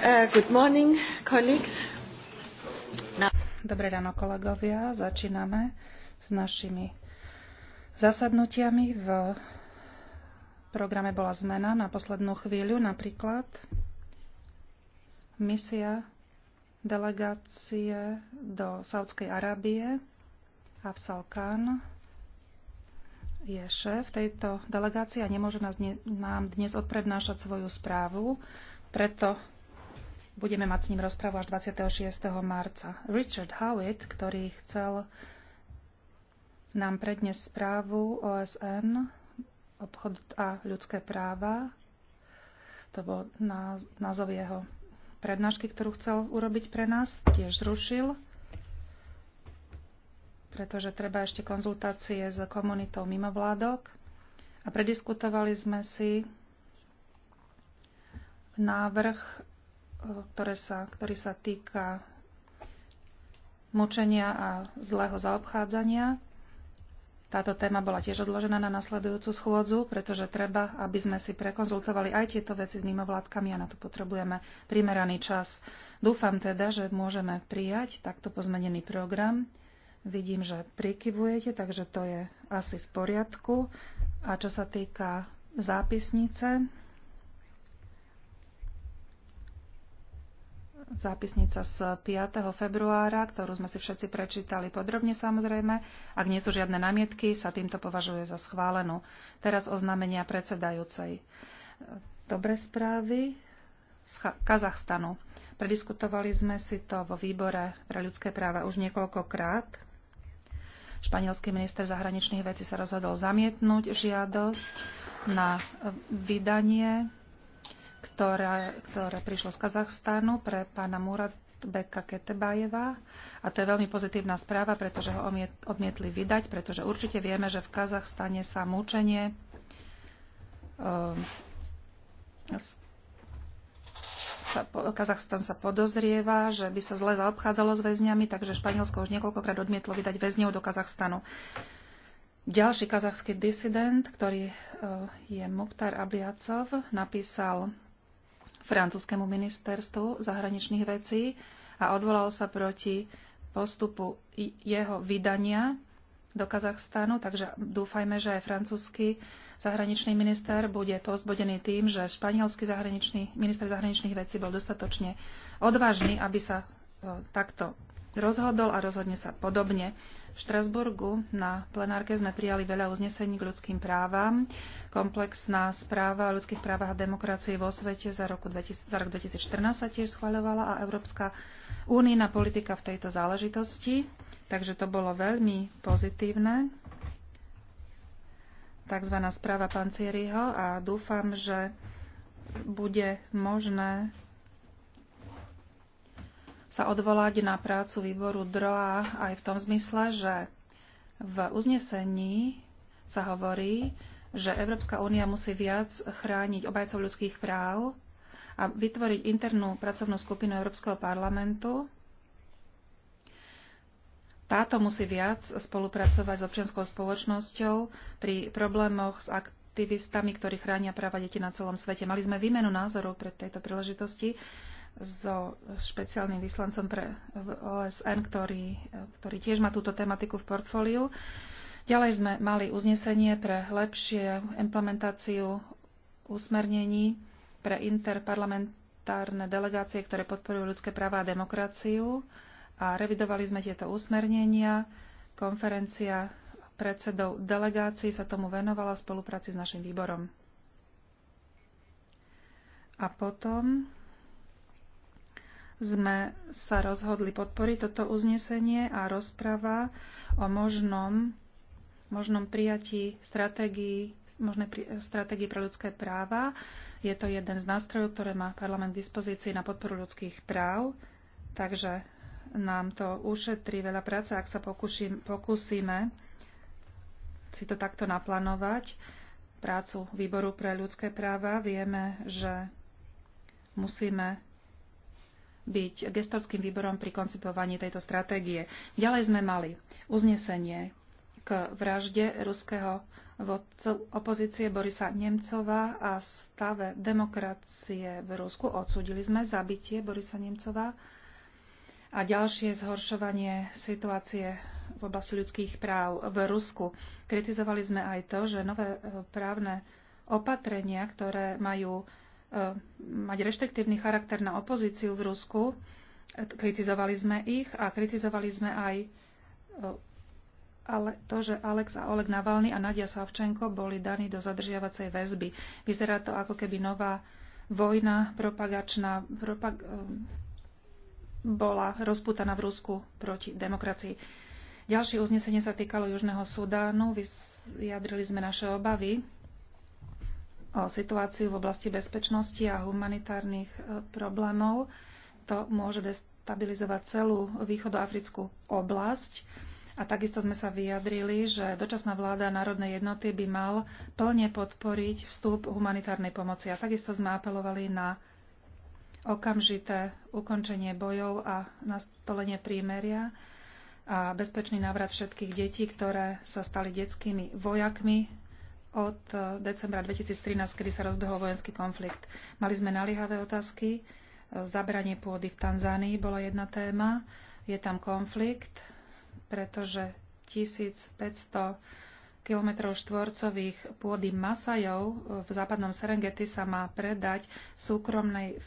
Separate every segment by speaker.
Speaker 1: Uh, Dobré ráno, kolegovia. Začíname s našimi zasadnutiami. V programe bola zmena na poslednú chvíľu, napríklad misia delegácie do Saudskej Arábie a v Salkán je šéf tejto delegácie a nemôže nás, nám dnes odprednášať svoju správu, preto Budeme mať s ním rozpravu až 26. marca. Richard Howitt, ktorý chcel nám predniesť správu OSN, obchod a ľudské práva, to bol názov jeho prednášky, ktorú chcel urobiť pre nás, tiež zrušil, pretože treba ešte konzultácie s komunitou mimovládok. A prediskutovali sme si návrh ktoré sa, ktorý sa týka mučenia a zlého zaobchádzania. Táto téma bola tiež odložená na nasledujúcu schôdzu, pretože treba, aby sme si prekonzultovali aj tieto veci s mimovládkami a na to potrebujeme primeraný čas. Dúfam teda, že môžeme prijať takto pozmenený program. Vidím, že prikyvujete, takže to je asi v poriadku. A čo sa týka zápisnice, zápisnica z 5. februára, ktorú sme si všetci prečítali podrobne samozrejme. Ak nie sú žiadne namietky, sa týmto považuje za schválenú. Teraz oznámenia predsedajúcej. Dobre správy z Kazachstanu. Prediskutovali sme si to vo výbore pre ľudské práva už niekoľkokrát. Španielský minister zahraničných vecí sa rozhodol zamietnúť žiadosť na vydanie ktorá, ktoré prišlo z Kazachstánu pre pána Muradbeka Ketebájeva. A to je veľmi pozitívna správa, pretože ho odmietli vydať, pretože určite vieme, že v Kazachstane sa mučenie ehm, sa, Kazachstan sa podozrieva, že by sa zle zaobchádzalo s väzňami, takže Španielsko už niekoľkokrát odmietlo vydať väzňov do Kazachstanu. Ďalší kazachský disident, ktorý ehm, je Mukhtar Abliacov, napísal francúzskému ministerstvu zahraničných vecí a odvolal sa proti postupu jeho vydania do Kazachstanu, takže dúfajme, že aj francúzsky zahraničný minister bude pozbodený tým, že španielský zahraničný, minister zahraničných vecí bol dostatočne odvážny, aby sa e, takto rozhodol a rozhodne sa podobne. V Štrasburgu na plenárke sme prijali veľa uznesení k ľudským právam. Komplexná správa o ľudských právach a demokracii vo svete za, roku 2000, za rok 2014 sa tiež schvaľovala a Európska únijná politika v tejto záležitosti. Takže to bolo veľmi pozitívne. Takzvaná správa Pancieriho a dúfam, že bude možné sa odvolať na prácu výboru DROA aj v tom zmysle, že v uznesení sa hovorí, že Európska únia musí viac chrániť obajcov ľudských práv a vytvoriť internú pracovnú skupinu Európskeho parlamentu. Táto musí viac spolupracovať s občianskou spoločnosťou pri problémoch s aktivistami, ktorí chránia práva detí na celom svete. Mali sme výmenu názorov pred tejto príležitosti so špeciálnym vyslancom pre OSN, ktorý, ktorý tiež má túto tematiku v portfóliu. Ďalej sme mali uznesenie pre lepšie implementáciu usmernení pre interparlamentárne delegácie, ktoré podporujú ľudské práva a demokraciu. A revidovali sme tieto usmernenia. Konferencia predsedov delegácií sa tomu venovala v spolupráci s našim výborom. A potom sme sa rozhodli podporiť toto uznesenie a rozpráva o možnom, možnom prijatí stratégií možné stratégie pre ľudské práva. Je to jeden z nástrojov, ktoré má parlament k dispozícii na podporu ľudských práv, takže nám to ušetrí veľa práce, ak sa pokúšim, pokúsime si to takto naplánovať. Prácu výboru pre ľudské práva vieme, že musíme byť gestorským výborom pri koncipovaní tejto stratégie. Ďalej sme mali uznesenie k vražde ruského vodcu opozície Borisa Nemcova a stave demokracie v Rusku. Odsúdili sme zabitie Borisa Nemcova a ďalšie zhoršovanie situácie v oblasti ľudských práv v Rusku. Kritizovali sme aj to, že nové e, právne opatrenia, ktoré majú Eh, mať reštriktívny charakter na opozíciu v Rusku. Eh, kritizovali sme ich a kritizovali sme aj eh, ale to, že Alex a Oleg Navalny a Nadia Savčenko boli daní do zadržiavacej väzby. Vyzerá to ako keby nová vojna propagačná propag- bola rozputaná v Rusku proti demokracii. Ďalšie uznesenie sa týkalo Južného Sudánu. Vyjadrili sme naše obavy o situáciu v oblasti bezpečnosti a humanitárnych e, problémov. To môže destabilizovať celú východoafrickú oblasť. A takisto sme sa vyjadrili, že dočasná vláda národnej jednoty by mal plne podporiť vstup humanitárnej pomoci. A takisto sme apelovali na okamžité ukončenie bojov a nastolenie prímeria a bezpečný návrat všetkých detí, ktoré sa stali detskými vojakmi od e, decembra 2013, kedy sa rozbehol vojenský konflikt. Mali sme naliehavé otázky. E, Zabranie pôdy v Tanzánii bola jedna téma. Je tam konflikt, pretože 1500 km štvorcových pôdy Masajov e, v západnom Serengeti sa má predať súkromnej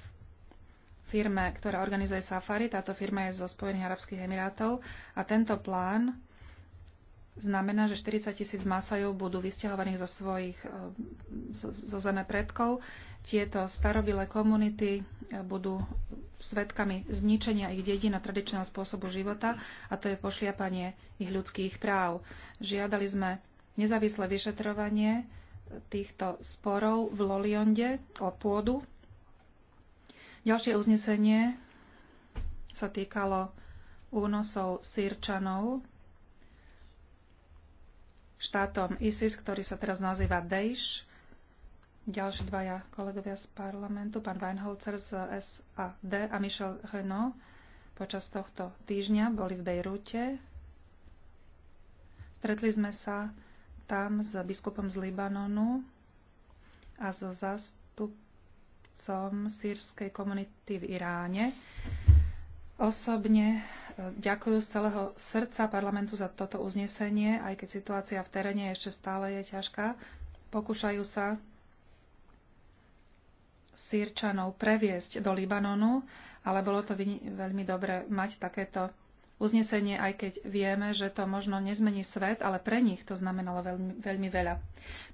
Speaker 1: firme, ktorá organizuje safari. Táto firma je zo Spojených arabských emirátov a tento plán znamená, že 40 tisíc Masajov budú vysťahovaných zo svojich, e, zo zeme predkov. Tieto starobilé komunity e, budú svetkami zničenia ich dedín a tradičného spôsobu života a to je pošliapanie ich ľudských práv. Žiadali sme nezávislé vyšetrovanie týchto sporov v Lolionde o pôdu. Ďalšie uznesenie sa týkalo únosov sírčanov štátom ISIS, ktorý sa teraz nazýva Daesh. Ďalší dvaja kolegovia z parlamentu, pán Weinholzer z SAD a Michel Renault, počas tohto týždňa boli v Bejrúte. Stretli sme sa tam s biskupom z Libanonu a so zástupcom sírskej komunity v Iráne. Osobne e, ďakujú z celého srdca parlamentu za toto uznesenie, aj keď situácia v teréne ešte stále je ťažká. Pokúšajú sa sírčanov previesť do Libanonu, ale bolo to veľmi dobre mať takéto uznesenie, aj keď vieme, že to možno nezmení svet, ale pre nich to znamenalo veľmi, veľmi veľa.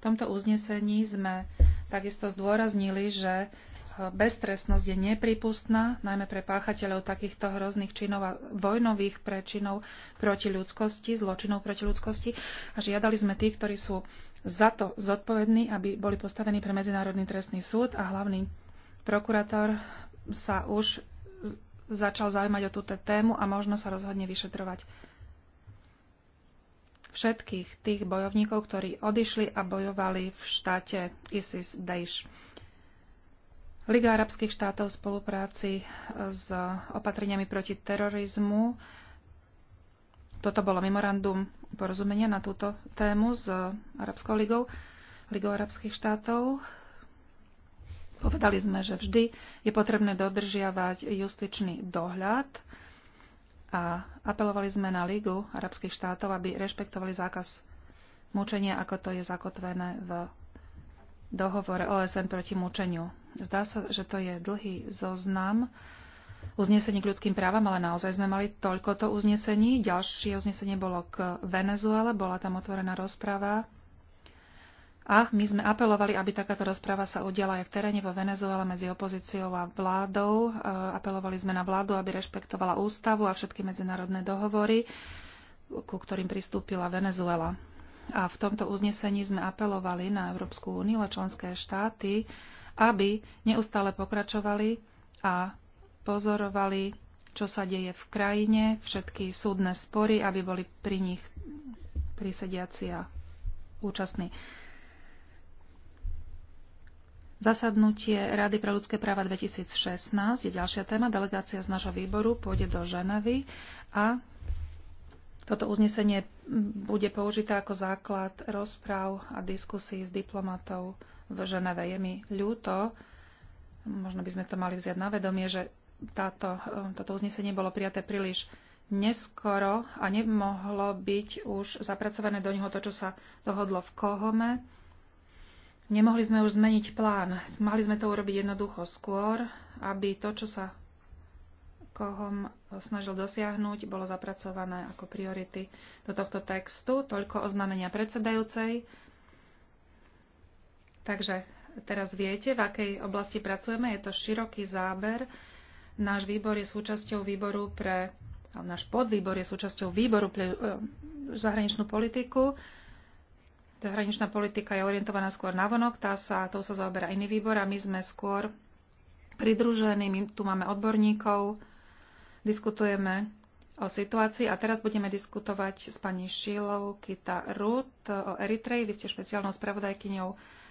Speaker 1: V tomto uznesení sme takisto zdôraznili, že beztrestnosť je nepripustná, najmä pre páchateľov takýchto hrozných činov a vojnových prečinov proti ľudskosti, zločinov proti ľudskosti. A žiadali sme tých, ktorí sú za to zodpovední, aby boli postavení pre Medzinárodný trestný súd a hlavný prokurátor sa už začal zaujímať o túto tému a možno sa rozhodne vyšetrovať všetkých tých bojovníkov, ktorí odišli a bojovali v štáte ISIS-Daesh. Liga arabských štátov v spolupráci s opatreniami proti terorizmu. Toto bolo memorandum porozumenia na túto tému s Arabskou ligou, Ligou arabských štátov. Povedali sme, že vždy je potrebné dodržiavať justičný dohľad a apelovali sme na Ligu arabských štátov, aby rešpektovali zákaz mučenia, ako to je zakotvené v dohovore OSN proti mučeniu. Zdá sa, že to je dlhý zoznam uznesení k ľudským právam, ale naozaj sme mali toľkoto uznesení. Ďalšie uznesenie bolo k Venezuele, bola tam otvorená rozprava. A my sme apelovali, aby takáto rozpráva sa udiala aj v teréne vo Venezuele medzi opozíciou a vládou. E, apelovali sme na vládu, aby rešpektovala ústavu a všetky medzinárodné dohovory, ku ktorým pristúpila Venezuela. A v tomto uznesení sme apelovali na Európsku úniu a členské štáty, aby neustále pokračovali a pozorovali, čo sa deje v krajine, všetky súdne spory, aby boli pri nich prisediaci a účastní. Zasadnutie Rady pre ľudské práva 2016 je ďalšia téma. Delegácia z nášho výboru pôjde do Ženevy a toto uznesenie bude použité ako základ rozpráv a diskusí s diplomatov v Ženeve. Je mi ľúto, možno by sme to mali vziať na vedomie, že táto, e, toto uznesenie bolo prijaté príliš neskoro a nemohlo byť už zapracované do neho to, čo sa dohodlo v Kohome. Nemohli sme už zmeniť plán. Mali sme to urobiť jednoducho skôr, aby to, čo sa Kohom snažil dosiahnuť, bolo zapracované ako priority do tohto textu. Toľko oznámenia predsedajúcej. Takže teraz viete, v akej oblasti pracujeme. Je to široký záber. Náš výbor je súčasťou výboru pre, náš podvýbor je súčasťou výboru pre e, zahraničnú politiku. Zahraničná politika je orientovaná skôr na vonok, tá sa, to sa zaoberá iný výbor a my sme skôr pridružení, my tu máme odborníkov, diskutujeme o situácii a teraz budeme diskutovať s pani Šilou Kita Rut o Eritreji. Vy ste špeciálnou spravodajkyňou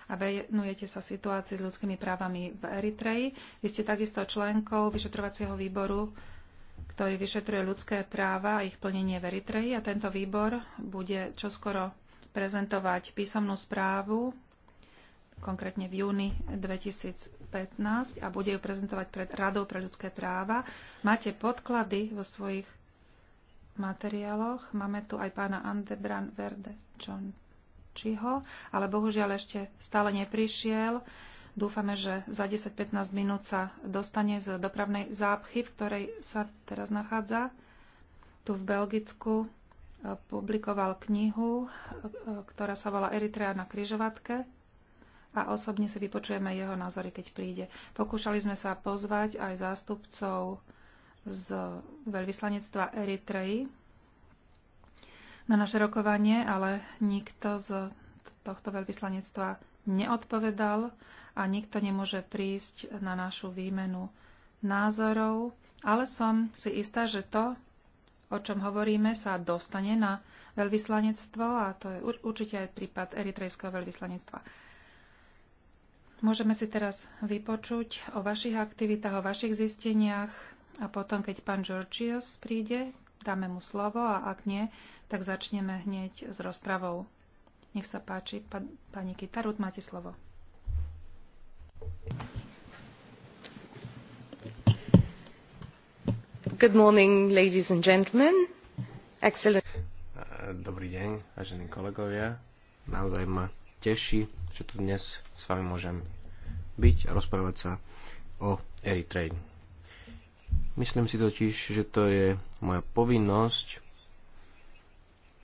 Speaker 1: a venujete sa situácii s ľudskými právami v Eritreji. Vy ste takisto členkou vyšetrovacieho výboru, ktorý vyšetruje ľudské práva a ich plnenie v Eritreji a tento výbor bude čoskoro prezentovať písomnú správu, konkrétne v júni 2015 a bude ju prezentovať pred Radou pre ľudské práva. Máte podklady vo svojich materiáloch. Máme tu aj pána Andebran Verde čo Čiho, ale bohužiaľ ešte stále neprišiel. Dúfame, že za 10-15 minút sa dostane z dopravnej zápchy, v ktorej sa teraz nachádza. Tu v Belgicku e, publikoval knihu, e, ktorá sa volá Eritrea na križovatke a osobne si vypočujeme jeho názory, keď príde. Pokúšali sme sa pozvať aj zástupcov z veľvyslanectva Eritreji, na naše rokovanie, ale nikto z tohto veľvyslanectva neodpovedal a nikto nemôže prísť na našu výmenu názorov, ale som si istá, že to, o čom hovoríme, sa dostane na veľvyslanectvo a to je určite aj prípad eritrejského veľvyslanectva. Môžeme si teraz vypočuť o vašich aktivitách, o vašich zisteniach a potom, keď pán Georgios príde dáme mu slovo a ak nie, tak začneme hneď s rozpravou. Nech sa páči, pa, pani Kitarut, máte slovo.
Speaker 2: Good morning, ladies and gentlemen. Excellent.
Speaker 3: Dobrý deň, vážení kolegovia. Naozaj ma teší, že tu dnes s vami môžem byť a rozprávať sa o Eritreji. Myslím si totiž, že to je moja povinnosť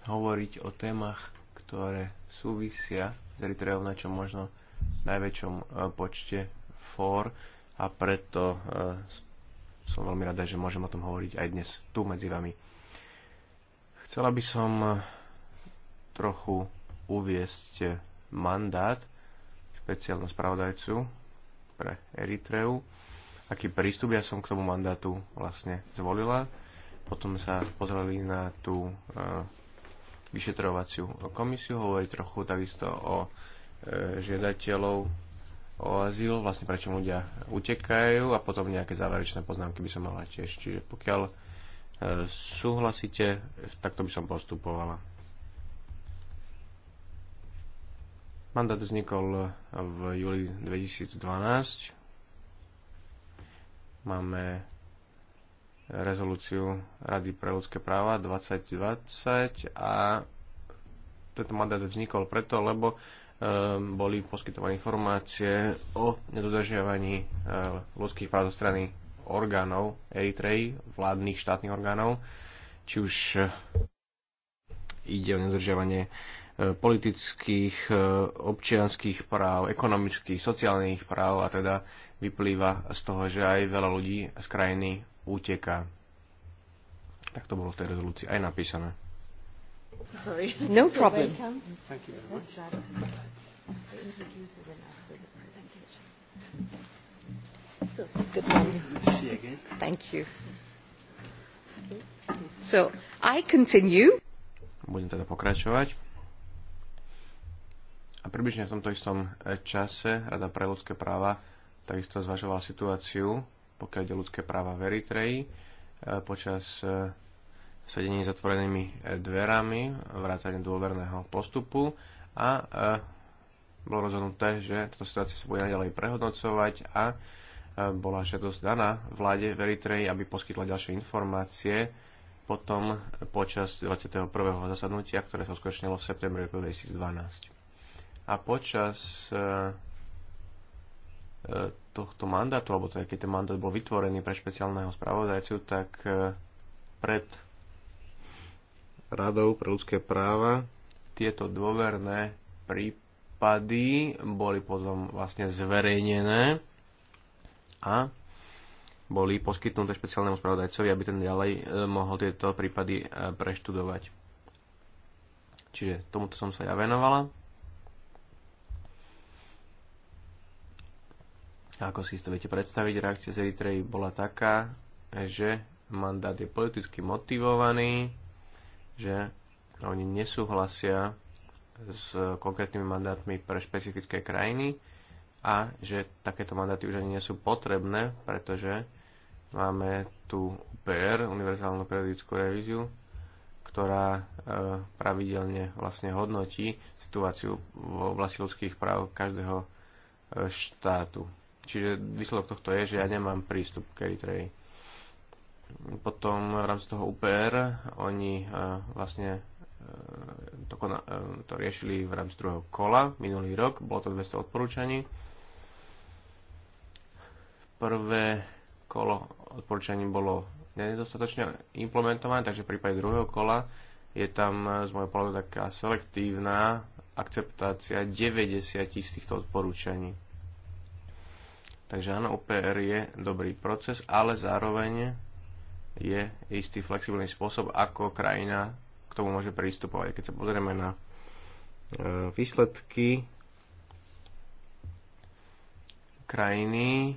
Speaker 3: hovoriť o témach, ktoré súvisia s Eritreou na čo možno najväčšom e, počte fór a preto e, som veľmi rada, že môžem o tom hovoriť aj dnes tu medzi vami. Chcela by som e, trochu uviesť mandát špeciálnu spravodajcu pre Eritreu aký prístup ja som k tomu mandátu vlastne zvolila. Potom sa pozreli na tú e, vyšetrovaciu komisiu, hovorí trochu takisto o e, žiadateľov o azyl, vlastne prečo ľudia utekajú a potom nejaké záverečné poznámky by som mala tiež. Čiže pokiaľ e, súhlasíte, takto by som postupovala. Mandát vznikol v júli 2012 Máme rezolúciu Rady pre ľudské práva 2020 a tento mandát vznikol preto, lebo e, boli poskytované informácie o nedodržiavaní e, ľudských práv zo strany orgánov Eritrej, vládnych štátnych orgánov, či už e, ide o nedodržiavanie politických, e, občianských práv, ekonomických, sociálnych práv a teda vyplýva z toho, že aj veľa ľudí z krajiny uteká. Tak to bolo v tej rezolúcii aj napísané. No problem. Thank you Good morning. See you again. Thank you. So, I continue. Budem teda pokračovať. A približne v tomto istom e, čase Rada pre ľudské práva takisto zvažovala situáciu, pokiaľ ide ľudské práva v Eritreji, e, počas e, sedení zatvorenými dverami, vrátane dôverného postupu a bolo rozhodnuté, že táto situácia sa bude naďalej prehodnocovať a bola žiadosť daná vláde v Eritreji, aby poskytla ďalšie informácie potom počas 21. zasadnutia, ktoré sa uskutočnilo v septembri 2012. A počas e, e, tohto mandátu, alebo teda keď ten mandát bol vytvorený pre špeciálneho spravodajcu, tak e, pred Radou pre ľudské práva tieto dôverné prípady boli potom vlastne zverejnené a boli poskytnuté špeciálnemu spravodajcovi, aby ten ďalej mohol tieto prípady preštudovať. Čiže tomuto som sa ja venovala. Ako si to viete predstaviť, reakcia z Eritreji bola taká, že mandát je politicky motivovaný, že oni nesúhlasia s konkrétnymi mandátmi pre špecifické krajiny a že takéto mandáty už ani nie sú potrebné, pretože máme tu UPR, univerzálnu periodickú revíziu, ktorá e, pravidelne vlastne hodnotí situáciu v oblasti ľudských práv každého e, štátu. Čiže výsledok tohto je, že ja nemám prístup k Eritreji. Potom v rámci toho UPR oni e, vlastne e, to, kona, e, to riešili v rámci druhého kola minulý rok, bolo to 200 odporúčaní. Prvé kolo odporúčaní bolo nedostatočne implementované, takže v prípade druhého kola je tam z môjho pohľadu taká selektívna akceptácia 90 z týchto odporúčaní. Takže áno, UPR je dobrý proces, ale zároveň je istý flexibilný spôsob, ako krajina k tomu môže pristupovať. Keď sa pozrieme na e, výsledky krajiny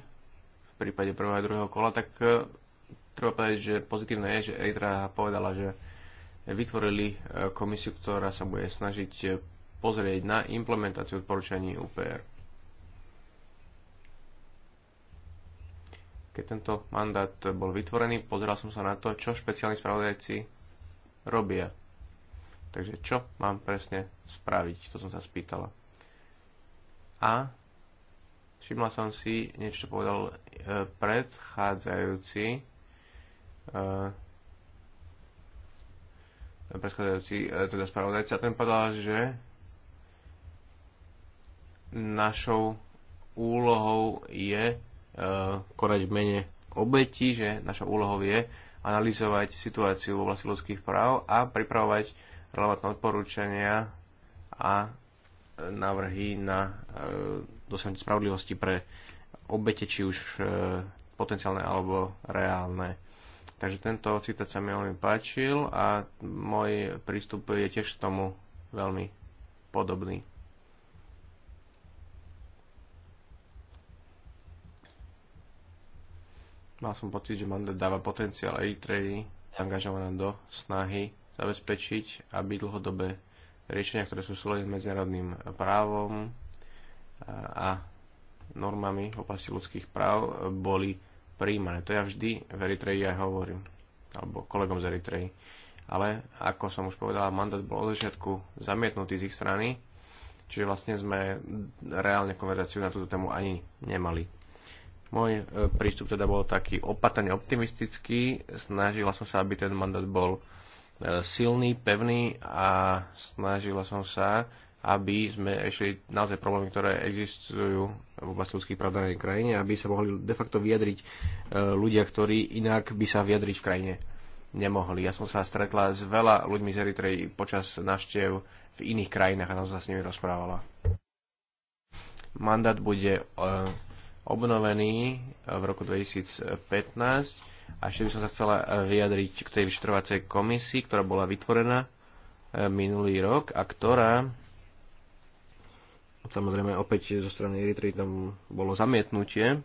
Speaker 3: v prípade prvého a druhého kola, tak e, treba povedať, že pozitívne je, že Eritrea povedala, že vytvorili e, komisiu, ktorá sa bude snažiť pozrieť na implementáciu odporúčaní UPR. Keď tento mandát bol vytvorený, pozeral som sa na to, čo špeciálni spravodajci robia. Takže čo mám presne spraviť, to som sa spýtala. A všimla som si, niečo povedal e, predchádzajúci e, predchádzajúci e, teda a ten povedal, že našou úlohou je konať v mene obeti, že našou úlohou je analyzovať situáciu v oblasti ľudských práv a pripravovať relevantné odporúčania a návrhy na e, dosiahnutie spravodlivosti pre obete, či už e, potenciálne alebo reálne. Takže tento citát sa mi veľmi páčil a môj prístup je tiež k tomu veľmi podobný. Mal som pocit, že mandát dáva potenciál Eritreji angažovaná do snahy zabezpečiť, aby dlhodobé riešenia, ktoré sú s medzinárodným právom a normami v oblasti ľudských práv, boli príjmané. To ja vždy v Eritreji aj hovorím, alebo kolegom z Eritreji. Ale ako som už povedal, mandát bol od začiatku zamietnutý z ich strany, čiže vlastne sme reálne konverzáciu na túto tému ani nemali. Môj e, prístup teda bol taký opatrne optimistický. Snažila som sa, aby ten mandát bol e, silný, pevný a snažila som sa, aby sme riešili naozaj problémy, ktoré existujú v oblasti ľudských práv danej krajine, aby sa mohli de facto vyjadriť e, ľudia, ktorí inak by sa vyjadriť v krajine nemohli. Ja som sa stretla s veľa ľuďmi z Eritrej počas návštev v iných krajinách a naozaj sa s nimi rozprávala. Mandát bude obnovený eh, v roku 2015 a ešte by som sa chcela eh, vyjadriť k tej vyšetrovacej komisii, ktorá bola vytvorená eh, minulý rok a ktorá samozrejme opäť zo strany Eritrej tam bolo zamietnutie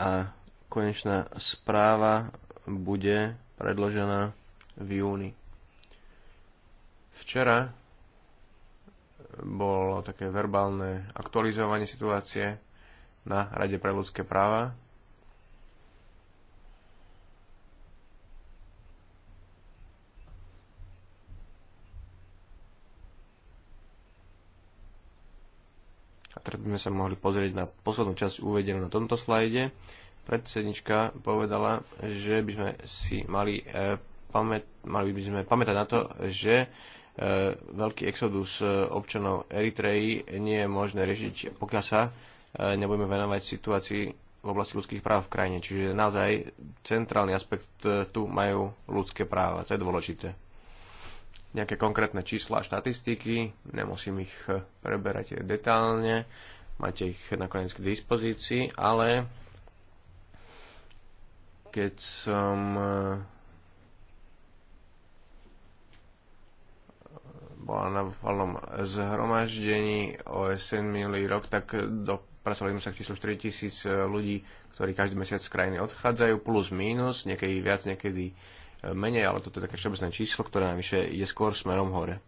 Speaker 3: a konečná správa bude predložená v júni. Včera bolo také verbálne aktualizovanie situácie na Rade pre ľudské práva. A teraz by sme sa mohli pozrieť na poslednú časť uvedenú na tomto slajde. Predsednička povedala, že by sme si mali, e, pamät, mali by sme pamätať na to, že e, veľký exodus e, občanov Eritreji nie je možné riešiť, pokiaľ sa E, nebudeme venovať situácii v oblasti ľudských práv v krajine. Čiže naozaj centrálny aspekt e, tu majú ľudské práva. To je dôležité. Nejaké konkrétne čísla a štatistiky, nemusím ich e, preberať detálne, máte ich nakoniec k dispozícii, ale keď som bola na valnom zhromaždení OSN minulý rok, tak do pracovali sa k číslu 4000 e, ľudí, ktorí každý mesiac z krajiny odchádzajú, plus minus, niekedy viac, niekedy e, menej, ale toto je také všeobecné číslo, ktoré najvyššie ide skôr smerom hore.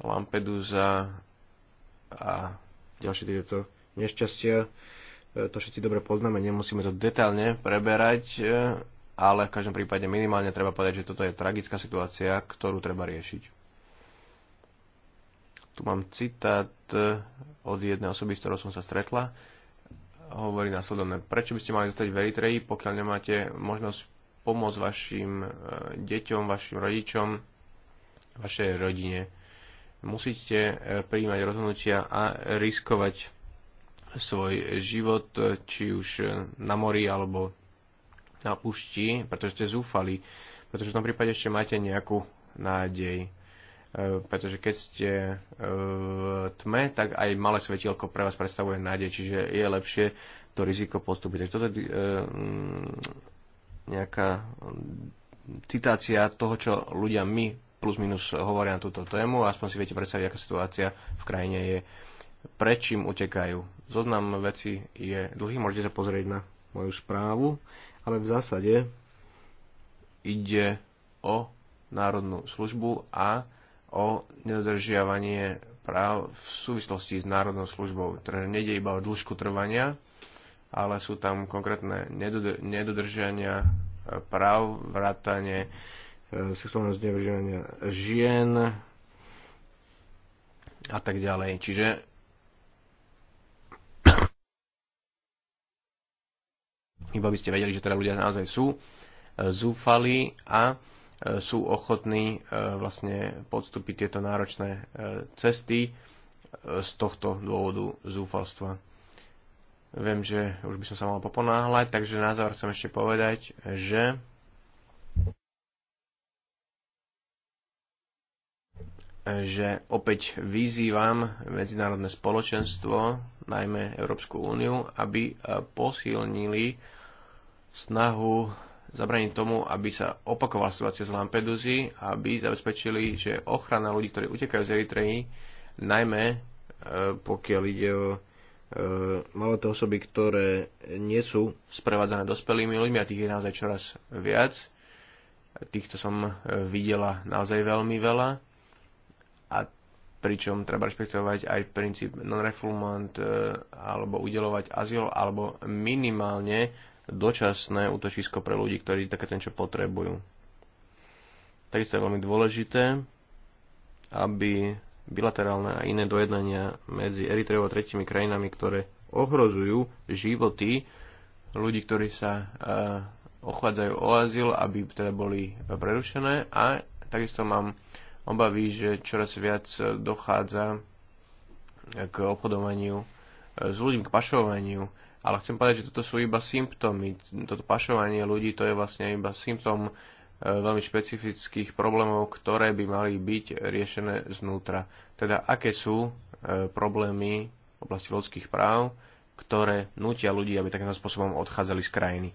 Speaker 3: Lampedusa a ďalšie tieto nešťastia. E, to všetci dobre poznáme, nemusíme to detálne preberať, ale v každom prípade minimálne treba povedať, že toto je tragická situácia, ktorú treba riešiť. Tu mám citát eh, od jednej osoby, s ktorou som sa stretla. Hovorí následovne, prečo by ste mali zostať v Eritreji, pokiaľ nemáte možnosť pomôcť vašim eh, deťom, vašim rodičom, vašej rodine. Musíte eh, prijímať rozhodnutia a riskovať svoj život, či už na mori alebo na púšti, pretože ste zúfali, pretože v tom prípade ešte máte nejakú nádej. E, pretože keď ste e, v tme, tak aj malé svetielko pre vás predstavuje nádej, čiže je lepšie to riziko postúpiť. Takže toto je e, mm, nejaká citácia toho, čo ľudia my plus minus hovoria na túto tému. Aspoň si viete predstaviť, aká situácia v krajine je. Prečím utekajú? Zoznam veci je dlhý, môžete sa pozrieť na moju správu ale v zásade ide o národnú službu a o nedodržiavanie práv v súvislosti s národnou službou. Teda nejde iba o dĺžku trvania, ale sú tam konkrétne nedodržiania e, práv, vrátanie e, sexuálneho zneužívania žien a tak ďalej. Čiže iba by ste vedeli, že teda ľudia naozaj sú e, zúfali a e, sú ochotní e, vlastne podstúpiť tieto náročné cesty z tohto dôvodu zúfalstva. Viem, že už by som sa mal poponáhľať, takže na záver chcem ešte povedať, že že opäť vyzývam medzinárodné spoločenstvo, najmä Európsku úniu, aby posilnili snahu zabraniť tomu, aby sa opakovala situácia z Lampedusy, aby zabezpečili, že ochrana ľudí, ktorí utekajú z Eritreji, najmä e, pokiaľ ide o e, malé to osoby, ktoré nie sú sprevádzané dospelými ľuďmi a tých je naozaj čoraz viac. Týchto som e, videla naozaj veľmi veľa a pričom treba rešpektovať aj princíp non-refoulement alebo udelovať azyl alebo minimálne dočasné útočisko pre ľudí, ktorí takéto niečo potrebujú. Takisto je veľmi dôležité, aby bilaterálne a iné dojednania medzi Eritreou a tretimi krajinami, ktoré ohrozujú životy ľudí, ktorí sa ochádzajú o azyl, aby teda boli prerušené a takisto mám obavy, že čoraz viac dochádza k obchodovaniu e, s ľuďmi, k pašovaniu ale chcem povedať, že toto sú iba symptómy. Toto pašovanie ľudí to je vlastne iba symptóm e, veľmi špecifických problémov, ktoré by mali byť riešené znútra. Teda aké sú e, problémy v oblasti ľudských práv, ktoré nutia ľudí, aby takýmto spôsobom odchádzali z krajiny.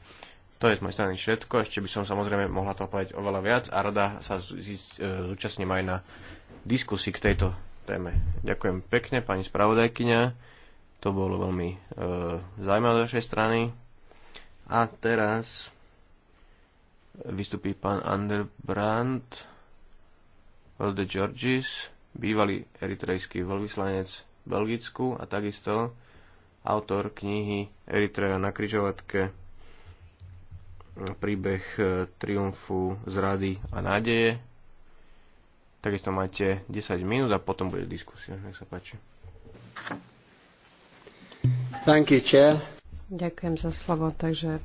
Speaker 3: To je z mojej strany všetko, ešte by som samozrejme mohla to povedať oveľa viac a rada sa e, zúčastním aj na diskusii k tejto téme. Ďakujem pekne, pani spravodajkyňa. To bolo veľmi e, zaujímavé z vašej strany. A teraz vystupí pán Underbrand Paul The Georgis, bývalý eritrejský veľvyslanec v Belgicku a takisto autor knihy Eritrea na kryžovatke príbeh e, triumfu zrady a nádeje. Takisto máte 10 minút a potom bude diskusia. Nech sa páči. Thank you, chair.
Speaker 2: Ďakujem za slovo. Takže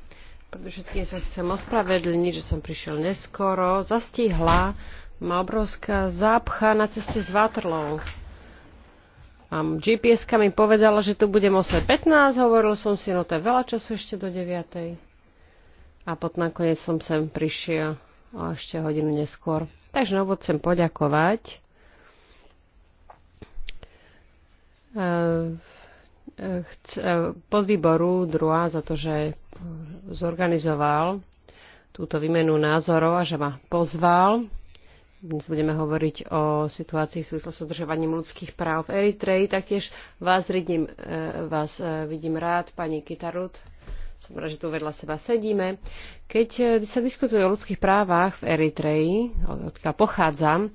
Speaker 2: predovšetkým sa chcem ospravedlniť, že som prišiel neskoro. Zastihla ma obrovská zápcha na ceste z Waterloo. A GPS-ka mi povedala, že tu budem 8.15, hovoril som si, no to je veľa času ešte do 9. A potom nakoniec som sem prišiel o ešte hodinu neskôr. Takže na úvod chcem poďakovať. E Eh, podvýboru Drua za to, že zorganizoval túto výmenu názorov a že ma pozval. Dnes budeme hovoriť o situácii v súvislosti s udržovaním ľudských práv v Eritreji. Taktiež vás, ridím, eh, vás eh, vidím rád, pani Kitarut. Som rád, že tu vedľa seba sedíme. Keď sa diskutuje o ľudských právach v Eritreji, odkiaľ pochádzam,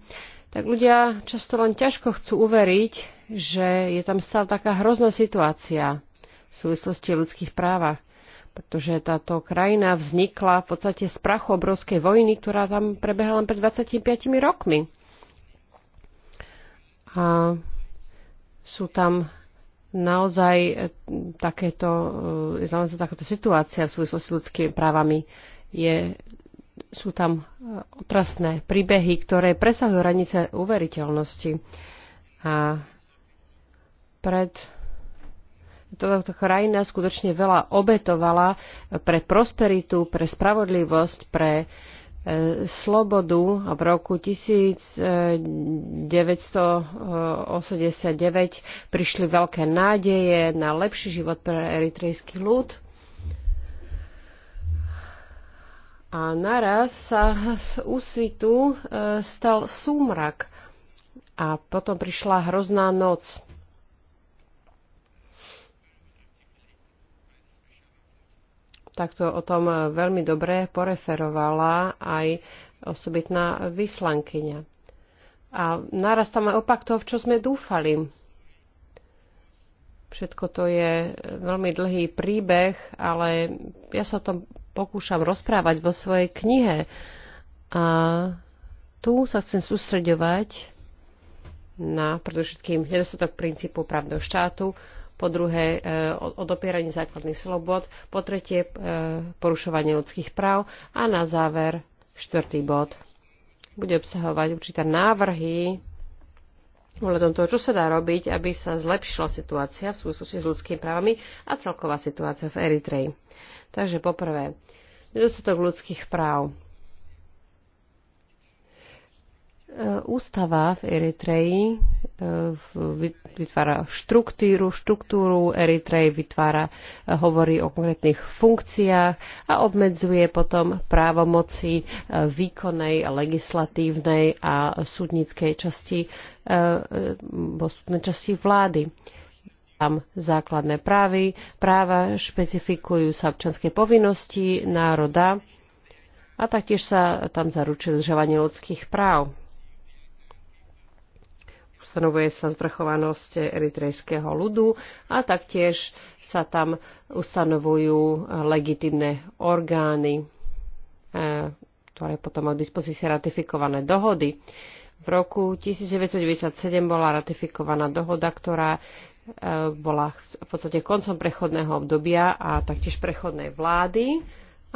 Speaker 2: tak ľudia často len ťažko chcú uveriť, že je tam stále taká hrozná situácia v súvislosti ľudských právach, pretože táto krajina vznikla v podstate z prachu obrovskej vojny, ktorá tam prebehla len pred 25 rokmi. A sú tam naozaj e, takéto, e, naozaj takáto situácia v súvislosti s ľudskými právami je sú tam e, otrasné príbehy, ktoré presahujú hranice uveriteľnosti. A pred toto krajina skutočne veľa obetovala pre prosperitu, pre spravodlivosť, pre e, slobodu a v roku 1989 prišli veľké nádeje na lepší život pre eritrejský ľud A naraz sa z úsvitu e, stal súmrak. A potom prišla hrozná noc. Takto o tom e, veľmi dobre poreferovala aj osobitná vyslankyňa. A naraz tam aj opak toho, v čo sme dúfali. Všetko to je e, veľmi dlhý príbeh, ale ja sa o tom pokúšam rozprávať vo svojej knihe. A tu sa chcem sústreďovať na predovšetkým nedostatok princípu právneho štátu, po druhé e, odopieranie základných slobod, po tretie e, porušovanie ľudských práv a na záver štvrtý bod bude obsahovať určité návrhy ohľadom toho, čo sa dá robiť, aby sa zlepšila situácia v súvislosti s ľudskými právami a celková situácia v Eritreji. Takže poprvé, nedostatok ľudských práv. E, ústava v Eritreji e, vytvára štruktúru, štruktúru Eritrej vytvára, e, hovorí o konkrétnych funkciách a obmedzuje potom právomoci výkonnej, legislatívnej a súdnickej časti, súdnej časti vlády tam základné právy, práva špecifikujú sa občanské povinnosti národa a taktiež sa tam zaručuje zžovanie ľudských práv. Ustanovuje sa zvrchovanosť eritrejského ľudu a taktiež sa tam ustanovujú e, legitimné orgány, e, ktoré potom od dispozície ratifikované dohody. V roku 1997 bola ratifikovaná dohoda, ktorá e, bola v podstate koncom prechodného obdobia a taktiež prechodnej vlády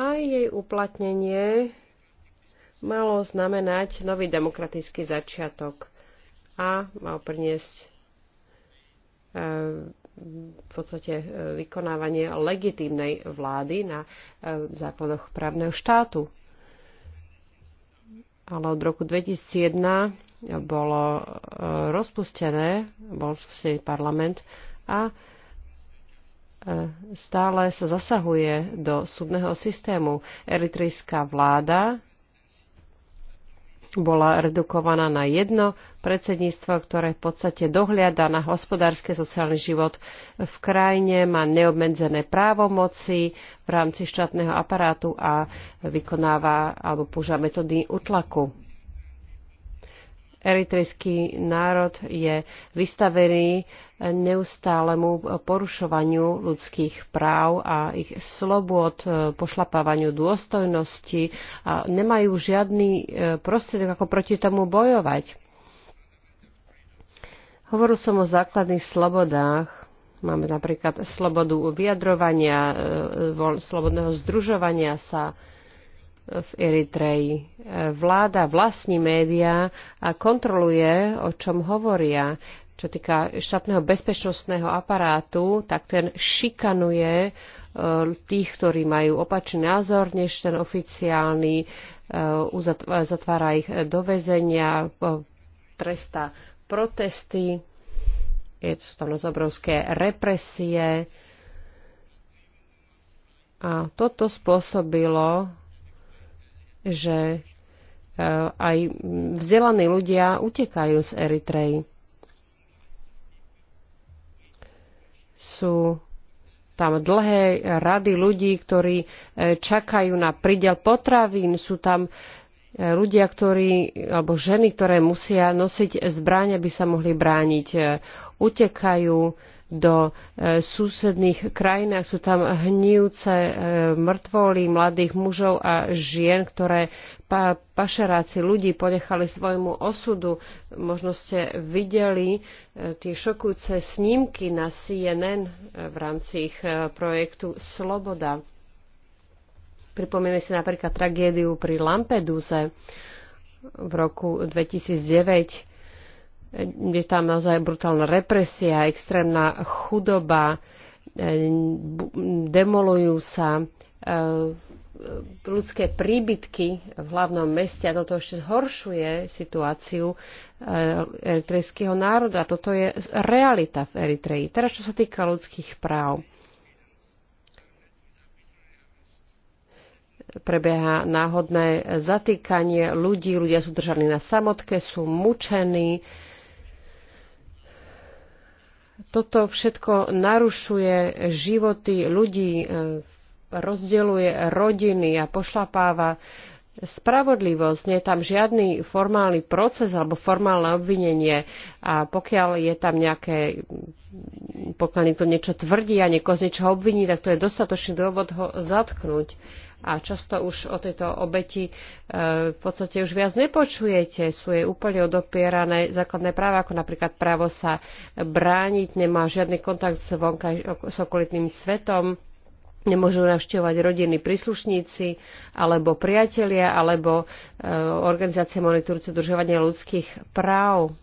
Speaker 2: a jej uplatnenie malo znamenať nový demokratický začiatok a mal priniesť e, v podstate e, vykonávanie legitímnej vlády na e, základoch právneho štátu. Ale od roku 2001 bolo rozpustené, bol rozpustený parlament a stále sa zasahuje do súdneho systému. Eritrejská vláda bola redukovaná na jedno predsedníctvo, ktoré v podstate dohliada na hospodársky sociálny život v krajine, má neobmedzené právomoci v rámci štátneho aparátu a vykonáva alebo používa metódy utlaku. Eritrejský národ je vystavený neustálemu porušovaniu ľudských práv a ich slobod, e, pošlapávaniu dôstojnosti a nemajú žiadny e, prostriedok, ako proti tomu bojovať. Hovoril som o základných slobodách. Máme napríklad slobodu vyjadrovania, e, slobodného združovania sa, v Eritreji. Vláda vlastní médiá a kontroluje, o čom hovoria. Čo týka štátneho bezpečnostného aparátu, tak ten šikanuje e, tých, ktorí majú opačný názor než ten oficiálny, e, zatvára ich do väzenia, tresta protesty, je, to tam obrovské represie. A toto spôsobilo, že e, aj vzdelaní ľudia utekajú z Eritreji. Sú tam dlhé rady ľudí, ktorí e, čakajú na pridel potravín, sú tam e, ľudia, ktorí, alebo ženy, ktoré musia nosiť zbráň, aby sa mohli brániť, utekajú do e, susedných krajín a sú tam hnívce e, mŕtvoly mladých mužov a žien, ktoré pa- pašeráci ľudí ponechali svojmu osudu. Možno ste videli e, tie šokujúce snímky na CNN v rámci ich projektu Sloboda. Pripomíme si napríklad tragédiu pri Lampeduse v roku 2009 je tam naozaj brutálna represia, extrémna chudoba, e, demolujú sa e, ľudské príbytky v hlavnom meste a toto ešte zhoršuje situáciu e, eritrejského národa. Toto je realita v Eritreji. Teraz, čo sa týka ľudských práv. Prebieha náhodné zatýkanie ľudí, ľudia sú držaní na samotke, sú mučení, toto všetko narušuje životy ľudí, e, rozdeluje rodiny a pošlapáva spravodlivosť. Nie je tam žiadny formálny proces alebo formálne obvinenie. A pokiaľ je tam nejaké, pokiaľ niekto niečo tvrdí a niekoho z niečoho obviní, tak to je dostatočný dôvod ho zatknúť a často už o tejto obeti e, v podstate už viac nepočujete. Sú jej úplne odopierané základné práva, ako napríklad právo sa brániť, nemá žiadny kontakt s, vonka s okolitným svetom, nemôžu navštevovať rodiny príslušníci alebo priatelia alebo e, organizácie monitorujúce dodržovanie ľudských práv.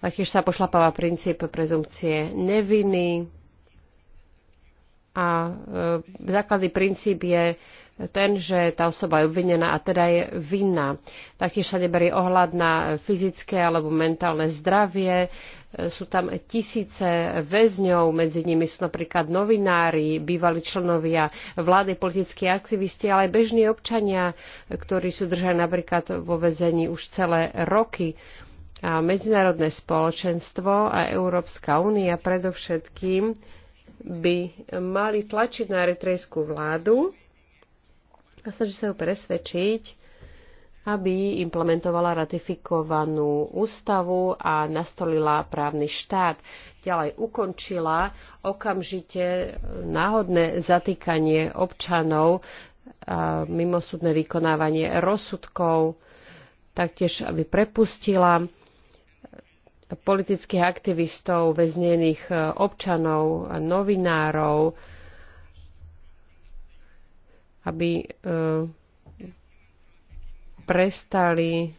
Speaker 2: Taktiež sa pošlapáva princíp prezumcie neviny a e, základný princíp je ten, že tá osoba je obvinená a teda je vinná. Taktiež sa neberie ohľad na fyzické alebo mentálne zdravie. Sú tam tisíce väzňov, medzi nimi sú napríklad novinári, bývali členovia vlády, politickí aktivisti, ale aj bežní občania, ktorí sú držaní napríklad vo väzení už celé roky. A medzinárodné spoločenstvo a Európska únia predovšetkým by mali tlačiť na eritrejskú vládu, a snaží sa ju presvedčiť, aby implementovala ratifikovanú ústavu a nastolila právny štát. Ďalej ukončila okamžite náhodné zatýkanie občanov, mimosúdne vykonávanie rozsudkov, taktiež aby prepustila politických aktivistov, väznených e, občanov, novinárov, aby e, prestali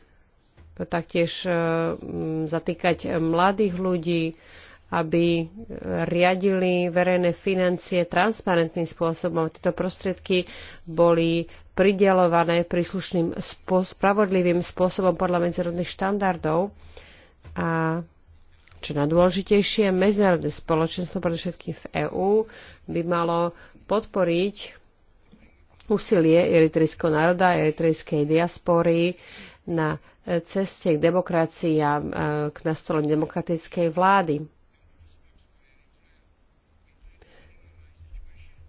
Speaker 2: taktiež e, zatýkať mladých ľudí, aby e, riadili verejné financie transparentným spôsobom. Tieto prostriedky boli pridelované príslušným spravodlivým spôsobom podľa medzinárodných štandardov. A čo najdôležitejšie, medzinárodné spoločenstvo, predovšetkým v EÚ, by malo podporiť úsilie eritrejského národa, eritrejskej diaspory na e, ceste k demokracii a e, k nastoleniu demokratickej vlády.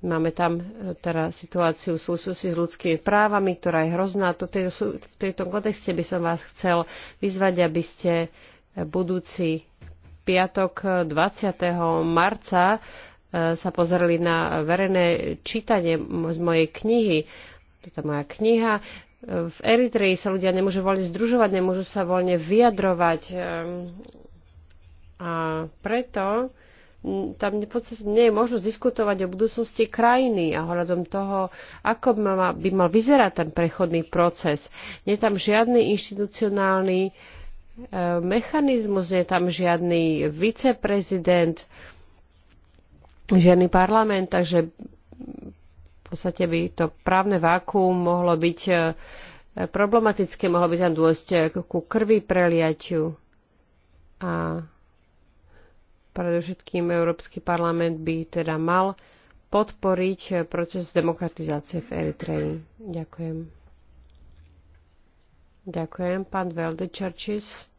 Speaker 2: Máme tam e, teda situáciu v súvislosti s ľudskými právami, ktorá je hrozná. v tejto kontexte by som vás chcel vyzvať, aby ste budúci piatok 20. marca sa pozreli na verejné čítanie z mojej knihy. Toto je moja kniha. V Eritreji sa ľudia nemôžu voľne združovať, nemôžu sa voľne vyjadrovať. A preto tam nie je možnosť diskutovať o budúcnosti krajiny a hľadom toho, ako by mal vyzerať ten prechodný proces. Nie je tam žiadny inštitucionálny e, mechanizmus, nie je tam žiadny viceprezident, žiadny parlament, takže v podstate by to právne vákuum mohlo byť e, problematické, mohlo by tam dôjsť e, ku krvi preliaťu. A predovšetkým Európsky parlament by teda mal podporiť e, proces demokratizácie v Eritreji. Ďakujem. Ďakujem, pán Veldečarčis,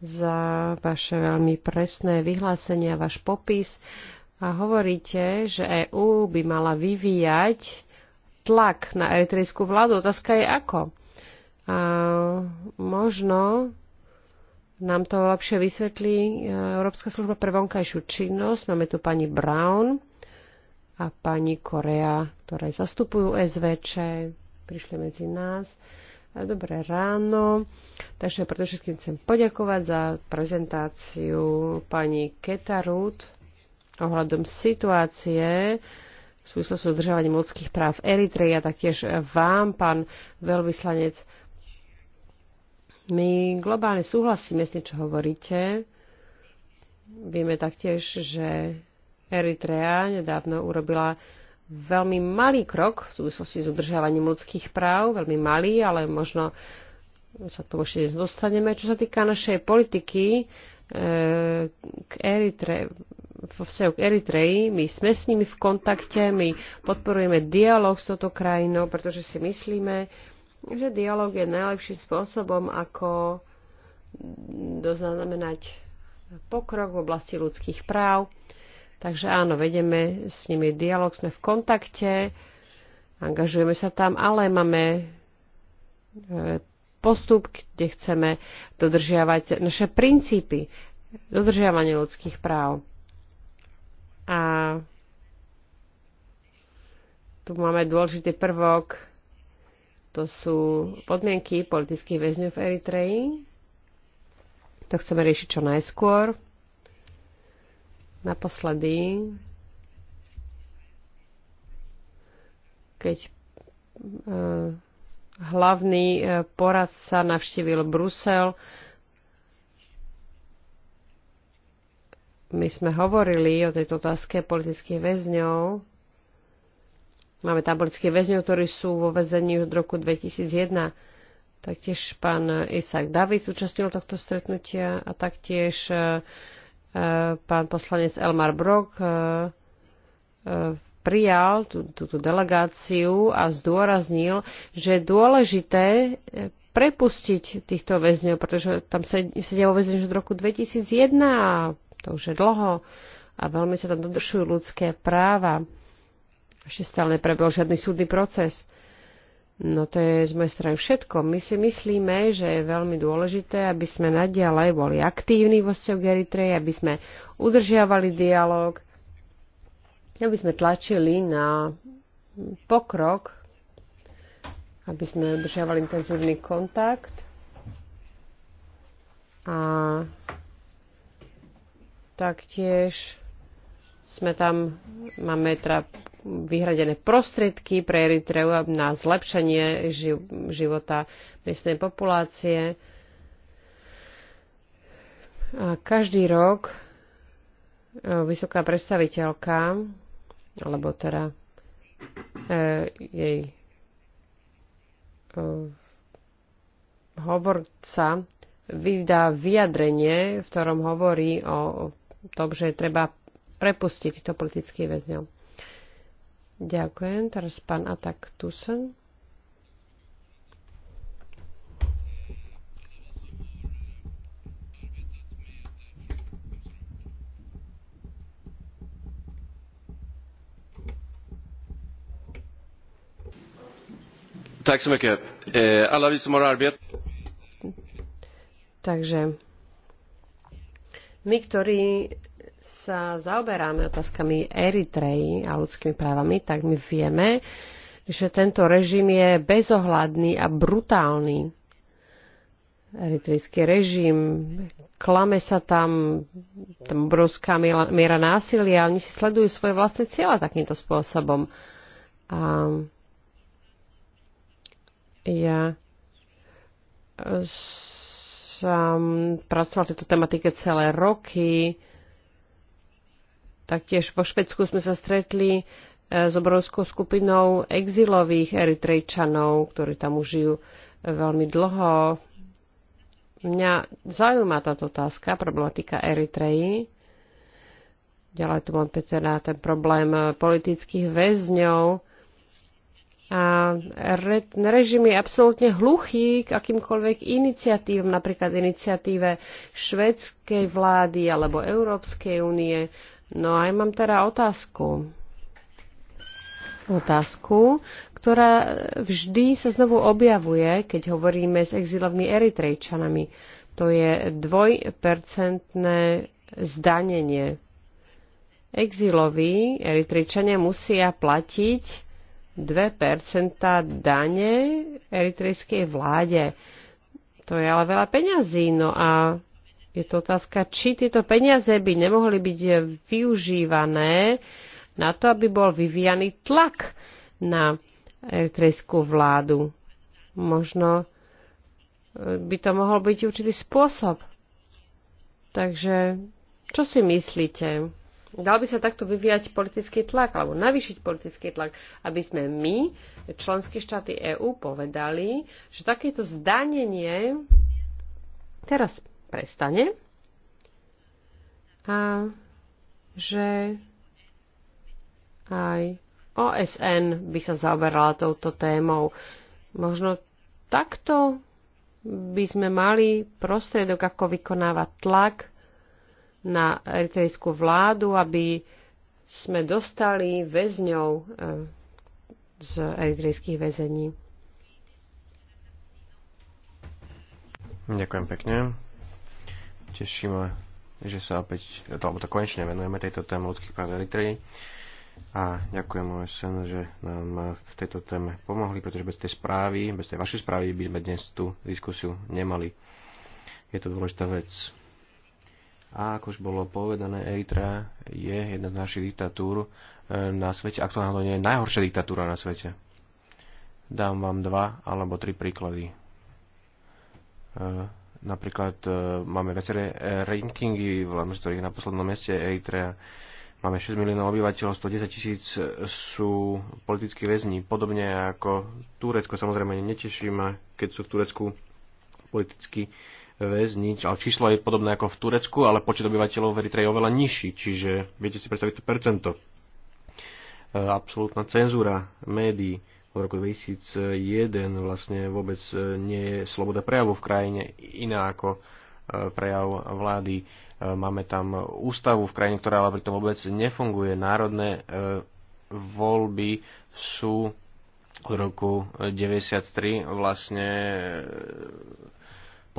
Speaker 2: za vaše veľmi presné vyhlásenie a váš popis a hovoríte, že EÚ by mala vyvíjať tlak na eritrejskú vládu. Otázka je ako. A možno nám to lepšie vysvetlí e, Európska služba pre vonkajšiu činnosť. Máme tu pani Brown a pani Korea, ktoré zastupujú SVČ, prišli medzi nás. E, dobré ráno. Takže preto všetkým chcem poďakovať za prezentáciu pani Ketarut ohľadom situácie v súvislosti s udržovaním ľudských práv v Eritreji a taktiež vám, pán veľvyslanec. My globálne súhlasíme s tým, čo hovoríte. Vieme taktiež, že Eritrea nedávno urobila veľmi malý krok v súvislosti s udržiavaním ľudských práv, veľmi malý, ale možno sa k tomu ešte dnes dostaneme. Čo sa týka našej politiky, E, k Eritre, vo vzťahu k Eritreji. My sme s nimi v kontakte, my podporujeme dialog s touto krajinou, pretože si myslíme, že dialog je najlepším spôsobom, ako doznamenať pokrok v oblasti ľudských práv. Takže áno, vedeme s nimi dialog, sme v kontakte, angažujeme sa tam, ale máme e, postup, kde chceme dodržiavať naše princípy, dodržiavanie ľudských práv. A tu máme dôležitý prvok, to sú podmienky politických väzňov v Eritreji. To chceme riešiť čo najskôr. Naposledy, keď uh, hlavný e, poradca navštívil Brusel. My sme hovorili o tejto otázke politických väzňov. Máme tam politické väzňov, ktorí sú vo väzení od roku 2001. Taktiež pán Isak David zúčastnil tohto stretnutia a taktiež e, e, pán poslanec Elmar Brok prijal tú, túto delegáciu a zdôraznil, že je dôležité eh, prepustiť týchto väzňov, pretože tam sedia vo väzni už od roku 2001 a to už je dlho a veľmi sa tam dodržujú ľudské práva. Ešte stále neprebehol žiadny súdny proces. No to je z mojej strany všetko. My si myslíme, že je veľmi dôležité, aby sme naďalej boli aktívni vo vzťahu k Eritreji, aby sme udržiavali dialog, aby sme tlačili na pokrok, aby sme udržiavali intenzívny kontakt a taktiež sme tam, máme teda vyhradené prostriedky pre Eritreu na zlepšenie života miestnej populácie. A každý rok e, vysoká predstaviteľka alebo teda e, jej e, hovorca vydá vyjadrenie, v ktorom hovorí o, o tom, že treba prepustiť to politických väzňov. Ďakujem. Teraz pán Atak Tusen.
Speaker 3: Tack så mycket. Eh, alla vi som har arbetat...
Speaker 2: Takže my, ktorí sa zaoberáme otázkami Eritreji a ľudskými právami, tak my vieme, že tento režim je bezohľadný a brutálny. Eritrejský režim, klame sa tam, tam obrovská miera, miera násilia, oni si sledujú svoje vlastné cieľa takýmto spôsobom. A ja som pracovala v tejto tematike celé roky. Taktiež vo Švedsku sme sa stretli e, s obrovskou skupinou exilových eritrejčanov, ktorí tam už žijú e, veľmi dlho. Mňa zaujíma táto otázka, problematika Eritreji. Ďalej tu mám teda ten problém politických väzňov. A režim je absolútne hluchý k akýmkoľvek iniciatívam, napríklad iniciatíve švedskej vlády alebo Európskej únie. No a ja mám teda otázku. Otázku, ktorá vždy sa znovu objavuje, keď hovoríme s exilovými eritrejčanami. To je dvojpercentné zdanenie. Exiloví eritrejčania musia platiť 2 dane eritrejskej vláde. To je ale veľa peňazí, no a je to otázka, či tieto peniaze by nemohli byť využívané na to, aby bol vyvíjaný tlak na eritrejskú vládu. Možno e, by to mohol byť určitý spôsob. Takže čo si myslíte? Dal by sa takto vyvíjať politický tlak alebo navýšiť politický tlak, aby sme my, členské štáty EÚ, povedali, že takéto zdanenie teraz prestane a že aj OSN by sa zaoberala touto témou. Možno takto by sme mali prostriedok, ako vykonávať tlak na eritrejskú vládu, aby sme dostali väzňov e, z eritrejských väzení.
Speaker 3: Ďakujem pekne. Tešíme, že sa opäť, alebo to konečne venujeme tejto téme ľudských práv Eritreji. A ďakujem OSN, že nám v tejto téme pomohli, pretože bez tej správy, bez tej vašej správy by sme dnes tú diskusiu nemali. Je to dôležitá vec. A ako už bolo povedané, Eritrea je jedna z našich diktatúr e, na svete, ak to náhodou nie je najhoršia diktatúra na svete. Dám vám dva alebo tri príklady. E, napríklad e, máme viaceré rankingy, v ktorých na poslednom meste Eritrea Máme 6 miliónov obyvateľov, 110 tisíc sú politickí väzni. Podobne ako Turecko, samozrejme netešíme, keď sú v Turecku politicky väzniť, ale číslo je podobné ako v Turecku, ale počet obyvateľov v Eritreji je oveľa nižší, čiže viete si predstaviť to percento. E, absolútna cenzúra médií od roku 2001 vlastne vôbec e, nie je sloboda prejavu v krajine iná ako e, prejav vlády. Máme tam ústavu v krajine, ktorá ale pritom vôbec nefunguje. Národné voľby sú od roku 1993 vlastne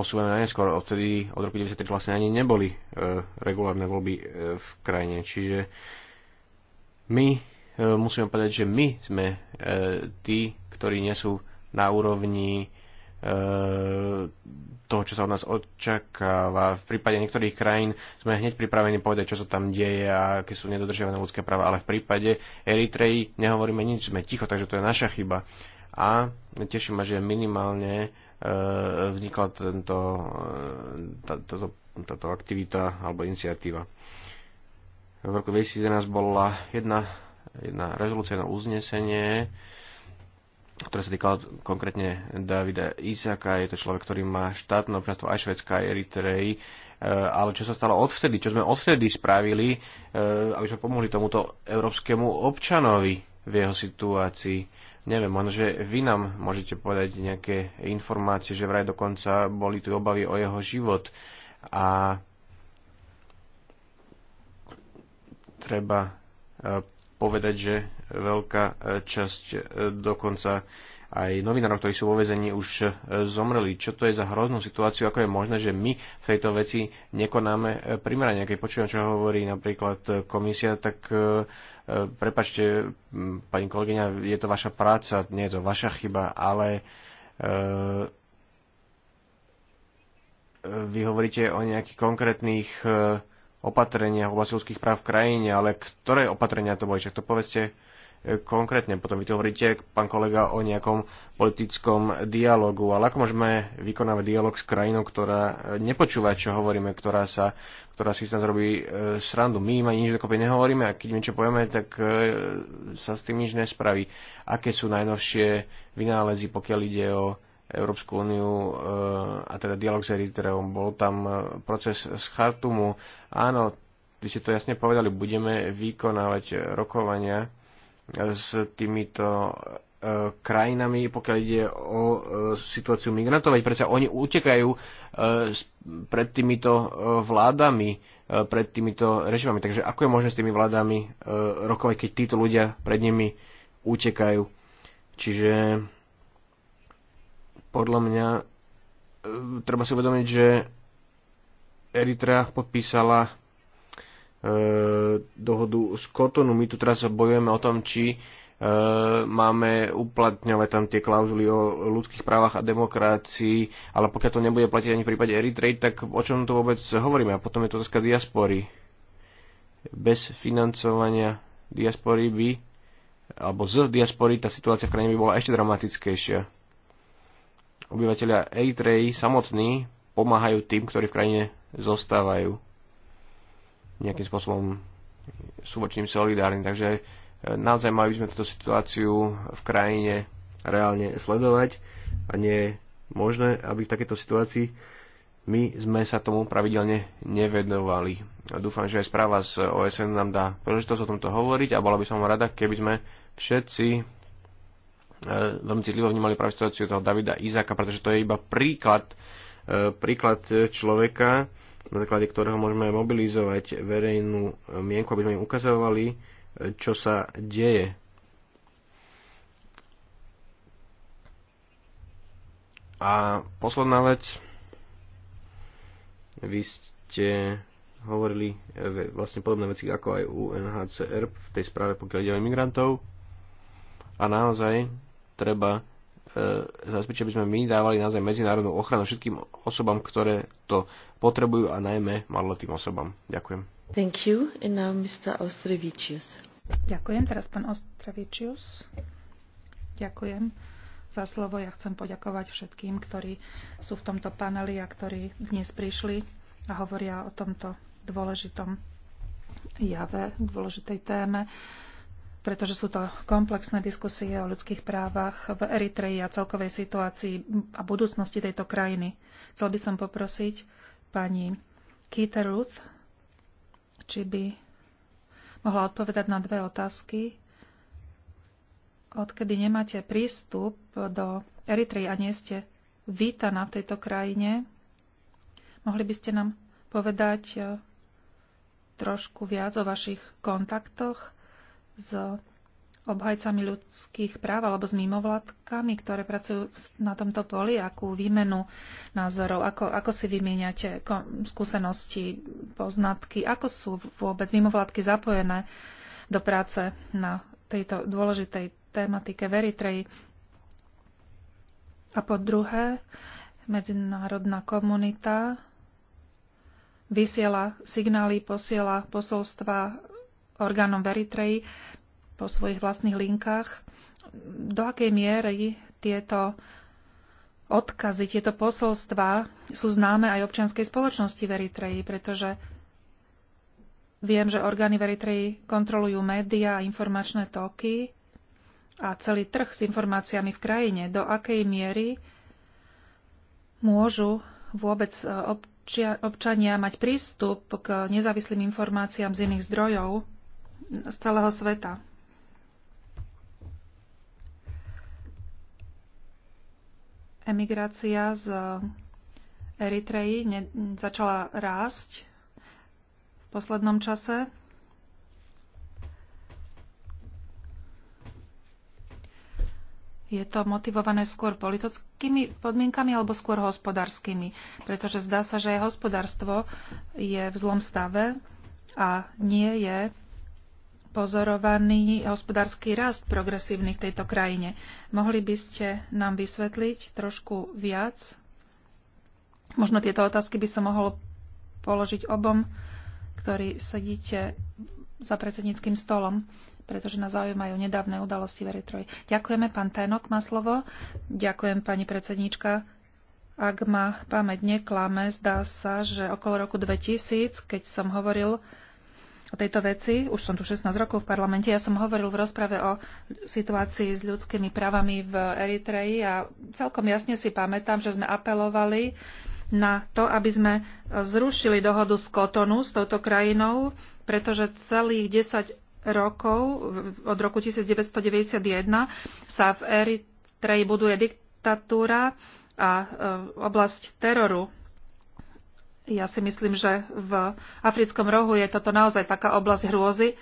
Speaker 3: posúvame na neskôr. Odtedy od roku 93 vlastne ani neboli e, regulárne voľby e, v krajine. Čiže my e, musíme povedať, že my sme e, tí, ktorí nie sú na úrovni e, toho, čo sa od nás očakáva. V prípade niektorých krajín sme hneď pripravení povedať, čo sa tam deje a aké sú nedodržiavané ľudské práva, ale v prípade Eritreji nehovoríme nič, sme ticho, takže to je naša chyba. A teší ma, že minimálne E, vznikla tento, e, tá, táto, táto aktivita alebo iniciatíva. V roku 2011 bola jedna, jedna rezolúcia na uznesenie, ktoré sa týkalo konkrétne Davida Isaka. Je to človek, ktorý má štátne občanstvo aj Švedska, aj Eritrej. E, ale čo sa stalo odvtedy? Čo sme odvtedy spravili, aby sme pomohli tomuto európskemu občanovi v jeho situácii? Neviem, možno, že vy nám môžete povedať nejaké informácie, že vraj dokonca boli tu obavy o jeho život a treba e, povedať, že veľká e, časť e, dokonca aj novinárov, ktorí sú vo vezení, už zomreli. Čo to je za hroznú situáciu? Ako je možné, že my v tejto veci nekonáme primerane? Keď počujem, čo hovorí napríklad komisia, tak prepačte, pani kolegyňa, je to vaša práca, nie je to vaša chyba, ale e, e, vy hovoríte o nejakých konkrétnych e, opatreniach v oblasti ľudských práv v krajine, ale ktoré opatrenia to boli? Však to povedzte konkrétne. Potom vy to hovoríte, pán kolega, o nejakom politickom dialogu. Ale ako môžeme vykonávať dialog s krajinou, ktorá e, nepočúva, čo hovoríme, ktorá, sa, ktorá si z nás robí e, srandu. My im ani nič dokopy nehovoríme a keď my čo povieme, tak e, sa s tým nič nespraví. Aké sú najnovšie vynálezy, pokiaľ ide o Európsku úniu a teda dialog s Eritreom. Bol tam proces z Chartumu. Áno, vy ste to jasne povedali, budeme vykonávať rokovania s týmito e, krajinami, pokiaľ ide o e, situáciu migrantov, veď predsa oni utekajú e, pred týmito vládami, pred týmito režimami. Takže ako je možné s tými vládami rokovať, keď títo ľudia pred nimi utekajú? Čiže podľa mňa treba si uvedomiť, že Eritrea podpísala E, dohodu z Kotonu. My tu teraz bojujeme o tom, či e, máme uplatňovať tam tie klauzuly o ľudských právach a demokracii, ale pokiaľ to nebude platiť ani v prípade Eritrej, tak o čom tu vôbec hovoríme? A potom je to otázka diaspory. Bez financovania diaspory by, alebo z diaspory, tá situácia v krajine by bola ešte dramatickejšia. Obyvateľia Eritrej samotní pomáhajú tým, ktorí v krajine zostávajú nejakým spôsobom sú voči nim solidárni. Takže e, naozaj mali by sme túto situáciu v krajine reálne sledovať a nie je možné, aby v takéto situácii my sme sa tomu pravidelne nevedovali. Dúfam, že aj správa z OSN nám dá príležitosť o tomto hovoriť a bola by som rada, keby sme všetci e, veľmi citlivo vnímali práve situáciu toho Davida Izaka, pretože to je iba príklad, e, príklad človeka, na základe ktorého môžeme mobilizovať verejnú mienku, aby sme im ukazovali, čo sa deje. A posledná vec, vy ste hovorili e, vlastne podobné veci ako aj UNHCR v tej správe pokiaľ ide o imigrantov a naozaj treba e, zabezpečiť, aby sme my dávali naozaj medzinárodnú ochranu všetkým osobám, ktoré to potrebujú a najmä maloletým osobám. Ďakujem. Thank you. And now Mr.
Speaker 2: Ostrevičius.
Speaker 1: Ďakujem. Teraz pán Ostrevičius. Ďakujem za slovo. Ja chcem poďakovať všetkým, ktorí sú v tomto paneli a ktorí dnes prišli a hovoria o tomto dôležitom jave, dôležitej téme, pretože sú to komplexné diskusie o ľudských právach v Eritreji a celkovej situácii a budúcnosti tejto krajiny. Chcel by som poprosiť pani Kita Ruth, či by mohla odpovedať na dve otázky. Odkedy nemáte prístup do Eritrej a nie ste vítaná v tejto krajine, mohli by ste nám povedať eh, trošku viac o vašich kontaktoch s obhajcami ľudských práv alebo s mimovládkami, ktoré pracujú na tomto poli, akú výmenu názorov, ako, ako si vymieňate skúsenosti, poznatky, ako sú vôbec mimovládky zapojené do práce na tejto dôležitej tematike veritrej. A po druhé, medzinárodná komunita vysiela signály, posiela posolstva orgánom Veritreji, po svojich vlastných linkách. Do akej miery tieto odkazy, tieto posolstva sú známe aj občianskej spoločnosti v Eritreji, pretože viem, že orgány v Eritreji kontrolujú médiá a informačné toky a celý trh s informáciami v krajine. Do akej miery môžu vôbec e, občania mať prístup k nezávislým informáciám z iných zdrojov z celého sveta. emigrácia z Eritreji začala rásť v poslednom čase. Je to motivované skôr politickými podmienkami alebo skôr hospodárskymi, pretože zdá sa, že aj hospodárstvo je v zlom stave a nie je pozorovaný hospodársky rast progresívny v tejto krajine. Mohli by ste nám vysvetliť trošku viac? Možno tieto otázky by som mohol položiť obom, ktorí sedíte za predsedníckým stolom, pretože nás zaujímajú nedávne udalosti v Eritreji. Ďakujeme, pán Tenok má slovo. Ďakujem, pani predsedníčka. Ak ma pamäť neklame, zdá sa, že okolo roku 2000, keď som hovoril o tejto veci. Už som tu 16 rokov v parlamente. Ja som hovoril v rozprave o situácii s ľudskými právami v Eritreji a celkom jasne si pamätám, že sme apelovali na to, aby sme zrušili dohodu z Kotonu s touto krajinou, pretože celých 10 rokov, od roku 1991, sa v Eritreji buduje diktatúra a e, oblasť teroru ja si myslím, že v africkom rohu je toto naozaj taká oblasť hrôzy.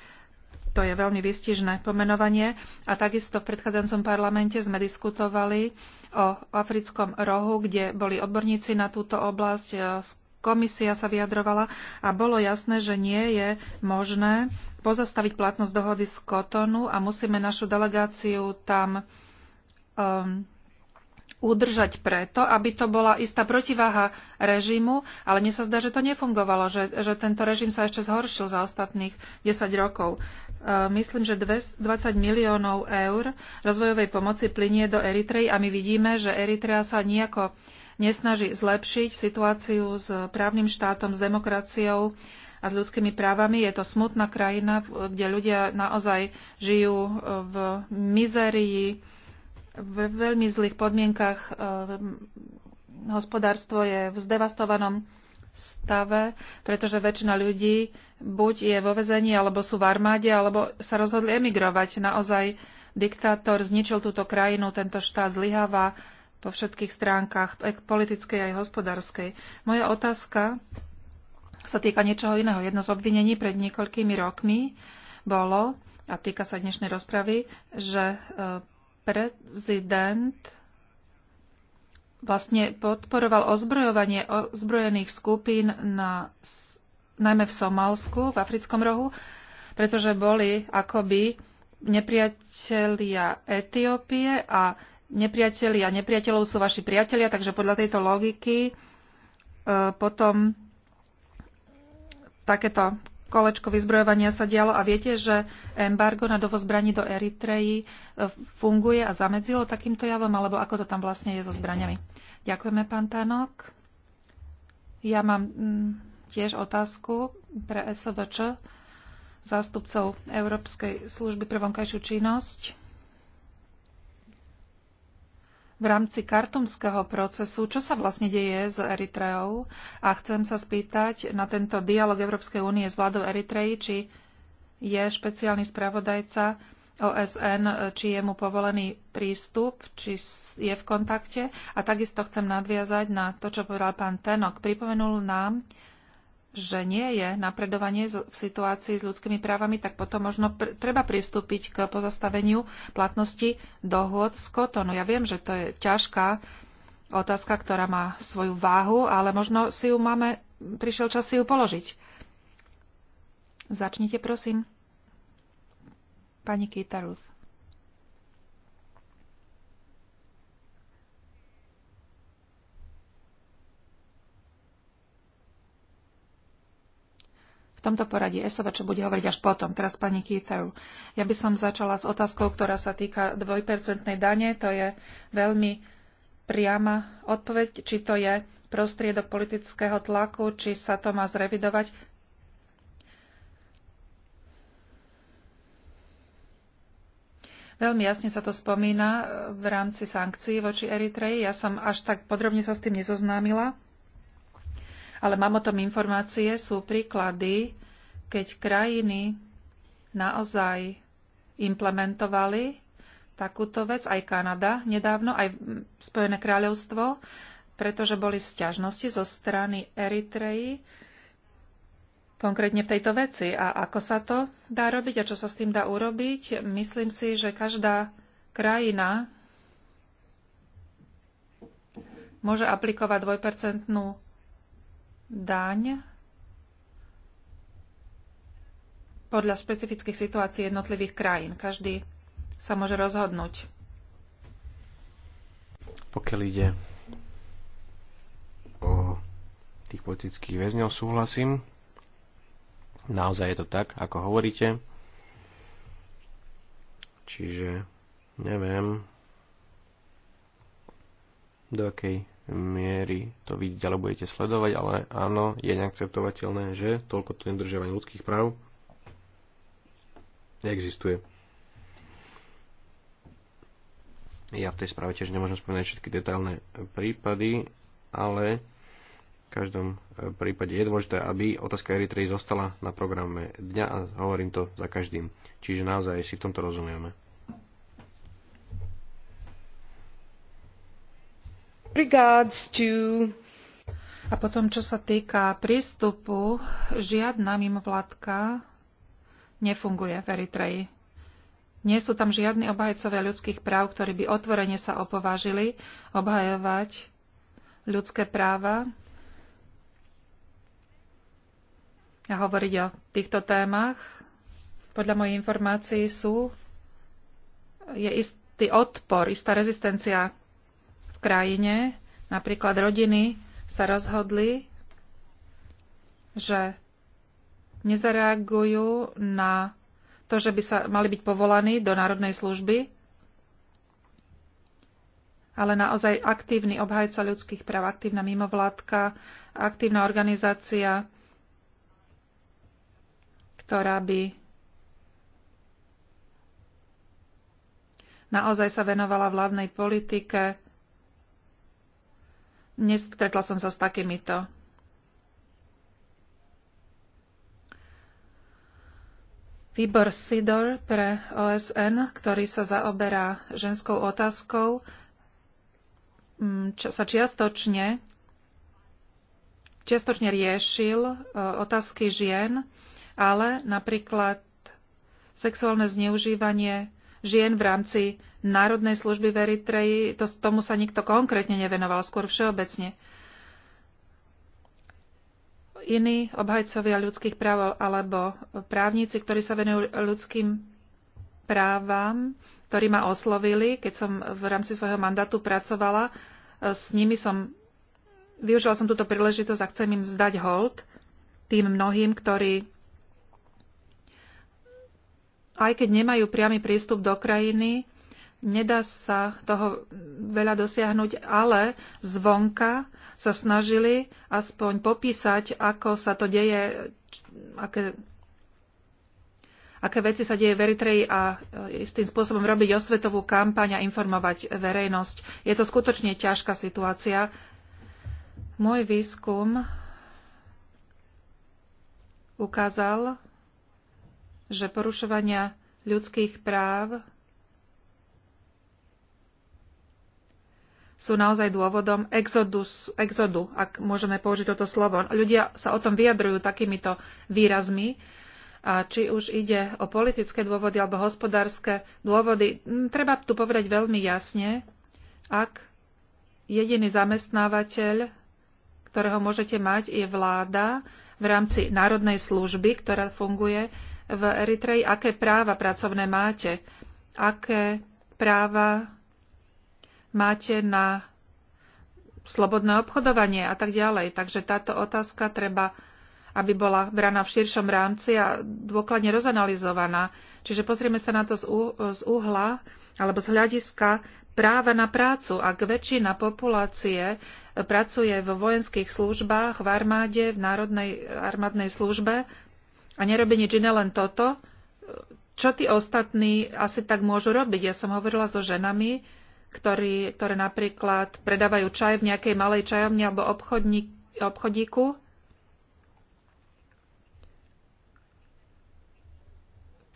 Speaker 1: To je veľmi vystižné pomenovanie. A takisto v predchádzajúcom parlamente sme diskutovali o africkom rohu, kde boli odborníci na túto oblasť, e, komisia sa vyjadrovala a bolo jasné, že nie je možné pozastaviť platnosť dohody z Kotonu a musíme našu delegáciu tam um, udržať preto, aby to bola istá protiváha režimu, ale mne sa zdá, že to nefungovalo, že, že tento režim sa ešte zhoršil za ostatných 10 rokov. E, myslím, že 20 miliónov eur rozvojovej pomoci plinie do Eritrej a my vidíme, že Eritrea sa nejako nesnaží zlepšiť situáciu s právnym štátom, s demokraciou a s ľudskými právami. Je to smutná krajina, kde ľudia naozaj žijú e, v mizérii, v veľmi zlých podmienkach. E, hospodárstvo je v zdevastovanom stave, pretože väčšina ľudí buď je vo vezení, alebo sú v armáde, alebo sa rozhodli emigrovať. Naozaj diktátor zničil túto krajinu, tento štát zlyháva po všetkých stránkach, e, politickej aj hospodárskej. Moja otázka sa týka niečoho iného. Jedno z obvinení pred niekoľkými rokmi bolo, a týka sa dnešnej rozpravy, že e, prezident vlastne podporoval ozbrojovanie ozbrojených skupín na, najmä v Somálsku, v Africkom rohu, pretože boli akoby nepriatelia Etiópie a nepriatelia nepriateľov sú vaši priatelia, takže podľa tejto logiky e, potom takéto kolečko vyzbrojovania sa dialo a viete, že embargo na dovoz zbraní do Eritreji e, funguje a zamedzilo takýmto javom, alebo ako to tam vlastne je so zbraniami. Ďakujeme, pán Tanok. Ja mám mm, tiež otázku pre SVČ, zástupcov Európskej služby pre vonkajšiu činnosť v rámci kartumského procesu, čo sa vlastne deje s Eritreou a chcem sa spýtať na tento dialog Európskej únie s vládou Eritreji, či je špeciálny spravodajca OSN, či je mu povolený prístup, či je v kontakte. A takisto chcem nadviazať na to, čo povedal pán Tenok. Pripomenul nám, že nie je napredovanie v situácii s ľudskými právami, tak potom možno pr- treba pristúpiť k pozastaveniu platnosti dohôd z Kotonu. Ja viem, že to je ťažká otázka, ktorá má svoju váhu, ale možno si ju máme, prišiel čas si ju položiť. Začnite, prosím. Pani Kita Ruth. v tomto poradí Esova, čo bude hovoriť až potom. Teraz pani Keither. Ja by som začala s otázkou, ktorá sa týka dvojpercentnej dane. To je veľmi priama odpoveď, či to je prostriedok politického tlaku, či sa to má zrevidovať. Veľmi jasne sa to spomína v rámci sankcií voči Eritreji. Ja som až tak podrobne sa s tým nezoznámila ale mám o tom informácie, sú príklady, keď krajiny naozaj implementovali takúto vec, aj Kanada nedávno, aj Spojené kráľovstvo, pretože boli sťažnosti zo strany Eritreji, konkrétne v tejto veci. A ako sa to dá robiť a čo sa s tým dá urobiť, myslím si, že každá krajina môže aplikovať dvojpercentnú daň podľa špecifických situácií jednotlivých krajín. Každý sa môže rozhodnúť.
Speaker 3: Pokiaľ ide o tých politických väzňov, súhlasím. Naozaj je to tak, ako hovoríte. Čiže neviem, do akej miery to vidieť alebo budete sledovať, ale áno, je neakceptovateľné, že toľko to nedržiavanie ľudských práv existuje. Ja v tej správe tiež nemôžem spomínať všetky detailné prípady, ale v každom e, prípade je dôležité, aby otázka Eritrej zostala na programe dňa a hovorím to za každým. Čiže naozaj si v tomto rozumieme.
Speaker 1: Regards to... A potom, čo sa týka prístupu, žiadna mimovládka nefunguje v Eritreji. Nie sú tam žiadni obhajcovia ľudských práv, ktorí by otvorene sa opovážili obhajovať ľudské práva a hovoriť o týchto témach. Podľa mojej informácií sú, je istý odpor, istá rezistencia v krajine, napríklad rodiny, sa rozhodli, že nezareagujú na to, že by sa mali byť povolaní do národnej služby, ale naozaj aktívny obhajca ľudských práv, aktívna mimovládka, aktívna organizácia, ktorá by naozaj sa venovala vládnej politike, Nestretla som sa s takýmito Výbor SIDOR pre OSN, ktorý sa zaoberá ženskou otázkou, mm, sa čiastočne, čiastočne riešil e, otázky žien, ale napríklad sexuálne zneužívanie žien v rámci národnej služby v Eritreji, to, tomu sa nikto konkrétne nevenoval, skôr všeobecne. Iní obhajcovia ľudských práv alebo právnici, ktorí sa venujú ľudským právam, ktorí ma oslovili, keď som v rámci svojho mandátu pracovala, e, s nimi som využila som túto príležitosť a chcem im vzdať hold tým mnohým, ktorí aj keď nemajú priamy prístup do krajiny, Nedá sa toho veľa dosiahnuť, ale zvonka sa snažili aspoň popísať, ako sa to deje, aké, aké veci sa deje v Eritreji a e, istým spôsobom robiť osvetovú kampaň a informovať verejnosť. Je to skutočne ťažká situácia. Môj výskum ukázal, že porušovania ľudských práv sú naozaj dôvodom exodus, exodu, ak môžeme použiť toto slovo. Ľudia sa o tom vyjadrujú takýmito výrazmi, a či už ide o politické dôvody alebo hospodárske dôvody. Treba tu povedať veľmi jasne, ak jediný zamestnávateľ, ktorého môžete mať, je vláda v rámci národnej služby, ktorá funguje v Eritreji, aké práva pracovné máte, aké práva máte na slobodné obchodovanie a tak ďalej. Takže táto otázka treba, aby bola braná v širšom rámci a dôkladne rozanalizovaná. Čiže pozrieme sa na to z uhla alebo z hľadiska práva na prácu. Ak väčšina populácie pracuje vo vojenských službách, v armáde, v národnej armádnej službe a nerobí nič iné len toto, čo tí ostatní asi tak môžu robiť? Ja som hovorila so ženami, ktorí, ktoré napríklad predávajú čaj v nejakej malej čajovni alebo obchodník, obchodíku.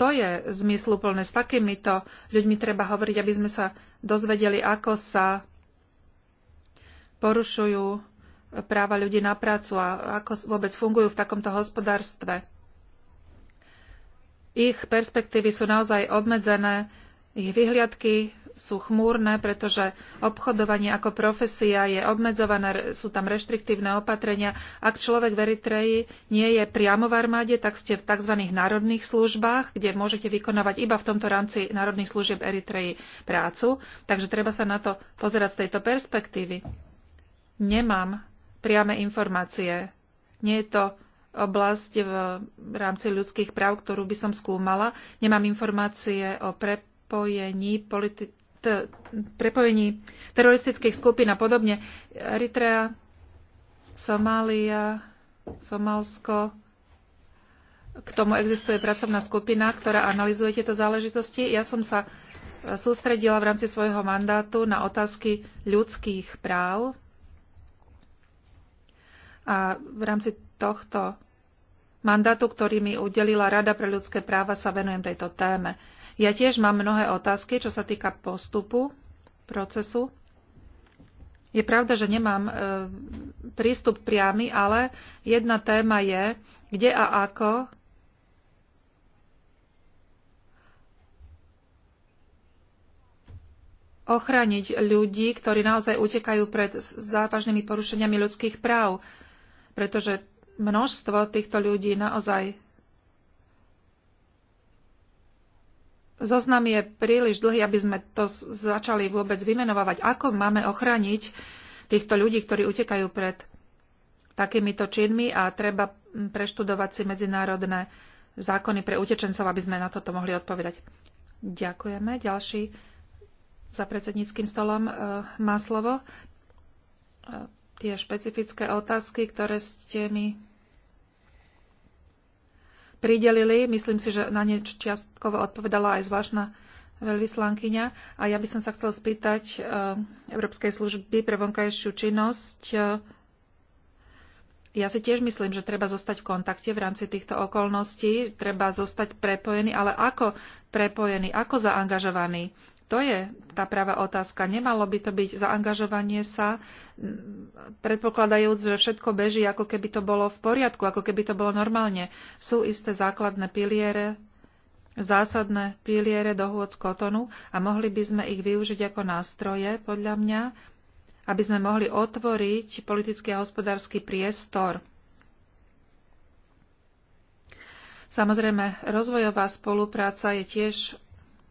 Speaker 1: To je zmysluplné. S takýmito ľuďmi treba hovoriť, aby sme sa dozvedeli, ako sa porušujú práva ľudí na prácu a ako vôbec fungujú v takomto hospodárstve. Ich perspektívy sú naozaj obmedzené, ich vyhliadky sú chmúrne, pretože obchodovanie ako profesia je obmedzované, sú tam reštriktívne opatrenia. Ak človek v Eritreji nie je priamo v armáde, tak ste v tzv. národných službách, kde môžete vykonávať iba v tomto rámci národných služieb Eritreji prácu. Takže treba sa na to pozerať z tejto perspektívy. Nemám priame informácie. Nie je to oblasť v rámci ľudských práv, ktorú by som skúmala. Nemám informácie o prepojení politi- prepojení teroristických skupín a podobne. Eritrea, Somália, Somálsko, k tomu existuje pracovná skupina, ktorá analizuje tieto záležitosti. Ja som sa e, sústredila v rámci svojho mandátu na otázky ľudských práv a v rámci tohto mandátu, ktorý mi udelila Rada pre ľudské práva, sa venujem tejto téme. Ja tiež mám mnohé otázky, čo sa týka postupu, procesu. Je pravda, že nemám e, prístup priamy, ale jedna téma je, kde a ako ochraniť ľudí, ktorí naozaj utekajú pred závažnými porušeniami ľudských práv, pretože množstvo týchto ľudí naozaj Zoznam je príliš dlhý, aby sme to začali vôbec vymenovávať. Ako máme ochrániť týchto ľudí, ktorí utekajú pred takýmito činmi a treba preštudovať si medzinárodné zákony pre utečencov, aby sme na toto mohli odpovedať. Ďakujeme. Ďalší za predsedníckým stolom eh, má slovo. Eh, tie špecifické otázky, ktoré ste mi pridelili. Myslím si, že na ne čiastkovo odpovedala aj zvláštna veľvyslankyňa. A ja by som sa chcel spýtať eh, Európskej služby pre vonkajšiu činnosť. Eh, ja si tiež myslím, že treba zostať v kontakte v rámci týchto okolností, treba zostať prepojený, ale ako prepojený, ako zaangažovaný to je tá práva otázka. Nemalo by to byť zaangažovanie sa, predpokladajúc, že všetko beží, ako keby to bolo v poriadku, ako keby to bolo normálne. Sú isté základné piliere, zásadné piliere dohôd z kotonu a mohli by sme ich využiť ako nástroje, podľa mňa, aby sme mohli otvoriť politický a hospodársky priestor Samozrejme, rozvojová spolupráca je tiež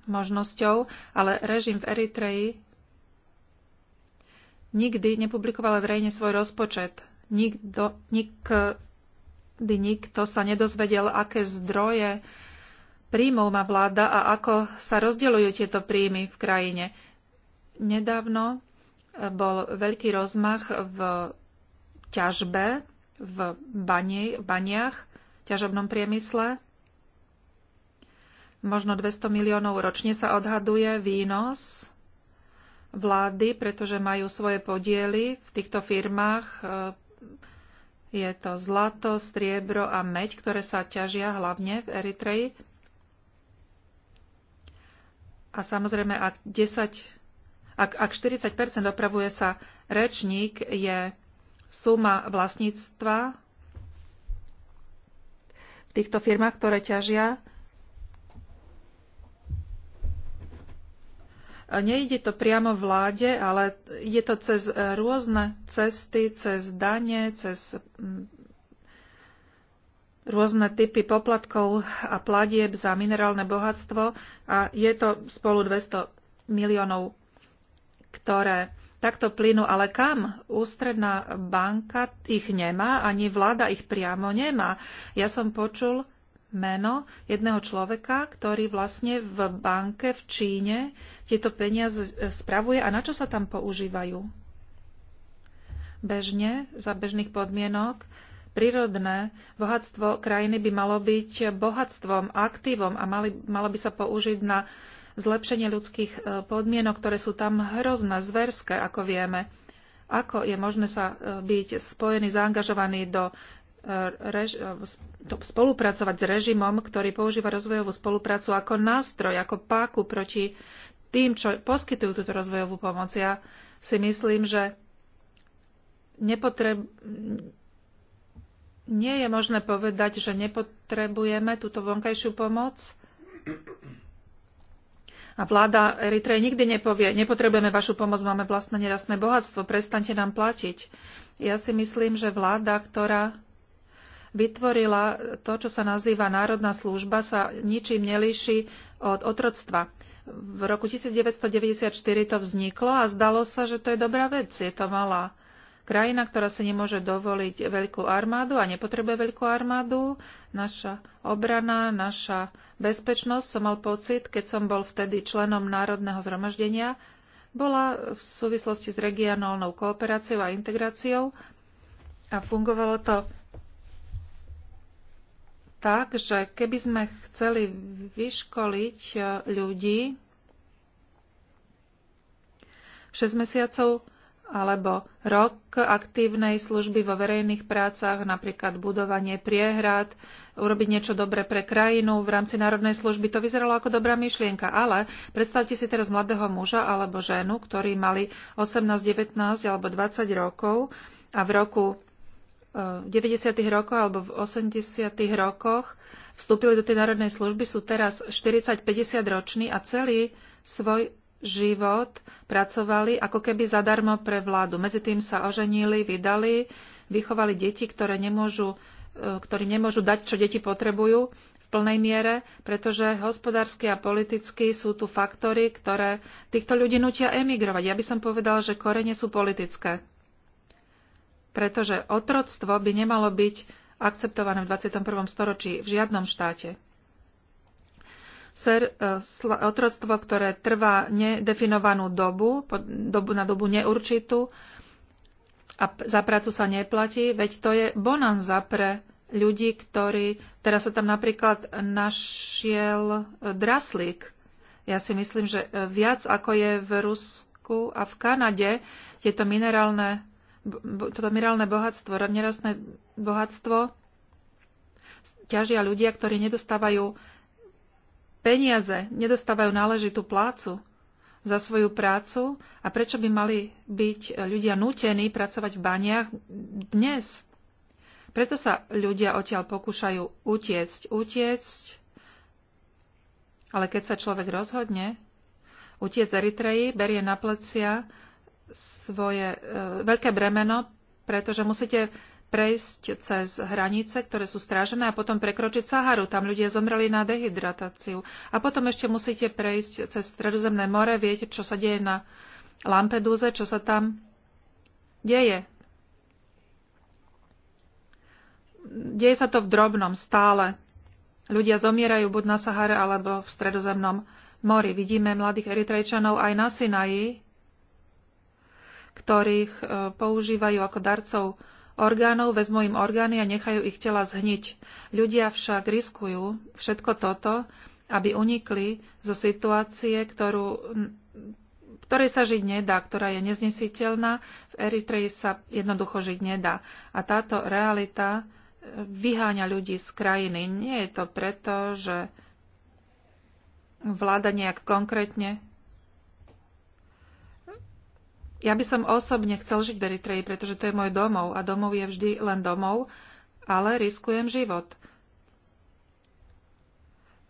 Speaker 1: možnosťou, ale režim v Eritreji nikdy nepublikoval verejne svoj rozpočet. Nikdo, nikdy nikto sa nedozvedel, aké zdroje príjmov má vláda a ako sa rozdeľujú tieto príjmy v krajine. Nedávno eh, bol veľký rozmach v ťažbe, v bani, baniach, v ťažobnom priemysle Možno 200 miliónov ročne sa odhaduje výnos vlády, pretože majú svoje podiely v týchto firmách. E, je to zlato, striebro a meď, ktoré sa ťažia hlavne v Eritreji. A samozrejme, ak, 10, ak, ak 40 opravuje sa rečník, je suma vlastníctva v týchto firmách, ktoré ťažia Nejde to priamo vláde, ale je to cez e, rôzne cesty, cez dane, cez mm, rôzne typy poplatkov a platieb za minerálne bohatstvo a je to spolu 200 miliónov, ktoré takto plynú. Ale kam? Ústredná banka ich nemá, ani vláda ich priamo nemá. Ja som počul, meno jedného človeka, ktorý vlastne v banke v Číne tieto peniaze spravuje a na čo sa tam používajú. Bežne, za bežných podmienok, prírodné bohatstvo krajiny by malo byť bohatstvom, aktívom a mali, malo by sa použiť na zlepšenie ľudských e, podmienok, ktoré sú tam hrozné, zverské, ako vieme. Ako je možné sa e, byť spojený, zaangažovaný do rež, spolupracovať s režimom, ktorý používa rozvojovú spoluprácu ako nástroj, ako páku proti tým, čo poskytujú túto rozvojovú pomoc. Ja si myslím, že nepotreb... nie je možné povedať, že nepotrebujeme túto vonkajšiu pomoc. A vláda Eritreje nikdy nepovie, nepotrebujeme vašu pomoc, máme vlastné nerastné bohatstvo, prestante nám platiť. Ja si myslím, že vláda, ktorá vytvorila to, čo sa nazýva národná služba, sa ničím nelíši od otroctva. V roku 1994 to vzniklo a zdalo sa, že to je dobrá vec. Je to malá krajina, ktorá si nemôže dovoliť veľkú armádu a nepotrebuje veľkú armádu. Naša obrana, naša bezpečnosť, som mal pocit, keď som bol vtedy členom Národného zhromaždenia, bola v súvislosti s regionálnou kooperáciou a integráciou a fungovalo to tak, že keby sme chceli vyškoliť e, ľudí 6 mesiacov alebo rok aktívnej služby vo verejných prácach, napríklad budovanie priehrad, urobiť niečo dobre pre krajinu v rámci národnej služby. To vyzeralo ako dobrá myšlienka, ale predstavte si teraz mladého muža alebo ženu, ktorí mali 18, 19 alebo 20 rokov a v roku 90. rokoch alebo v 80. rokoch vstúpili do tej národnej služby, sú teraz 40-50 roční a celý svoj život pracovali ako keby zadarmo pre vládu. Medzi tým sa oženili, vydali, vychovali deti, ktoré nemôžu, e, ktorým nemôžu dať, čo deti potrebujú v plnej miere, pretože hospodársky a politicky sú tu faktory, ktoré týchto ľudí nutia emigrovať. Ja by som povedal, že korene sú politické pretože otroctvo by nemalo byť akceptované v 21. storočí v žiadnom štáte. Ser, e, otroctvo, ktoré trvá nedefinovanú dobu, dobu na dobu neurčitú a za prácu sa neplatí, veď to je bonanza pre ľudí, ktorí... Teraz sa tam napríklad našiel e, draslík. Ja si myslím, že e, viac ako je v Rusku a v Kanade, tieto minerálne toto mirálne bohatstvo, nerastné bohatstvo ťažia ľudia, ktorí nedostávajú peniaze, nedostávajú náležitú plácu za svoju prácu a prečo by mali byť ľudia nútení pracovať v baniach dnes? Preto sa ľudia odtiaľ pokúšajú utiecť, utiecť, ale keď sa človek rozhodne utiec Eritreji, berie na plecia svoje e, veľké bremeno, pretože musíte prejsť cez hranice, ktoré sú strážené a potom prekročiť Saharu. Tam ľudia zomreli na dehydratáciu. A potom ešte musíte prejsť cez Stredozemné more. Viete, čo sa deje na Lampedúze, čo sa tam deje. Deje sa to v drobnom stále. Ľudia zomierajú buď na Sahare alebo v Stredozemnom mori. Vidíme mladých Eritrejčanov aj na Sinaji, ktorých e, používajú ako darcov orgánov, vezmú im orgány a nechajú ich tela zhniť. Ľudia však riskujú všetko toto, aby unikli zo situácie, ktorú, ktorej sa žiť nedá, ktorá je neznesiteľná. V Eritreji sa jednoducho žiť nedá. A táto realita e, vyháňa ľudí z krajiny. Nie je to preto, že vláda nejak konkrétne ja by som osobne chcel žiť v Eritreji, pretože to je môj domov a domov je vždy len domov, ale riskujem život.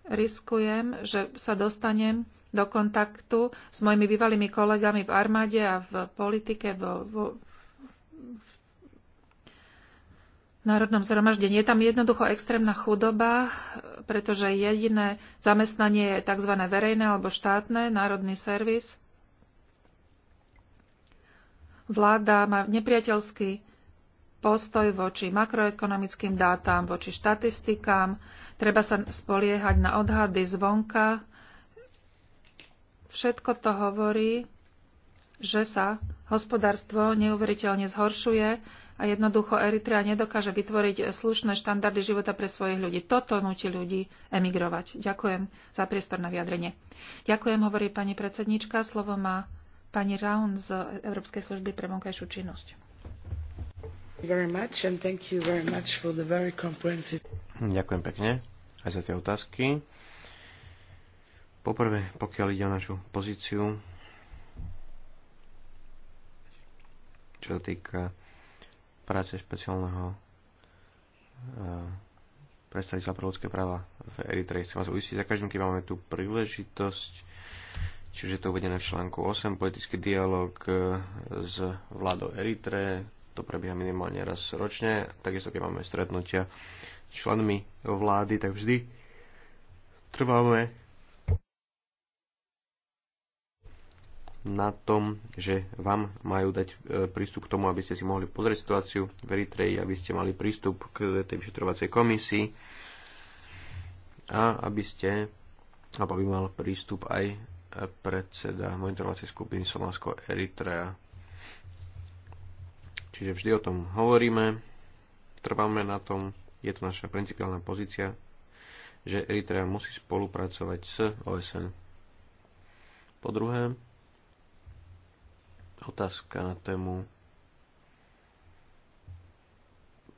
Speaker 1: Riskujem, že sa dostanem do kontaktu s mojimi bývalými kolegami v armáde a v politike, vo, vo, v Národnom zhromaždení. Je tam jednoducho extrémna chudoba, pretože jediné zamestnanie je tzv. verejné alebo štátne, národný servis – Vláda má nepriateľský postoj voči makroekonomickým dátam, voči štatistikám. Treba sa spoliehať na odhady zvonka. Všetko to hovorí, že sa hospodárstvo neuveriteľne zhoršuje a jednoducho Eritrea nedokáže vytvoriť slušné štandardy života pre svojich ľudí. Toto nutí ľudí emigrovať. Ďakujem za priestor na vyjadrenie. Ďakujem, hovorí pani predsednička. Slovo má pani Raun z Európskej služby pre vonkajšiu činnosť.
Speaker 3: Ďakujem pekne aj za tie otázky. Poprvé, pokiaľ ide o našu pozíciu, čo sa týka práce špeciálneho e, predstaviteľa pre ľudské práva v Eritreji. Chcem vás uistiť, za každým, keď máme tú príležitosť, čiže to uvedené v článku 8, politický dialog e, s vládou Eritre, to prebieha minimálne raz ročne, takisto keď máme stretnutia s členmi vlády, tak vždy trváme na tom, že vám majú dať e, prístup k tomu, aby ste si mohli pozrieť situáciu v Eritreji, aby ste mali prístup k tej vyšetrovacej komisii a aby ste aby mal prístup aj predseda monitorovacej skupiny Somálsko-Eritrea. Čiže vždy o tom hovoríme, trváme na tom, je to naša principiálna pozícia, že Eritrea musí spolupracovať s OSN. Po druhé, otázka na tému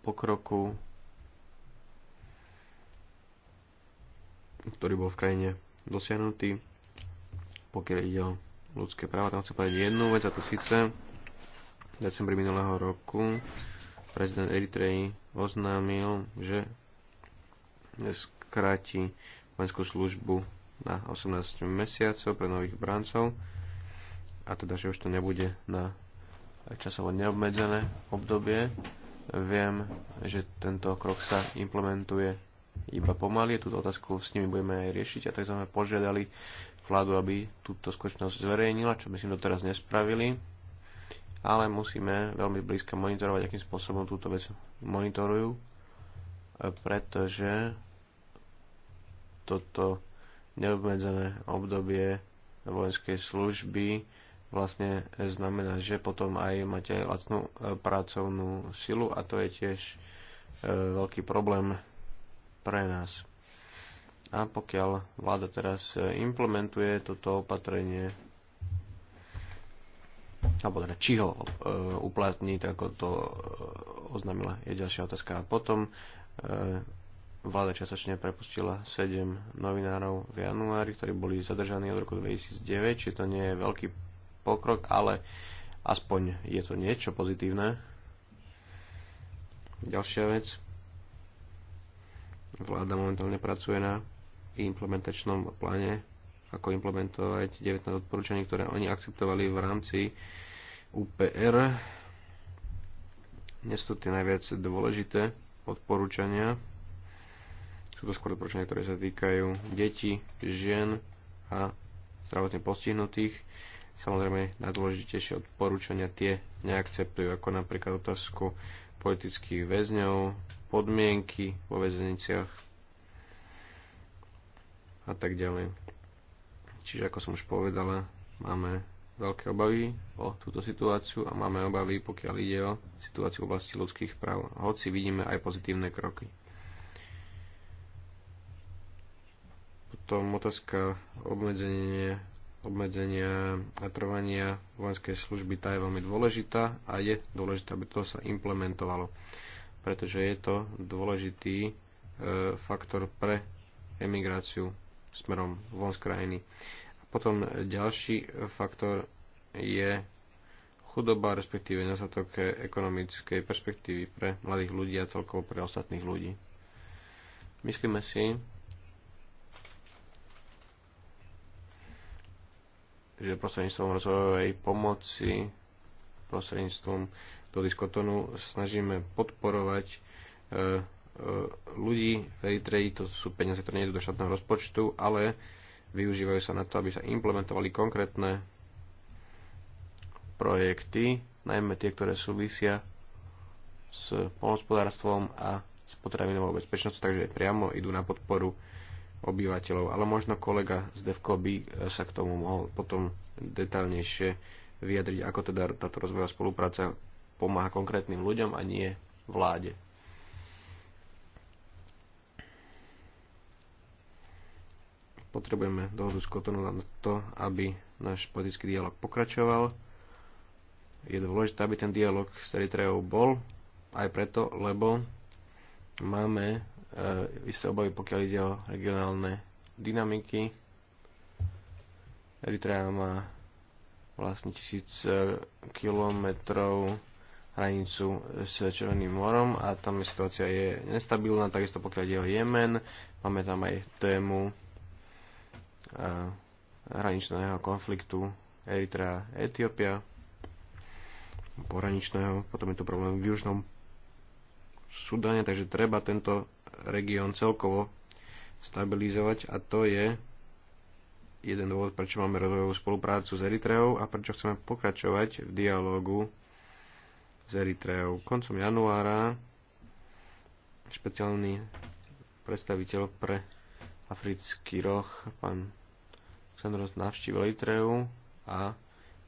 Speaker 3: pokroku, ktorý bol v krajine dosiahnutý pokiaľ ide o ľudské práva, tam chcem povedať jednu vec, a to síce v decembri minulého roku prezident Eritreji oznámil, že skráti vojenskú službu na 18 mesiacov pre nových brancov a teda, že už to nebude na časovo neobmedzené obdobie. Viem, že tento krok sa implementuje iba pomaly. Túto otázku s nimi budeme aj riešiť a tak sme požiadali vládu, aby túto skutočnosť zverejnila, čo myslím doteraz nespravili, ale musíme veľmi blízko monitorovať, akým spôsobom túto vec monitorujú, pretože toto neobmedzené obdobie vojenskej služby vlastne znamená, že potom aj máte lacnú e, pracovnú silu a to je tiež e, veľký problém pre nás. A pokiaľ vláda teraz e, implementuje toto opatrenie, alebo teda či ho e, uplatní, tak ako to e, oznámila, je ďalšia otázka. A potom e, vláda časočne prepustila 7 novinárov v januári, ktorí boli zadržaní od roku 2009, či to nie je veľký pokrok, ale aspoň je to niečo pozitívne. Ďalšia vec. Vláda momentálne pracuje na implementačnom pláne, ako implementovať 19 odporúčaní, ktoré oni akceptovali v rámci UPR. Nie sú to tie najviac dôležité odporúčania. Sú to skôr odporúčania, ktoré sa týkajú detí, žien a zdravotne postihnutých samozrejme najdôležitejšie odporúčania tie neakceptujú, ako napríklad otázku politických väzňov, podmienky vo väzniciach a tak ďalej. Čiže ako som už povedala, máme veľké obavy o túto situáciu a máme obavy, pokiaľ ide o situáciu v oblasti ľudských práv, hoci vidíme aj pozitívne kroky. Potom otázka obmedzenie, obmedzenia a trvania vojenskej služby, tá je veľmi dôležitá a je dôležité, aby to sa implementovalo, pretože je to dôležitý e, faktor pre emigráciu smerom von z krajiny. A potom ďalší faktor je chudoba, respektíve nedostatok ekonomickej perspektívy pre mladých ľudí a celkovo pre ostatných ľudí. Myslíme si, že prostredníctvom rozvojovej pomoci, prostredníctvom do diskotonu snažíme podporovať e, E, ľudí v Eritreji, to sú peniaze, ktoré nie do štátneho rozpočtu, ale využívajú sa na to, aby sa implementovali konkrétne projekty, najmä tie, ktoré súvisia s polnospodárstvom a s potravinovou bezpečnosťou, takže priamo idú na podporu obyvateľov. Ale možno kolega z DEVKO by e, sa k tomu mohol potom detaľnejšie vyjadriť, ako teda táto rozvojová spolupráca pomáha konkrétnym ľuďom a nie vláde. Potrebujeme dohodu s Kotonu na to, aby náš politický dialog pokračoval. Je dôležité, aby ten dialog s Eritreou bol, aj preto, lebo máme e, isté obavy, pokiaľ ide o regionálne dynamiky. Eritrea má vlastne tisíc e, kilometrov hranicu s Červeným morom a tam situácia je nestabilná, takisto pokiaľ ide o Jemen, máme tam aj tému hraničného konfliktu Eritrea, Etiópia, pohraničného, potom je tu problém v Južnom Sudane, takže treba tento región celkovo stabilizovať a to je jeden dôvod, prečo máme rozvojovú spoluprácu s Eritreou a prečo chceme pokračovať v dialógu s Eritreou. Koncom januára špeciálny predstaviteľ pre africký roh, pán Sandros navštívil Litreu a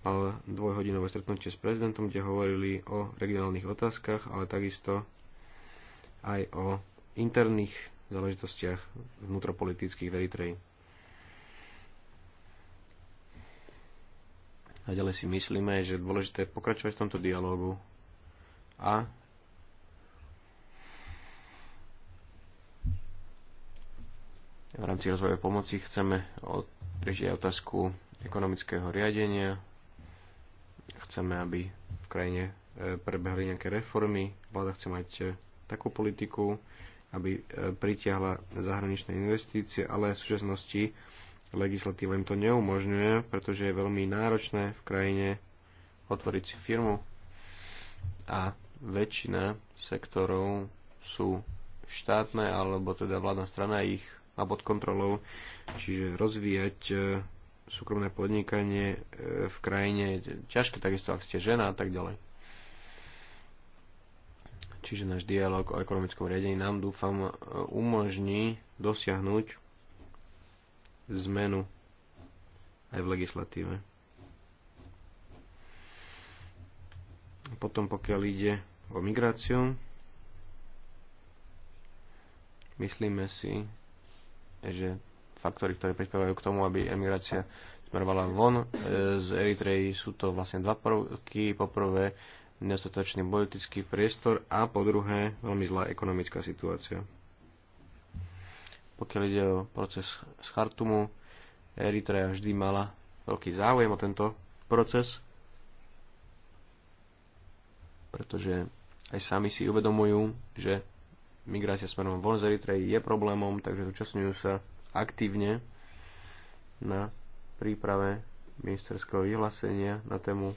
Speaker 3: mal dvojhodinové stretnutie s prezidentom, kde hovorili o regionálnych otázkach, ale takisto aj o interných záležitostiach vnútropolitických v Eritreji. A ďalej si myslíme, že je dôležité pokračovať v tomto dialogu a v rámci rozvoja pomoci chceme od rieši aj otázku ekonomického riadenia. Chceme, aby v krajine e, prebehli nejaké reformy. Vláda chce mať e, takú politiku, aby e, pritiahla zahraničné investície, ale v súčasnosti legislatíva im to neumožňuje, pretože je veľmi náročné v krajine otvoriť si firmu a väčšina sektorov sú štátne alebo teda vládna strana ich a pod kontrolou, čiže rozvíjať e, súkromné podnikanie e, v krajine je ťažké, takisto ak ste žena a tak ďalej. Čiže náš dialog o ekonomickom riadení nám dúfam e, umožní dosiahnuť zmenu aj v legislatíve. Potom pokiaľ ide o migráciu, myslíme si, že faktory, ktoré prispievajú k tomu, aby emigrácia smerovala von e, z Eritreji, sú to vlastne dva prvky. Poprvé, nedostatočný politický priestor a po druhé, veľmi zlá ekonomická situácia. Pokiaľ ide o proces z Chartumu, Eritreja vždy mala veľký záujem o tento proces, pretože aj sami si uvedomujú, že migrácia smerom von z Eritreji je problémom, takže zúčastňujú sa aktívne na príprave ministerského vyhlásenia na tému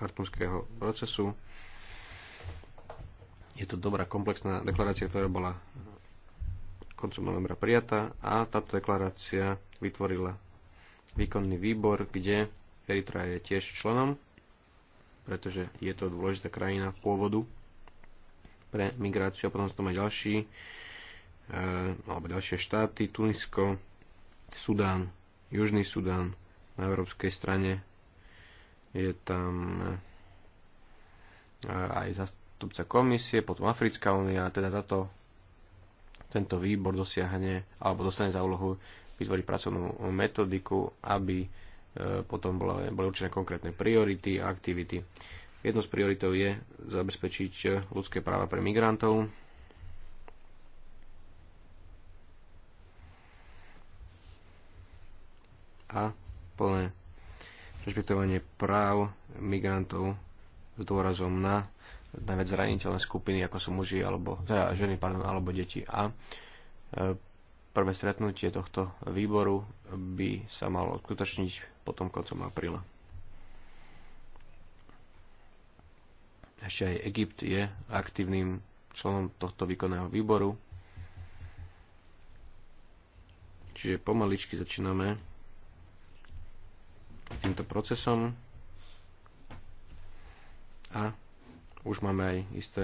Speaker 3: chartumského procesu. Je to dobrá komplexná deklarácia, ktorá bola koncom novembra prijatá a táto deklarácia vytvorila výkonný výbor, kde Eritrea je tiež členom, pretože je to dôležitá krajina pôvodu pre migráciu a potom sú tam aj ďalší e, alebo ďalšie štáty, Tunisko, Sudán, Južný Sudán na európskej strane. Je tam e, aj zastupca komisie, potom Africká únia, teda táto, tento výbor dosiahne alebo dostane za úlohu vytvoriť pracovnú metodiku, aby e, potom boli, boli určené konkrétne priority a aktivity. Jednou z prioritou je zabezpečiť eh, ľudské práva pre migrantov. a plné rešpektovanie práv migrantov s dôrazom na najviac zraniteľné skupiny, ako sú muži alebo teda ženy, pardon, alebo deti. A eh, prvé stretnutie tohto výboru by sa malo uskutočniť potom koncom apríla. Ešte aj Egypt je aktívnym členom tohto výkonného výboru. Čiže pomaličky začíname s týmto procesom a už máme aj isté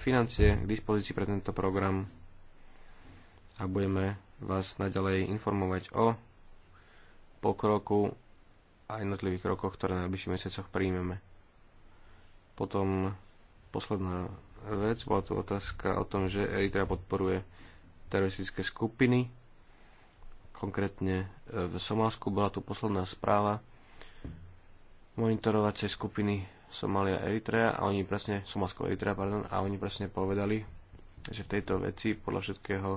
Speaker 3: financie k dispozícii pre tento program a budeme vás naďalej informovať o pokroku a jednotlivých krokoch, ktoré na najbližších mesiacoch príjmeme. Potom posledná vec, bola tu otázka o tom, že Eritrea podporuje teroristické skupiny, konkrétne e, v Somálsku bola tu posledná správa monitorovacej skupiny Somalia Eritrea a oni presne, Somalsko Eritrea, pardon, a oni presne povedali, že v tejto veci podľa všetkého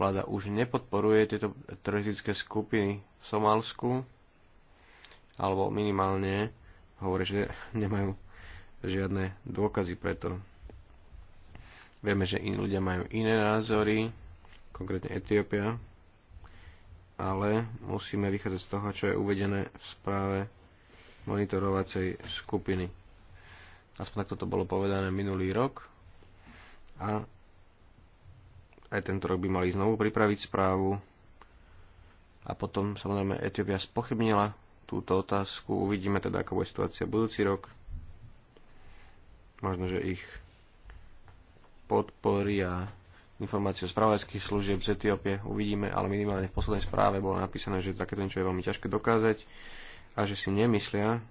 Speaker 3: vláda už nepodporuje tieto teroristické skupiny v Somálsku, alebo minimálne hovorí, že nemajú žiadne dôkazy preto. Vieme, že iní ľudia majú iné názory, konkrétne Etiópia, ale musíme vychádzať z toho, čo je uvedené v správe monitorovacej skupiny. Aspoň takto to bolo povedané minulý rok a aj tento rok by mali znovu pripraviť správu a potom samozrejme Etiópia spochybnila túto otázku. Uvidíme teda, ako bude situácia budúci rok možno, že ich podporia informácie o spravodajských služieb z Etiópie. Uvidíme, ale minimálne v poslednej správe bolo napísané, že takéto niečo je veľmi ťažké dokázať a že si nemyslia,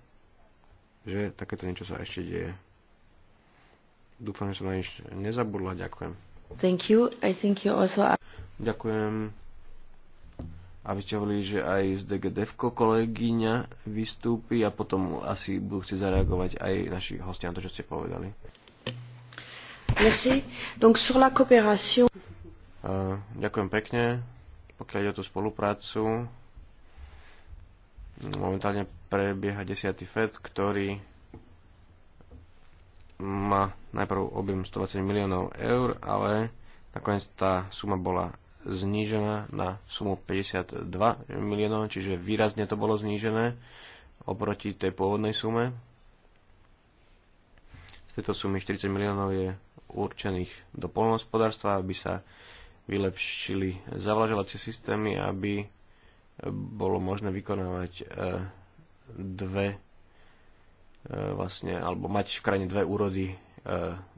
Speaker 3: že takéto niečo sa ešte deje. Dúfam, že som na nič nezabudla. Ďakujem.
Speaker 2: Thank you. I think you also...
Speaker 3: Ďakujem. A vy ste hovorili, že aj z DGDFko kolegyňa vystúpi a potom asi budú chcieť zareagovať aj naši hostia na to, čo ste povedali.
Speaker 2: Merci. Donc sur la coopération...
Speaker 3: Uh, ďakujem pekne. Pokiaľ ide o tú spoluprácu, momentálne prebieha 10. FED, ktorý má najprv objem 120 miliónov eur, ale nakoniec tá suma bola znížená na sumu 52 miliónov, čiže výrazne to bolo znížené oproti tej pôvodnej sume. Z tejto sumy 40 miliónov je určených do polnohospodárstva, aby sa vylepšili zavlažovacie systémy, aby bolo možné vykonávať e, dve e, vlastne, alebo mať v krajine dve úrody e,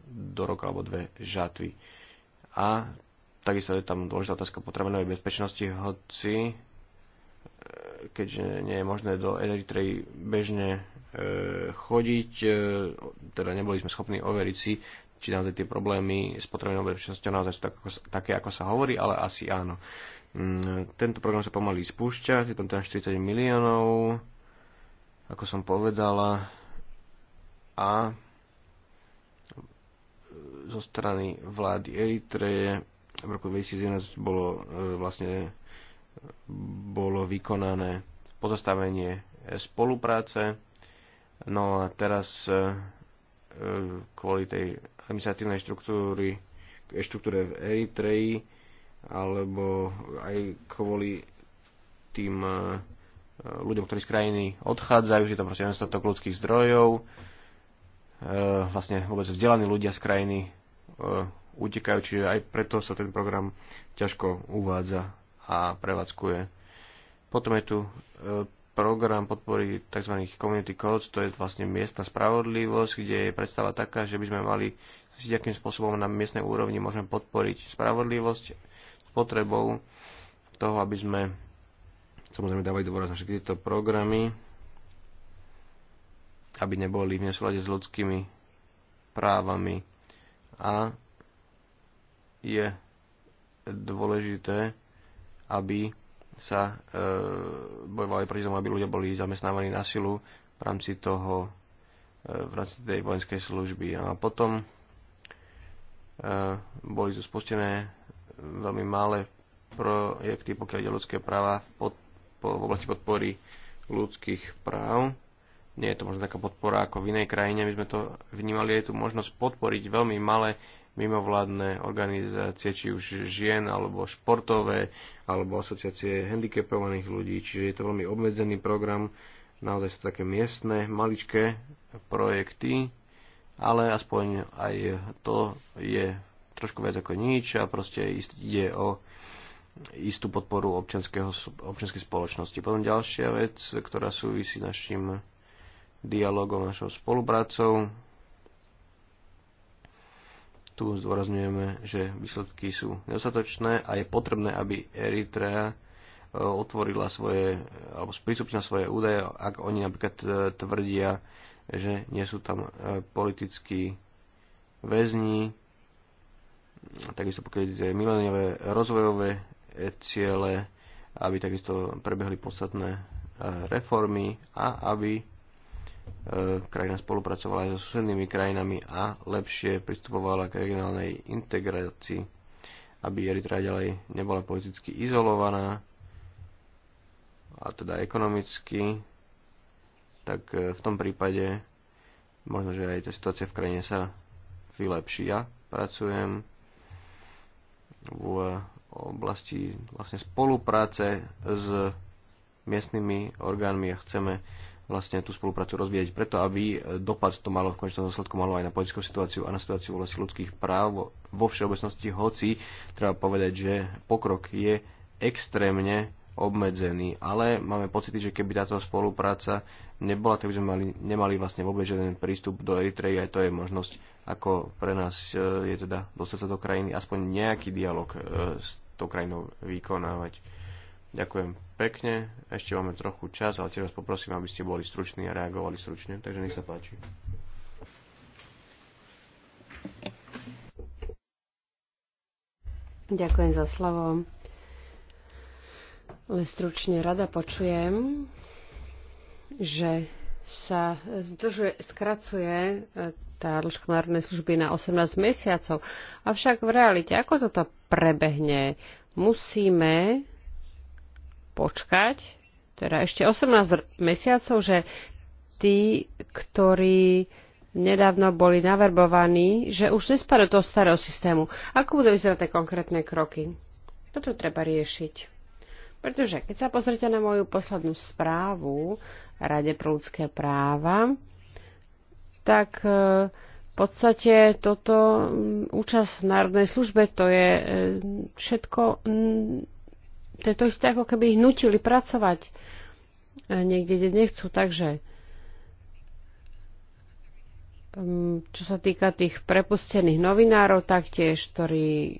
Speaker 3: do roka alebo dve žatvy. A Takisto je tam dôležitá otázka potravinovej bezpečnosti, hoci e, keďže nie je možné do Eritrej bežne e, chodiť, e, teda neboli sme schopní overiť si, či naozaj tie problémy s potravinovou bezpečnosťou naozaj sú tak, ako, také, ako sa hovorí, ale asi áno. Mm, tento program sa pomaly spúšťa, je tam teda 40 miliónov, ako som povedala, a zo strany vlády Eritreje v roku 2011 bolo e, vlastne e, bolo vykonané pozastavenie spolupráce. No a teraz e, kvôli tej administratívnej štruktúry, štruktúre v Eritreji alebo aj kvôli tým ľuďom, ktorí z krajiny odchádzajú, že tam proste nedostatok ľudských zdrojov, vlastne vôbec vzdelaní ľudia z krajiny utekajú, čiže aj preto sa ten program ťažko uvádza a prevádzkuje. Potom je tu e, program podpory tzv. community codes, to je vlastne miestna spravodlivosť, kde je predstava taká, že by sme mali si akým spôsobom na miestnej úrovni môžeme podporiť spravodlivosť s potrebou toho, aby sme samozrejme dávali dôraz na všetky tieto programy, aby neboli v nesúlade s ľudskými právami a je dôležité, aby sa e, bojovali proti tomu, aby ľudia boli zamestnávaní na silu v rámci toho, e, v rámci tej vojenskej služby. A potom e, boli tu spustené veľmi malé projekty, pokiaľ ide ľudské práva pod, po, v oblasti podpory ľudských práv. Nie je to možno taká podpora ako v inej krajine, my sme to vnímali, je tu možnosť podporiť veľmi malé mimovládne organizácie, či už žien, alebo športové, alebo asociácie handicapovaných ľudí, čiže je to veľmi obmedzený program, naozaj sú také miestne, maličké projekty, ale aspoň aj to je trošku viac ako nič a proste ide o istú podporu občianskej spoločnosti. Potom ďalšia vec, ktorá súvisí našim dialogom, našou spoluprácou, tu zdôrazňujeme, že výsledky sú nedostatočné a je potrebné, aby Eritrea e, otvorila svoje, alebo sprísupnila svoje údaje, ak oni napríklad e, tvrdia, že nie sú tam e, politickí väzni, takisto pokiaľ ide mileniové rozvojové ciele, aby takisto prebehli podstatné reformy a aby E, krajina spolupracovala aj so susednými krajinami a lepšie pristupovala k regionálnej integrácii, aby Eritrea ďalej nebola politicky izolovaná a teda ekonomicky, tak e, v tom prípade možno, že aj tá situácia v krajine sa vylepší. Ja pracujem v oblasti vlastne spolupráce s miestnymi orgánmi a chceme vlastne tú spoluprácu rozvíjať preto, aby e, dopad to malo v konečnom dôsledku malo aj na politickú situáciu a na situáciu v ľudských práv vo všeobecnosti, hoci treba povedať, že pokrok je extrémne obmedzený, ale máme pocity, že keby táto spolupráca nebola, tak by sme mali, nemali vlastne vôbec žiaden prístup do Eritreji, aj to je možnosť, ako pre nás e, je teda dostať sa do krajiny, aspoň nejaký dialog e, s tou krajinou vykonávať. Ďakujem pekne. Ešte máme trochu čas, ale teraz poprosím, aby ste boli struční a reagovali stručne. Takže nech sa páči.
Speaker 2: Ďakujem za slovo. Len stručne rada počujem, že sa zdržuje, skracuje e, tá dĺžka národnej služby na 18 mesiacov. Avšak v realite, ako toto prebehne? Musíme počkať, teda ešte 18 mesiacov, že tí, ktorí nedávno boli naverbovaní, že už nespadajú toho starého systému. Ako budú vyzerať tie konkrétne kroky? Toto treba riešiť. Pretože keď sa pozrite na moju poslednú správu Rade pro ľudské práva, tak e, v podstate toto účasť v národnej službe to je e, všetko to je to isté, ako keby ich nutili pracovať e, niekde, kde nechcú. Takže mm, čo sa týka tých prepustených novinárov, taktiež, ktorí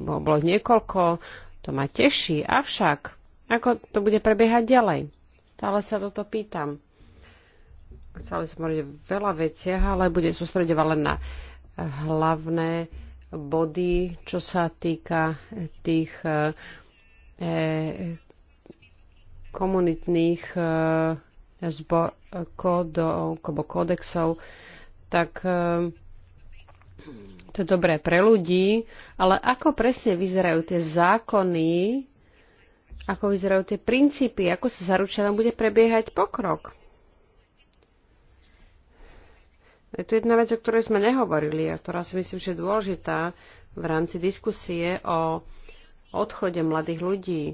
Speaker 2: bolo niekoľko, to ma teší. Avšak, ako to bude prebiehať ďalej? Stále sa toto pýtam. Chceli som hovoriť veľa veciach, ale bude sústredovať len na hlavné body, čo sa týka tých uh, Eh, komunitných eh, zbo- kódov, kódexov, tak eh, to je dobré pre ľudí, ale ako presne vyzerajú tie zákony, ako vyzerajú tie princípy, ako sa zaručená bude prebiehať pokrok. Je tu jedna vec, o ktorej sme nehovorili a ktorá si myslím, že je dôležitá v rámci diskusie o odchode mladých ľudí.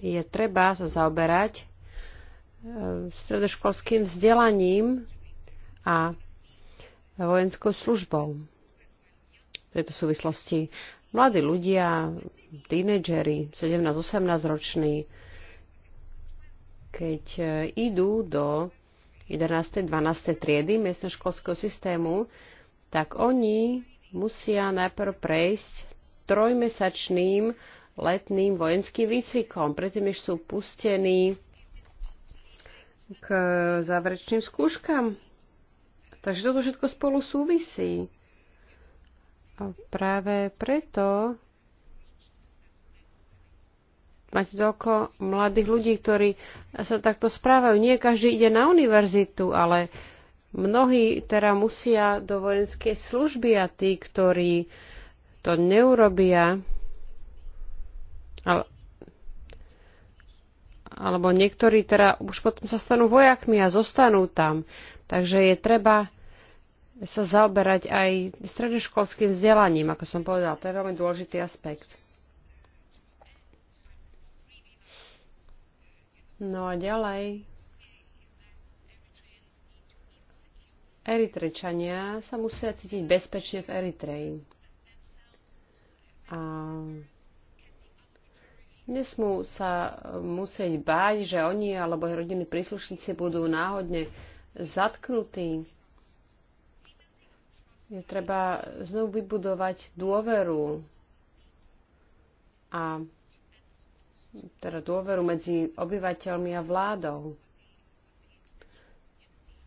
Speaker 2: Je treba sa zaoberať e, stredoškolským vzdelaním a vojenskou službou. V tejto súvislosti mladí ľudia, tínedžeri, 17-18 roční, keď e, idú do 11. 12. triedy miestnoškolského systému, tak oni musia najprv prejsť trojmesačným letným vojenským výcvikom, predtým, než sú pustení k záverečným skúškam. Takže toto všetko spolu súvisí. A práve preto máte toľko mladých ľudí, ktorí sa takto správajú. Nie každý ide na univerzitu, ale mnohí teda musia do vojenskej služby a tí, ktorí to neurobia, ale, alebo niektorí teda už potom sa stanú vojakmi a zostanú tam. Takže je treba sa zaoberať aj stredoškolským vzdelaním, ako som povedala, To je veľmi dôležitý aspekt. No a ďalej. Eritrečania sa musia cítiť bezpečne v Eritreji. A nesmú sa musieť báť, že oni alebo rodiny príslušníci budú náhodne zatknutí. Je treba znovu vybudovať dôveru a teda dôveru medzi obyvateľmi a vládou.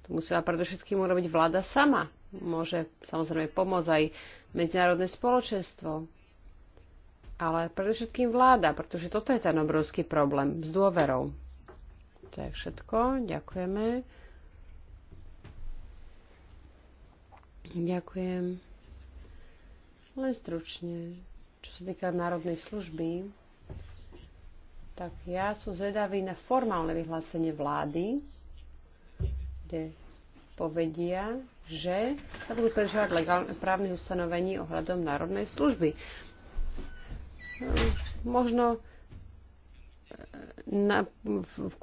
Speaker 2: To musela predovšetkým urobiť vláda sama. Môže samozrejme pomôcť aj medzinárodné spoločenstvo ale predovšetkým vláda, pretože toto je ten obrovský problém s dôverou. To je všetko. Ďakujeme. Ďakujem. Len stručne. Čo sa týka národnej služby, tak ja som zvedavý na formálne vyhlásenie vlády, kde povedia, že sa budú prežívať legálne právne ustanovení ohľadom národnej služby možno na,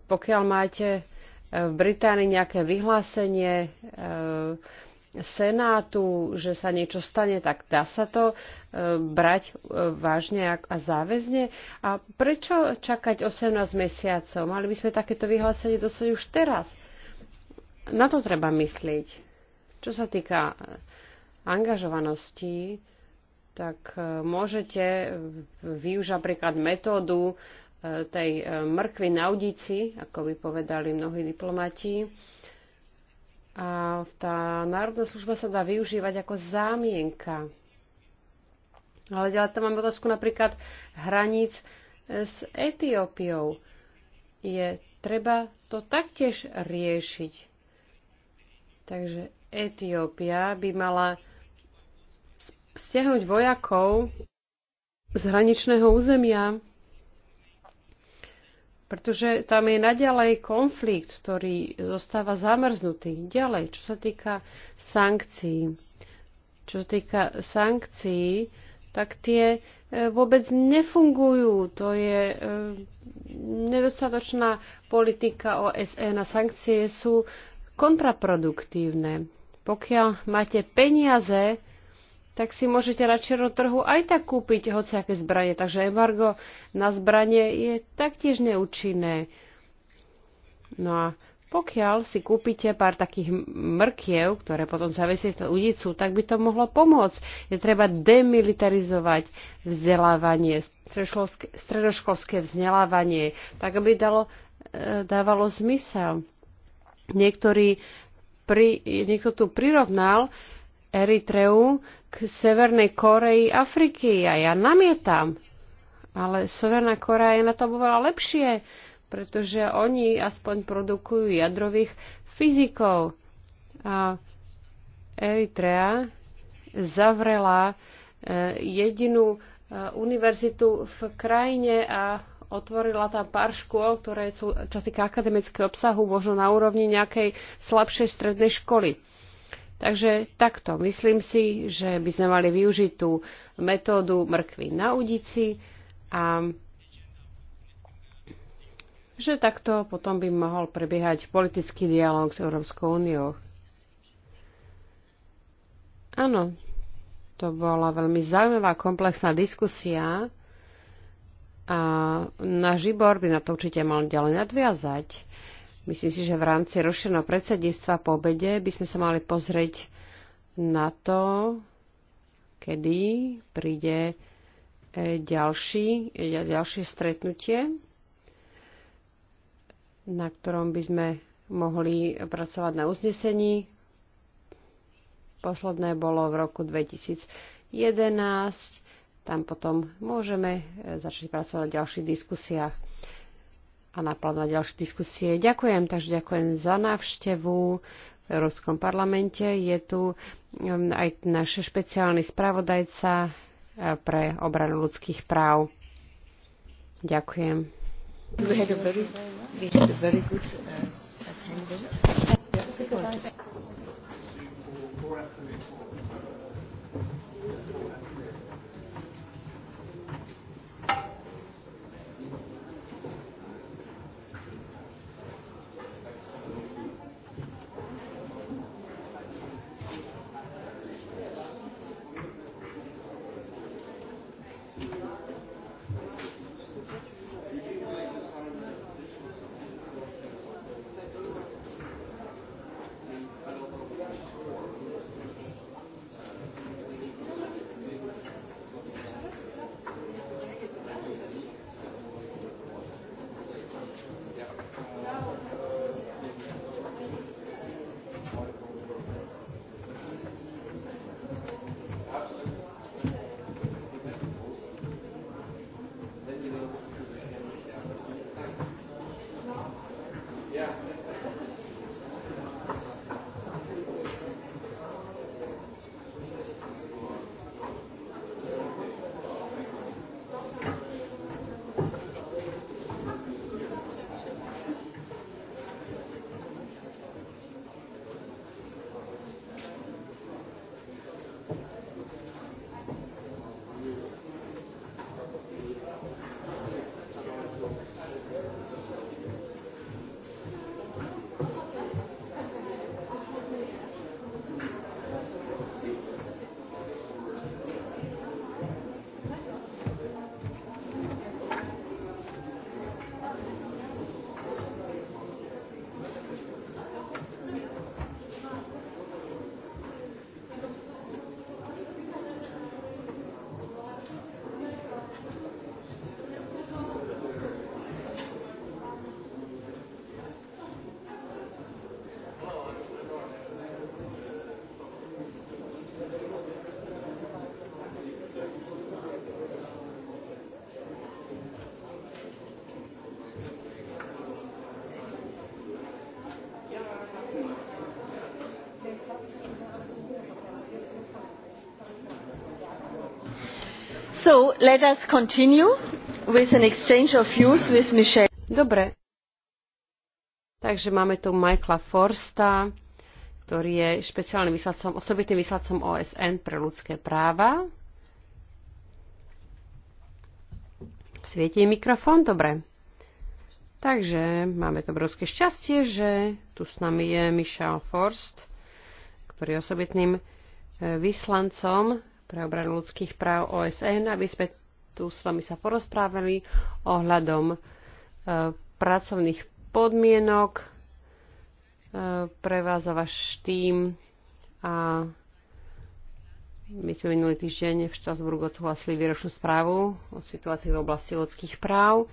Speaker 2: pokiaľ máte e, v Británii nejaké vyhlásenie e, Senátu, že sa niečo stane, tak dá sa to e, brať vážne a záväzne. A prečo čakať 18 mesiacov? Mali by sme takéto vyhlásenie dostať už teraz. Na to treba myslieť. Čo sa týka angažovanosti, tak e, môžete e, využiť napríklad metódu e, tej mrkvy na udici, ako by povedali mnohí diplomati. A tá národná služba sa dá využívať ako zámienka. Ale ďalej tam máme otázku napríklad hraníc s Etiópiou. Je treba to taktiež riešiť. Takže Etiópia by mala stiahnuť vojakov z hraničného územia, pretože tam je naďalej konflikt, ktorý zostáva zamrznutý. Ďalej, čo sa týka sankcií. Čo sa týka sankcií, tak tie e, vôbec nefungujú. To je e, nedostatočná politika OSN e. a sankcie sú kontraproduktívne. Pokiaľ máte peniaze, tak si môžete na čiernom trhu aj tak kúpiť hociaké zbranie. Takže embargo na zbranie je taktiež neúčinné. No a pokiaľ si kúpite pár takých mrkiev, ktoré potom zavesiete na ulicu, tak by to mohlo pomôcť. Je treba demilitarizovať vzdelávanie, stredoškolské vzdelávanie, tak aby dalo, e, dávalo zmysel. Niektorí pri, niekto tu prirovnal Eritreu k Severnej Koreji Afriky a ja namietam. Ale Severná Korea je na to oveľa lepšie, pretože oni aspoň produkujú jadrových fyzikov. A Eritrea zavrela eh, jedinú eh, univerzitu v krajine a otvorila tam pár škôl, ktoré sú, čo týka akademického obsahu, možno na úrovni nejakej slabšej strednej školy. Takže takto, myslím si, že by sme mali využiť tú metódu mrkvy na udici a že takto potom by mohol prebiehať politický dialog s Európskou úniou. Áno, to bola veľmi zaujímavá komplexná diskusia a náš Žibor by na to určite mal ďalej nadviazať. Myslím si, že v rámci rušeného predsedníctva po obede by sme sa mali pozrieť na to, kedy príde e, ďalší, e, ďalšie stretnutie, na ktorom by sme mohli pracovať na uznesení. Posledné bolo v roku 2011. Tam potom môžeme e, začať pracovať v ďalších diskusiách a naplánovať ďalšie diskusie. Ďakujem, takže ďakujem za návštevu v Európskom parlamente. Je tu um, aj náš špeciálny spravodajca uh, pre obranu ľudských práv. Ďakujem. We had a very, we had a very good uh, attendance.
Speaker 3: So, let us continue with an exchange of views with
Speaker 2: Michelle. Dobre. Takže máme tu Michaela Forsta, ktorý je špeciálnym vyslancom, osobitým vyslancom OSN pre ľudské práva. Svieti mikrofón? Dobre. Takže máme to obrovské šťastie, že tu s nami je Michel Forst, ktorý je osobitným e, vyslancom pre obranu ľudských práv OSN, aby sme tu s vami sa porozprávali ohľadom e, pracovných podmienok e, pre vás a váš tým. A my sme minulý týždeň v Štrasburgu odsúhlasili výročnú správu o situácii v oblasti ľudských práv.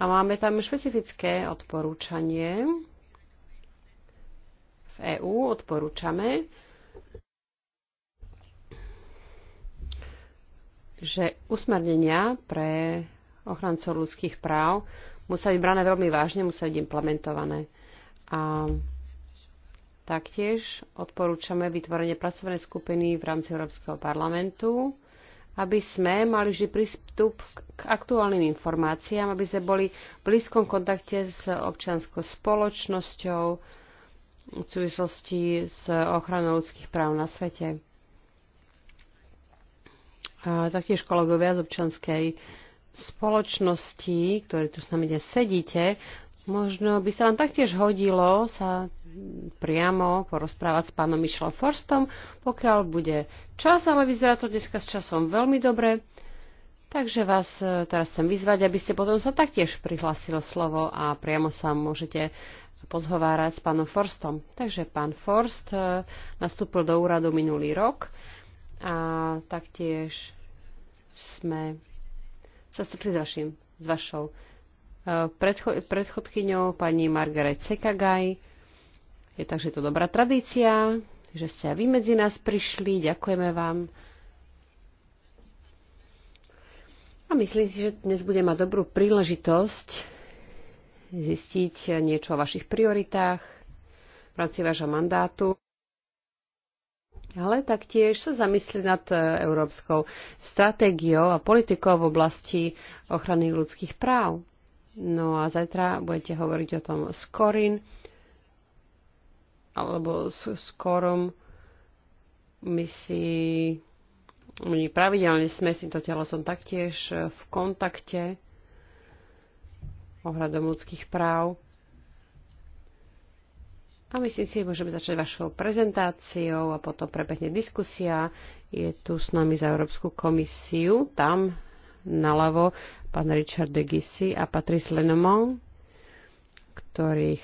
Speaker 2: A máme tam špecifické odporúčanie. V EÚ odporúčame, že usmernenia pre ochrancov ľudských práv musia byť brané veľmi vážne, musia byť implementované. A taktiež odporúčame vytvorenie pracovnej skupiny v rámci Európskeho parlamentu, aby sme mali vždy prístup k aktuálnym informáciám, aby sme boli v blízkom kontakte s občianskou spoločnosťou v súvislosti s ochranou ľudských práv na svete a taktiež kolegovia z občanskej spoločnosti, ktorí tu s nami dnes sedíte, možno by sa vám taktiež hodilo sa priamo porozprávať s pánom Michelom Forstom, pokiaľ bude čas, ale vyzerá to dneska s časom veľmi dobre. Takže vás e, teraz chcem vyzvať, aby ste potom sa taktiež prihlásilo slovo a priamo sa môžete pozhovárať s pánom Forstom. Takže pán Forst e, nastúpil do úradu minulý rok a taktiež sme sa stretli s, vašim, s vašou e, predcho- predchodkyňou pani Margaret Sekagaj. Je takže to dobrá tradícia, že ste aj vy medzi nás prišli. Ďakujeme vám. A myslím si, že dnes bude mať dobrú príležitosť zistiť niečo o vašich prioritách v rámci vášho mandátu ale taktiež sa zamyslí nad e, európskou stratégiou a politikou v oblasti ochrany ľudských práv. No a zajtra budete hovoriť o tom s Korin alebo s, s Korom. My si my pravidelne sme s týmto som taktiež e, v kontakte ohľadom ľudských práv. A myslím si, môžeme začať vašou prezentáciou a potom prebehne diskusia. Je tu s nami za Európsku komisiu, tam naľavo pán Richard de Gisi a Patrice Lenomont, ktorých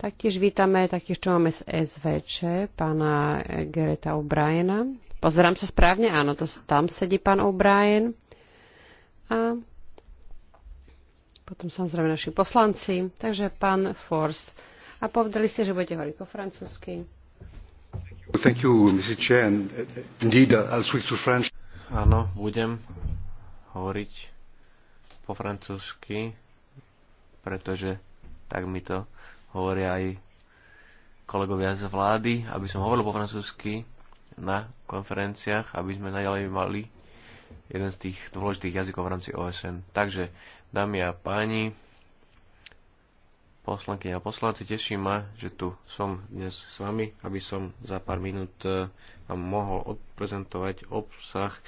Speaker 2: taktiež vítame, taktiež čo máme z SVČ, pána Gereta O'Briena. Pozerám sa správne, áno, to, tam sedí pán O'Brien. A potom samozrejme naši poslanci. Takže pán Forst, a povedali ste, že budete hovoriť po francúzsky.
Speaker 3: Thank you, Mr. Chair. Uh, indeed, uh, I'll switch to French. Áno, budem hovoriť po francúzsky, pretože tak mi to hovoria aj kolegovia z vlády, aby som hovoril po francúzsky na konferenciách, aby sme najďalej mali jeden z tých dôležitých jazykov v rámci OSN. Takže, dámy a páni, poslanky a poslanci, teší ma, že tu som dnes s vami, aby som za pár minút e, vám mohol odprezentovať obsah e,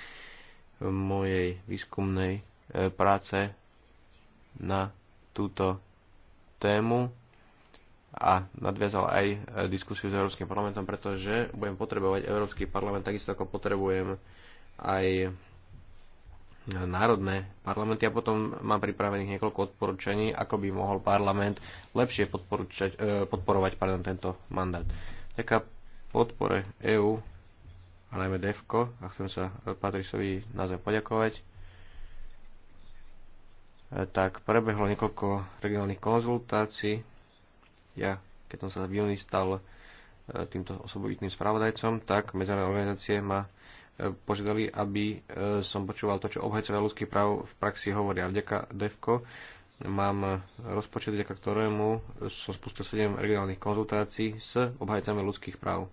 Speaker 3: mojej výskumnej e, práce na túto tému a nadviazal aj diskusiu s Európskym parlamentom, pretože budem potrebovať Európsky parlament takisto ako potrebujem aj národné parlamenty a potom mám pripravených niekoľko odporúčaní, ako by mohol parlament lepšie e, podporovať pardon, tento mandát. Taká podpore EÚ a najmä DEFCO a chcem sa Patrisovi naozaj poďakovať. E, tak prebehlo niekoľko regionálnych konzultácií. Ja, keď som sa v júni stal e, týmto osobitným spravodajcom, tak medzinárodné organizácie ma požiadali, aby e, som počúval to, čo obhajcovia ľudských práv v praxi hovoria. Vďaka DEFCO mám rozpočet, vďaka ktorému som spustil 7 regionálnych konzultácií s obhajcami ľudských práv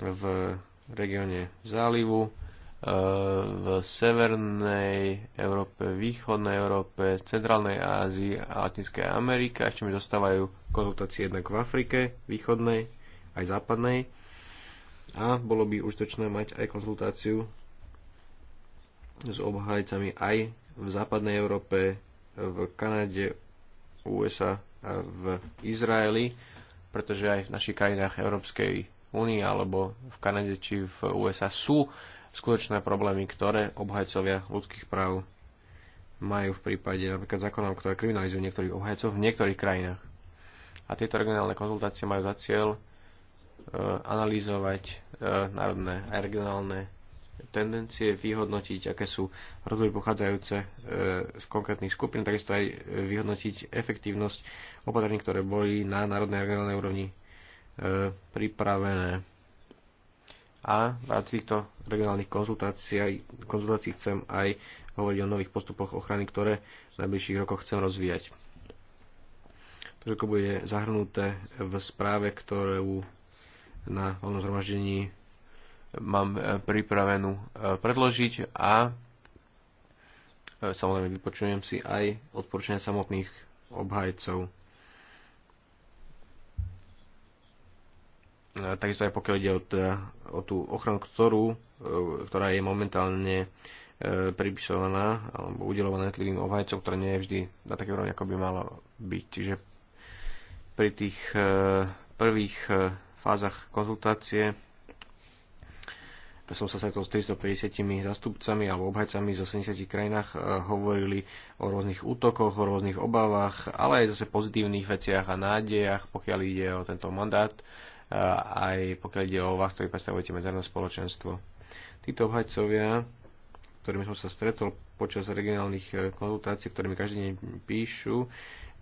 Speaker 3: v regióne zálivu, e, v severnej Európe, východnej Európe, centrálnej Ázii a Latinskej Amerike. Ešte mi dostávajú konzultácie jednak v Afrike, východnej aj západnej a bolo by užitočné mať aj konzultáciu s obhajcami aj v západnej Európe, v Kanade, USA a v Izraeli, pretože aj v našich krajinách Európskej únie alebo v Kanade či v USA sú skutočné problémy, ktoré obhajcovia ľudských práv majú v prípade napríklad zákonov, ktoré kriminalizujú niektorých obhajcov v niektorých krajinách. A tieto regionálne konzultácie majú za cieľ e, analyzovať E, národné a regionálne tendencie, vyhodnotiť, aké sú rozdiely pochádzajúce e, z konkrétnych skupín, takisto aj e, vyhodnotiť efektívnosť opatrení, ktoré boli na národnej a regionálnej úrovni pripravené. A v rámci týchto regionálnych konzultácií, konzultácií chcem aj hovoriť o nových postupoch ochrany, ktoré v najbližších rokoch chcem rozvíjať. To bude zahrnuté v správe, ktorú na hlavnom zhromaždení mám e, pripravenú e, predložiť a e, samozrejme vypočujem si aj odporúčania samotných obhajcov. Takisto aj pokiaľ ide o, o tú ochranu, ktorú, ktorá je momentálne pripisovaná alebo udelovaná jednotlivým obhajcom, ktorá nie je vždy na také úrovni, ako by mala byť. Čiže pri tých prvých fázach konzultácie som sa stretol s 350 zastupcami alebo obhajcami z 80 krajinách, e, hovorili o rôznych útokoch, o rôznych obavách, ale aj zase pozitívnych veciach a nádejach, pokiaľ ide o tento mandát, e, aj pokiaľ ide o vás, ktorí predstavujete medzinárodné spoločenstvo. Títo obhajcovia ktorými som sa stretol počas regionálnych eh, konzultácií, ktoré mi každý deň píšu,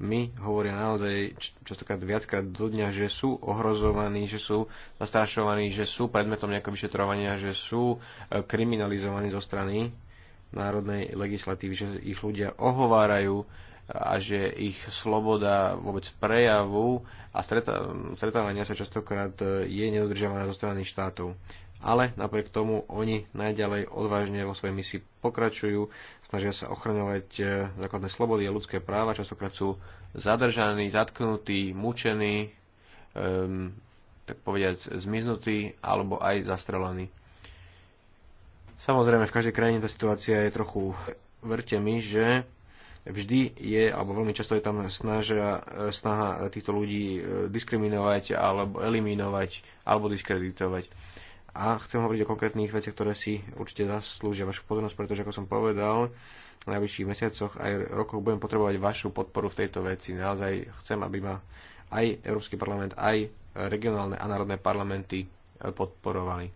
Speaker 3: mi hovoria naozaj častokrát viackrát do dňa, že sú ohrozovaní, že sú zastrašovaní, že sú predmetom nejakého vyšetrovania, že sú eh, kriminalizovaní zo strany národnej legislatívy, že ich ľudia ohovárajú eh, a že ich sloboda vôbec prejavu a stretávania sa častokrát je nedodržiavaná zo strany štátov ale napriek tomu oni najďalej odvážne vo svojej misii pokračujú, snažia sa ochraňovať e, základné slobody a ľudské práva, častokrát sú zadržaní, zatknutí, mučení, um, tak povediať zmiznutí alebo aj zastrelení. Samozrejme, v každej krajine tá situácia je trochu, verte mi, že vždy je, alebo veľmi často je tam snažia, e, snaha týchto ľudí e, diskriminovať alebo eliminovať alebo diskreditovať a chcem hovoriť o konkrétnych veciach, ktoré si určite zaslúžia vašu pozornosť, pretože ako som povedal, v najbližších mesiacoch aj rokoch budem potrebovať vašu podporu v tejto veci. Naozaj chcem, aby ma aj Európsky parlament, aj regionálne a národné parlamenty podporovali.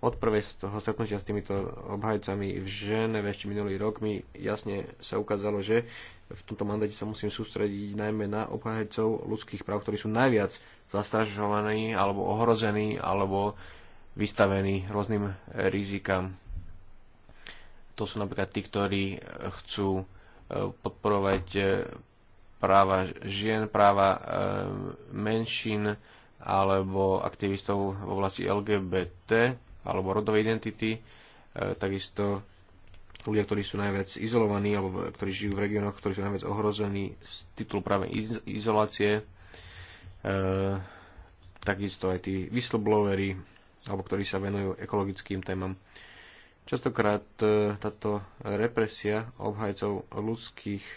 Speaker 3: Od prvej z toho stretnutia s týmito obhajcami v Ženeve ešte minulý rok mi jasne sa ukázalo, že v tomto mandáte sa musím sústrediť najmä na obhajcov ľudských práv, ktorí sú najviac zastražovaní alebo ohrození alebo uh, vystavení rôznym e, rizikám. To sú napríklad tí, ktorí e, chcú e, podporovať práva žien, práva menšín alebo aktivistov v oblasti LGBT alebo rodovej identity, takisto ľudia, ktorí sú najviac izolovaní alebo ktorí žijú v regiónoch, ktorí sú najviac ohrození z titulu práve izolácie, takisto aj tí whistleblowery, alebo ktorí sa venujú ekologickým témam. Častokrát e, táto represia obhajcov ľudských e,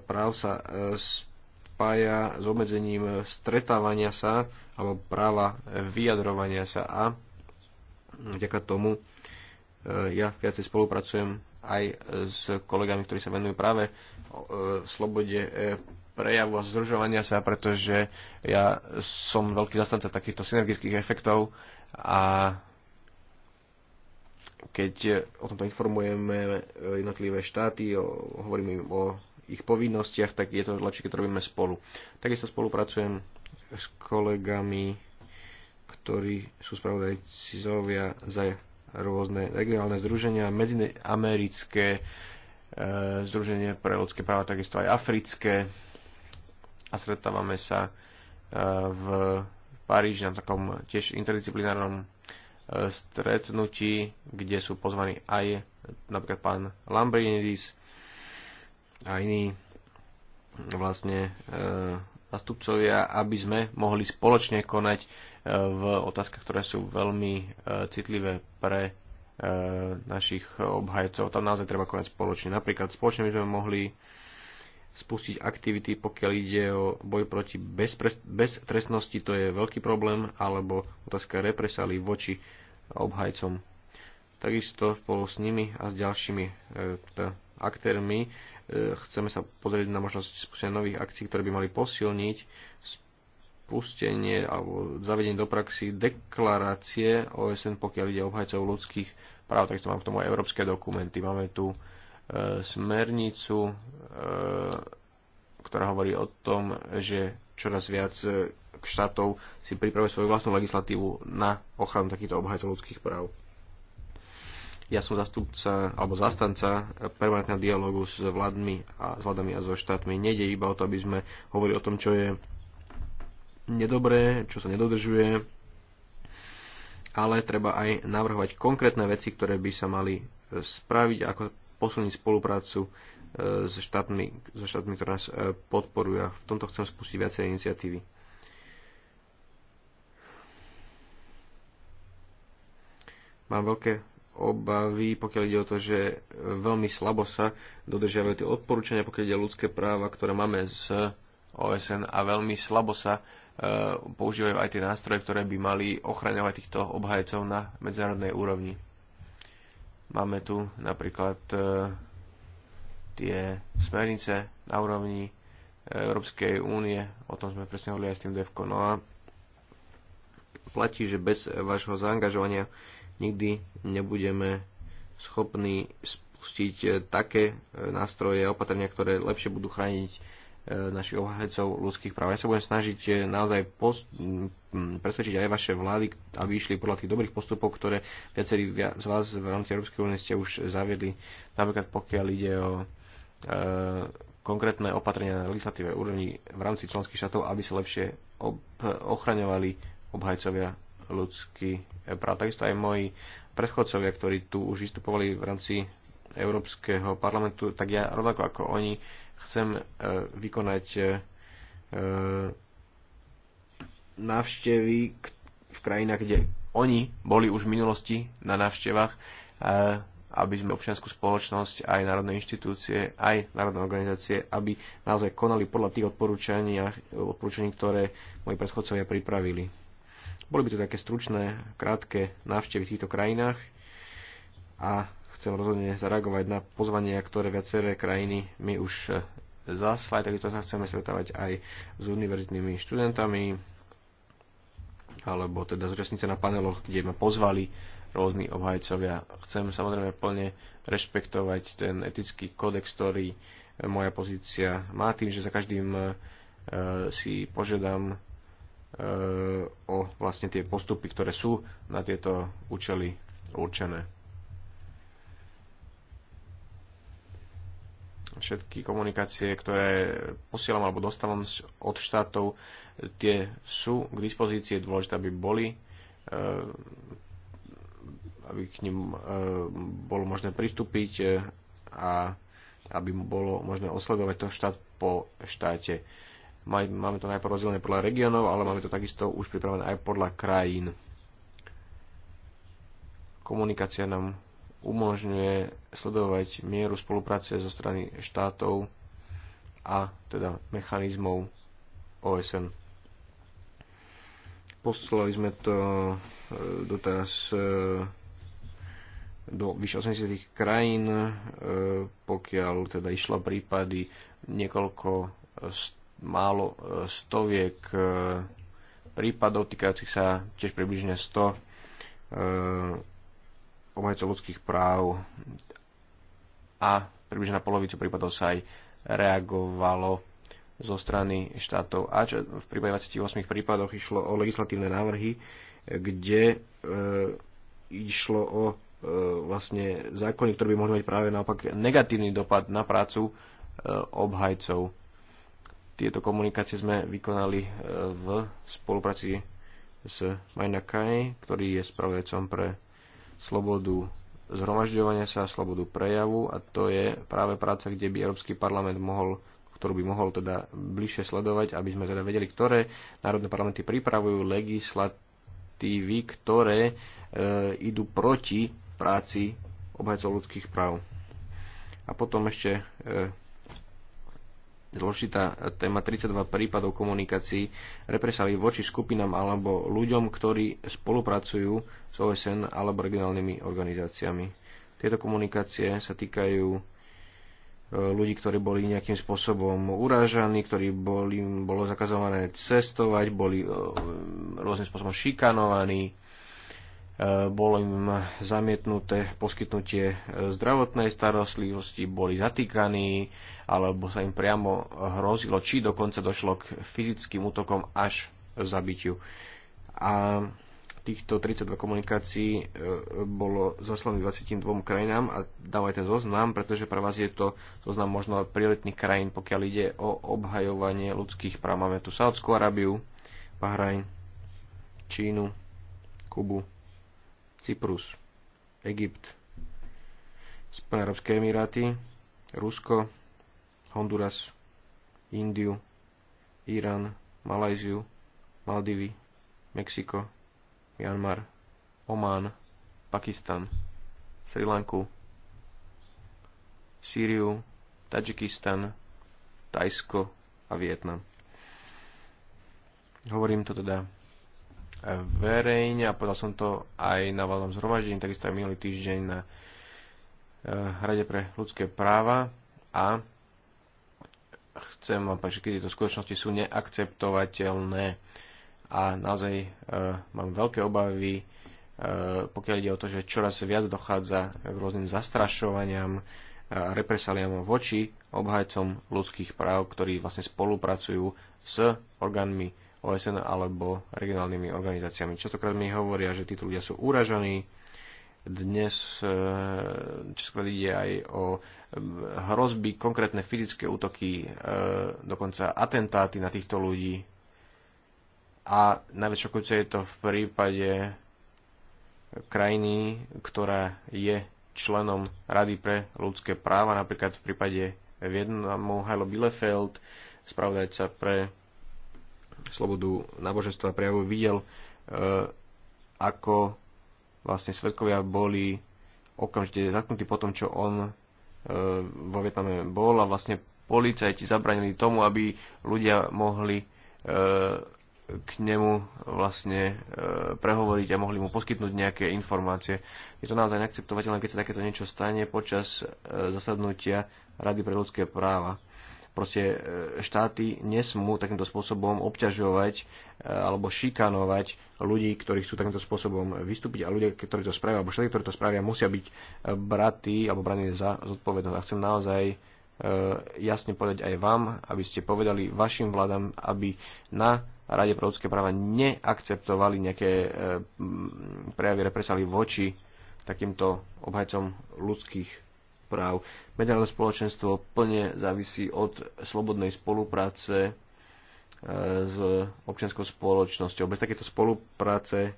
Speaker 3: práv sa e, spája s obmedzením stretávania sa alebo práva vyjadrovania sa a vďaka tomu ja viacej spolupracujem aj s kolegami, ktorí sa venujú práve slobode prejavu a združovania sa, pretože ja som veľký zastanca takýchto synergických efektov a keď o tomto informujeme jednotlivé štáty, o, hovoríme im o ich povinnostiach, tak je to lepšie, keď to robíme spolu. Takisto spolupracujem s kolegami, ktorí sú spravodajcovia za rôzne regionálne združenia, medziamerické e, združenie pre ľudské práva, takisto aj africké a stretávame sa e, v Paríži na takom tiež interdisciplinárnom e, stretnutí, kde sú pozvaní aj napríklad pán Lambrinidis a iní vlastne e, zastupcovia, aby sme mohli spoločne konať v otázkach, ktoré sú veľmi citlivé pre našich obhajcov. Tam naozaj treba konať spoločne. Napríklad spoločne by sme mohli spustiť aktivity, pokiaľ ide o boj proti beztrestnosti, to je veľký problém, alebo otázka represálí voči obhajcom. Takisto spolu s nimi a s ďalšími e, teda aktérmi e, chceme sa pozrieť na možnosť spustenia nových akcií, ktoré by mali posilniť spustenie alebo zavedenie do praxi deklarácie OSN, pokiaľ ide o obhajcov ľudských práv. Takisto mám k tomu aj európske dokumenty. Máme tu e, smernicu E, ktorá hovorí o tom, že čoraz viac e, štátov si pripravuje svoju vlastnú legislatívu na ochranu takýchto obhajcov ľudských práv. Ja som zastupca alebo zastanca permanentného dialogu s vládmi a s vládami a so štátmi. Nejde iba o to, aby sme hovorili o tom, čo je nedobré, čo sa nedodržuje, ale treba aj navrhovať konkrétne veci, ktoré by sa mali spraviť, ako posunúť spoluprácu E, s štátmi, so štátmi ktoré nás e, podporujú a v tomto chcem spustiť viacej iniciatívy. Mám veľké obavy, pokiaľ ide o to, že veľmi slabo sa dodržiavajú tie odporúčania, pokiaľ ide o ľudské práva, ktoré máme z OSN a veľmi slabo sa e, používajú aj tie nástroje, ktoré by mali ochraňovať týchto obhajcov na medzinárodnej úrovni. Máme tu napríklad tie smernice na úrovni e, Európskej únie, o tom sme presne hovorili aj s tým DEFKO. No a platí, že bez vašho zaangažovania nikdy nebudeme schopní spustiť e, také e, nástroje a opatrenia, ktoré lepšie budú chrániť našich obhajcov ľudských práv. Ja sa budem snažiť naozaj post- presvedčiť aj vaše vlády, aby išli podľa tých dobrých postupov, ktoré viacerí z vás v rámci Európskej únie ste už zaviedli, napríklad pokiaľ ide o E, konkrétne opatrenia na legislatíve úrovni v rámci členských štátov, aby sa lepšie ob- ochraňovali obhajcovia ľudských e, práv. Takisto aj moji predchodcovia, ktorí tu už vystupovali v rámci Európskeho parlamentu, tak ja rovnako ako oni chcem e, vykonať e, e návštevy v krajinách, kde oni boli už v minulosti na návštevách. E, aby sme občianskú spoločnosť, aj národné inštitúcie, aj národné organizácie, aby naozaj konali podľa tých odporúčaní, odporúčaní ktoré moji predchodcovia pripravili. Boli by to také stručné, krátke návštevy v týchto krajinách a chcem rozhodne zareagovať na pozvania, ktoré viaceré krajiny my už e, zaslali, takisto sa chceme stretávať aj s univerzitnými študentami, alebo teda zúčastnice na paneloch, kde ma pozvali rôzni obhajcovia. Chcem samozrejme plne rešpektovať ten etický kódex, ktorý e, moja pozícia má tým, že za každým e, si požiadam e, o vlastne tie postupy, ktoré sú na tieto účely určené. Všetky komunikácie, ktoré posielam alebo dostávam od štátov, tie sú k dispozícii. dôležité, aby boli aby k ním e, bolo možné pristúpiť e, a aby bolo možné osledovať to štát po štáte. Máme to najprv rozdelené podľa regionov, ale máme to takisto už pripravené aj podľa krajín. Komunikácia nám umožňuje sledovať mieru spolupráce zo strany štátov a teda mechanizmov OSN. Poslali sme to e, doteraz do vyše 80 krajín, e, pokiaľ teda išlo prípady niekoľko málo e, stoviek e, prípadov týkajúcich sa tiež približne 100 obhajcov ľudských práv a približne na polovicu prípadov sa aj reagovalo zo strany štátov. A čo v prípade 28 prípadoch išlo o legislatívne návrhy, kde e, išlo o E, vlastne zákony, ktoré by mohli mať práve naopak negatívny dopad na prácu e, obhajcov. Tieto komunikácie sme vykonali e, v spolupráci s Majna Kaj, ktorý je spravodajcom pre slobodu zhromažďovania sa, slobodu prejavu a to je práve práca, kde by Európsky parlament mohol ktorú by mohol teda bližšie sledovať, aby sme teda vedeli, ktoré národné parlamenty pripravujú legislatívy, ktoré e, idú proti práci obhajcov ľudských práv. A potom ešte e, zložitá téma 32 prípadov komunikácií represali voči skupinám alebo ľuďom, ktorí spolupracujú s OSN alebo regionálnymi organizáciami. Tieto komunikácie sa týkajú e, ľudí, ktorí boli nejakým spôsobom urážaní, ktorí boli, bolo zakazované cestovať, boli e, rôznym spôsobom šikanovaní Eh, bolo im zamietnuté poskytnutie eh, zdravotnej starostlivosti, boli zatýkaní alebo sa im priamo hrozilo, či dokonca došlo k fyzickým útokom až zabitiu. A týchto 32 komunikácií eh, bolo zaslaných 22 krajinám a dávajte ten zoznam, pretože pre vás je to zoznam možno prioritných krajín, pokiaľ ide o obhajovanie ľudských práv. Máme tu Saudskú Arabiu, Bahrajn, Čínu, Kubu, Cyprus, Egypt, Spojené Arabské Emiráty, Rusko, Honduras, Indiu, Irán, Malajziu, Maldivy, Mexiko, Myanmar, Omán, Pakistan, Sri Lanku, Sýriu, Tadžikistan, Tajsko a Vietnam. Hovorím to teda verejne a povedal som to aj na valnom zhromaždení, takisto aj minulý týždeň na eh, Rade pre ľudské práva a chcem vám povedať, že tieto skutočnosti sú neakceptovateľné a naozaj e, mám veľké obavy, e, pokiaľ ide o to, že čoraz viac dochádza k rôznym zastrašovaniam, a represaliam voči obhajcom ľudských práv, ktorí vlastne spolupracujú s orgánmi OSN alebo regionálnymi organizáciami. Častokrát mi hovoria, že títo ľudia sú uražaní. Dnes e, častokrát ide aj o e, hrozby, konkrétne fyzické útoky, e, dokonca atentáty na týchto ľudí. A najväčšie šokujúce je to v prípade krajiny, ktorá je členom Rady pre ľudské práva, napríklad v prípade Vietnamu Hajlo Bielefeld, spravodajca pre slobodu náboženstva a prejavu videl, e, ako vlastne svetkovia boli okamžite zatknutí po tom, čo on e, vo Vietname bol a vlastne policajti zabranili tomu, aby ľudia mohli e, k nemu vlastne prehovoriť a mohli mu poskytnúť nejaké informácie. Je to naozaj neakceptovateľné, keď sa takéto niečo stane počas zasadnutia Rady pre ľudské práva proste e, štáty nesmú takýmto spôsobom obťažovať e, alebo šikanovať ľudí, ktorí chcú takýmto spôsobom vystúpiť a ľudia, ktorí to spravia, alebo štáty, ktorí to spravia, musia byť e, bratí alebo braní za zodpovednosť. A chcem naozaj jasne povedať aj vám, aby ste povedali vašim vládam, aby na Rade pre ľudské práva neakceptovali nejaké prejavy represálí voči takýmto obhajcom ľudských práv. Medzinárodné spoločenstvo plne závisí od slobodnej spolupráce e, s občianskou spoločnosťou. Bez takéto spolupráce e,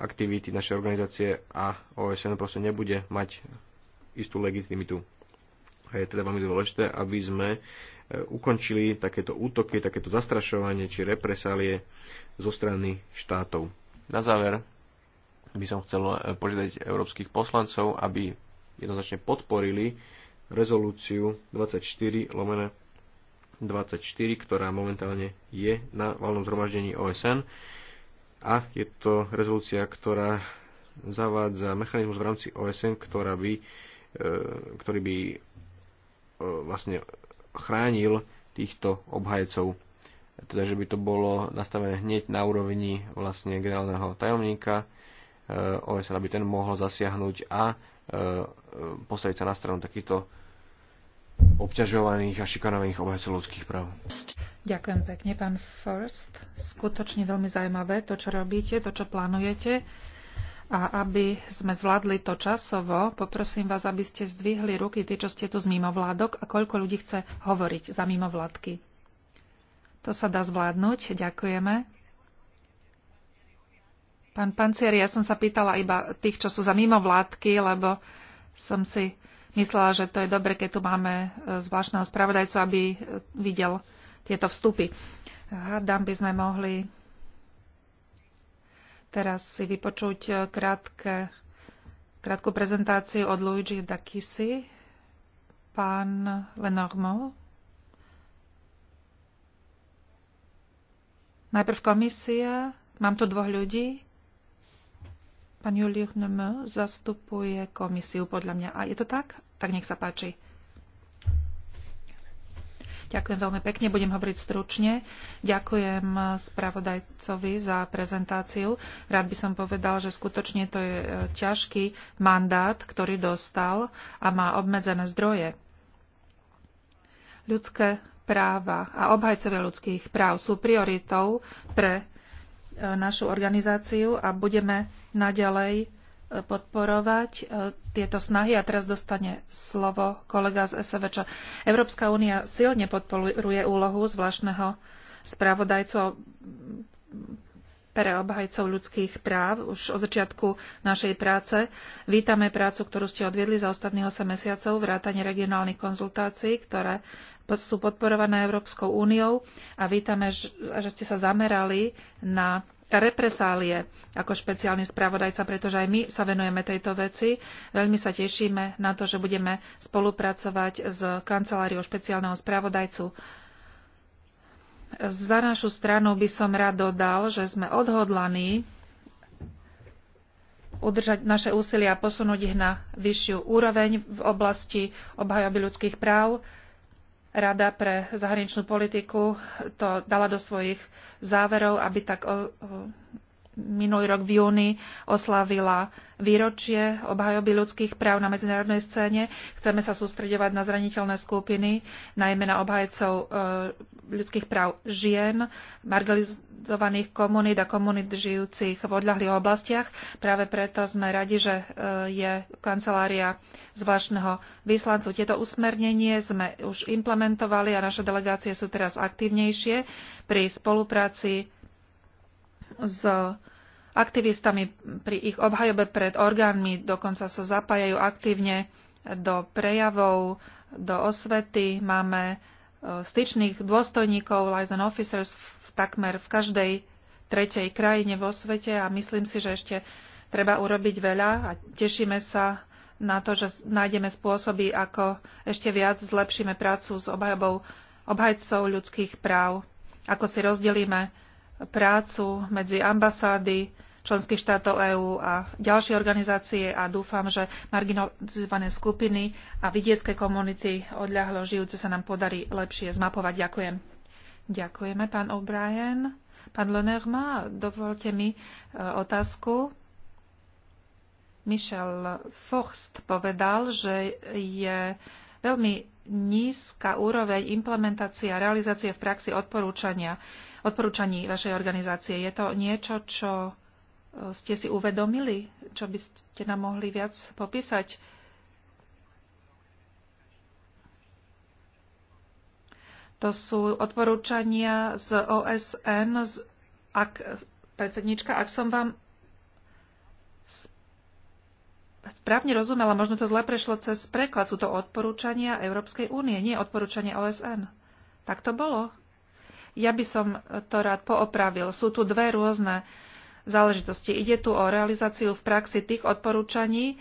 Speaker 3: aktivity našej organizácie a OSN proste nebude mať istú legitimitu. A je teda veľmi dôležité, aby sme e, ukončili takéto útoky, takéto zastrašovanie či represálie zo strany štátov. Na záver by som chcel požiadať európskych poslancov, aby jednoznačne podporili rezolúciu 24 lomene 24, ktorá momentálne je na valnom zhromaždení OSN a je to rezolúcia, ktorá zavádza mechanizmus v rámci OSN, ktorá by, e, ktorý by e, vlastne chránil týchto obhajcov. Teda, že by to bolo nastavené hneď na úrovni vlastne generálneho tajomníka e, OSN, aby ten mohol zasiahnuť a E, postaviť sa na stranu takýchto obťažovaných a šikanovaných obhajcov ľudských práv.
Speaker 1: Ďakujem pekne, pán First. Skutočne veľmi zaujímavé to, čo robíte, to, čo plánujete. A aby sme zvládli to časovo, poprosím vás, aby ste zdvihli ruky, tí, čo ste tu z mimovládok a koľko ľudí chce hovoriť za mimovládky. To sa dá zvládnuť. Ďakujeme. Pán Pancier, ja som sa pýtala iba tých, čo sú za mimovládky, lebo som si myslela, že to je dobre, keď tu máme e, zvláštneho spravodajcu, aby e, videl tieto vstupy. Hádam by sme mohli teraz si vypočuť e, krátke, krátku prezentáciu od Luigi Dakisi, pán Lenormand. Najprv komisia, mám tu dvoch ľudí, Pán Juliuchnem zastupuje komisiu, podľa mňa. A je to tak? Tak nech sa páči. Ďakujem veľmi pekne, budem hovoriť stručne. Ďakujem spravodajcovi za prezentáciu. Rád by som povedal, že skutočne to je e, ťažký mandát, ktorý dostal a má obmedzené zdroje. Ľudské práva a obhajcovia ľudských práv sú prioritou pre E, našu organizáciu a budeme naďalej e, podporovať e, tieto snahy. A teraz dostane slovo kolega z SVČ. Európska únia silne podporuje úlohu zvláštneho spravodajcu pre obhajcov ľudských práv už od začiatku našej práce. Vítame prácu, ktorú ste odviedli za ostatných 8 mesiacov, vrátane regionálnych konzultácií, ktoré sú podporované Európskou úniou a vítame, že ste sa zamerali na represálie ako špeciálny spravodajca, pretože aj my sa venujeme tejto veci. Veľmi sa tešíme na to, že budeme spolupracovať s kanceláriou špeciálneho spravodajcu za našu stranu by som rád dodal, že sme odhodlaní udržať naše úsilie a posunúť ich na vyššiu úroveň v oblasti obhajoby ľudských práv. Rada pre zahraničnú politiku to dala do svojich záverov, aby tak minulý rok v júni oslavila výročie obhajoby ľudských práv na medzinárodnej scéne. Chceme sa sústredovať na zraniteľné skupiny, najmä na obhajcov e, ľudských práv žien, marginalizovaných komunít a komunít žijúcich v odľahlých oblastiach. Práve preto sme radi, že e, je kancelária zvláštneho vyslancu. Tieto usmernenie sme už implementovali a naše delegácie sú teraz aktívnejšie pri spolupráci s aktivistami pri ich obhajobe pred orgánmi, dokonca sa zapájajú aktívne do prejavov, do osvety. Máme e, styčných dôstojníkov, liaison officers, v takmer v každej tretej krajine vo svete a myslím si, že ešte treba urobiť veľa a tešíme sa na to, že nájdeme spôsoby, ako ešte viac zlepšíme prácu s obhajobou obhajcov ľudských práv, ako si rozdelíme prácu medzi ambasády členských štátov EÚ a ďalšie organizácie a dúfam, že marginalizované skupiny a vidiecké komunity odľahlo žijúce sa nám podarí lepšie zmapovať. Ďakujem. Ďakujeme, pán O'Brien. Pán Lenerma, dovolte mi e, otázku. Michel Forst povedal, že je veľmi nízka úroveň implementácie a realizácie v praxi odporúčania, odporúčaní vašej organizácie. Je to niečo, čo e, ste si uvedomili? Čo by ste nám mohli viac popísať? To sú odporúčania z OSN, z, ak, predsednička, ak som vám správne rozumela, možno to zle prešlo cez preklad. Sú to odporúčania Európskej únie, nie odporúčania OSN. Tak to bolo. Ja by som to rád poopravil. Sú tu dve rôzne záležitosti. Ide tu o realizáciu v praxi tých odporúčaní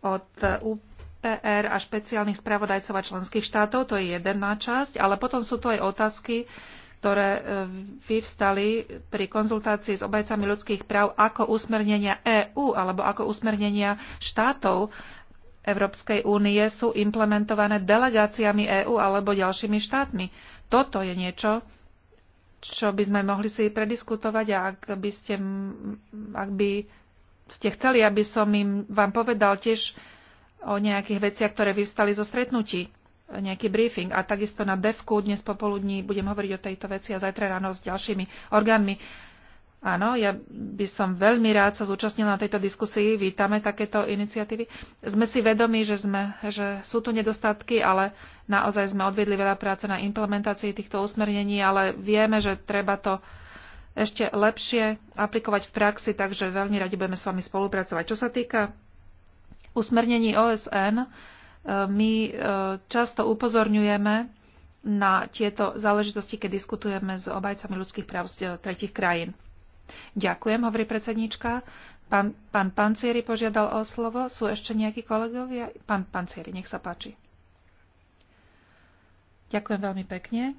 Speaker 1: od UPR a špeciálnych spravodajcov a členských štátov. To je jedna časť. Ale potom sú tu aj otázky ktoré e, vyvstali pri konzultácii s obajcami ľudských práv ako usmernenia EÚ alebo ako usmernenia štátov Európskej únie sú implementované delegáciami EÚ alebo ďalšími štátmi. Toto je niečo, čo by sme mohli si prediskutovať a ak by ste, ak by ste chceli, aby som im vám povedal tiež o nejakých veciach, ktoré vyvstali zo stretnutí nejaký briefing. A takisto na DEVku dnes popoludní budem hovoriť o tejto veci a zajtra ráno s ďalšími orgánmi. Áno, ja by som veľmi rád sa zúčastnila na tejto diskusii. Vítame takéto iniciatívy. Sme si vedomi, že, sme, že sú tu nedostatky, ale naozaj sme odvedli veľa práce na implementácii týchto usmernení, ale vieme, že treba to ešte lepšie aplikovať v praxi, takže veľmi radi budeme s vami spolupracovať. Čo sa týka usmernení OSN, E, my e, často upozorňujeme na tieto záležitosti, keď diskutujeme s obajcami ľudských práv z e, tretich krajín. Ďakujem, hovorí predsednička. Pán, pán Pancieri požiadal o slovo. Sú ešte nejakí kolegovia? Pán Pancieri, nech sa páči. Ďakujem veľmi pekne.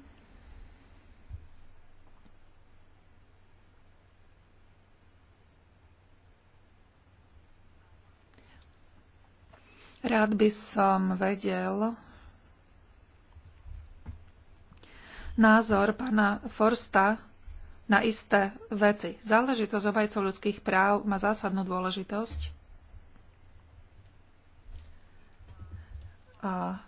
Speaker 1: Rád by som vedel názor pána Forsta na isté veci. Záležitosť obajcov ľudských práv má zásadnú dôležitosť. A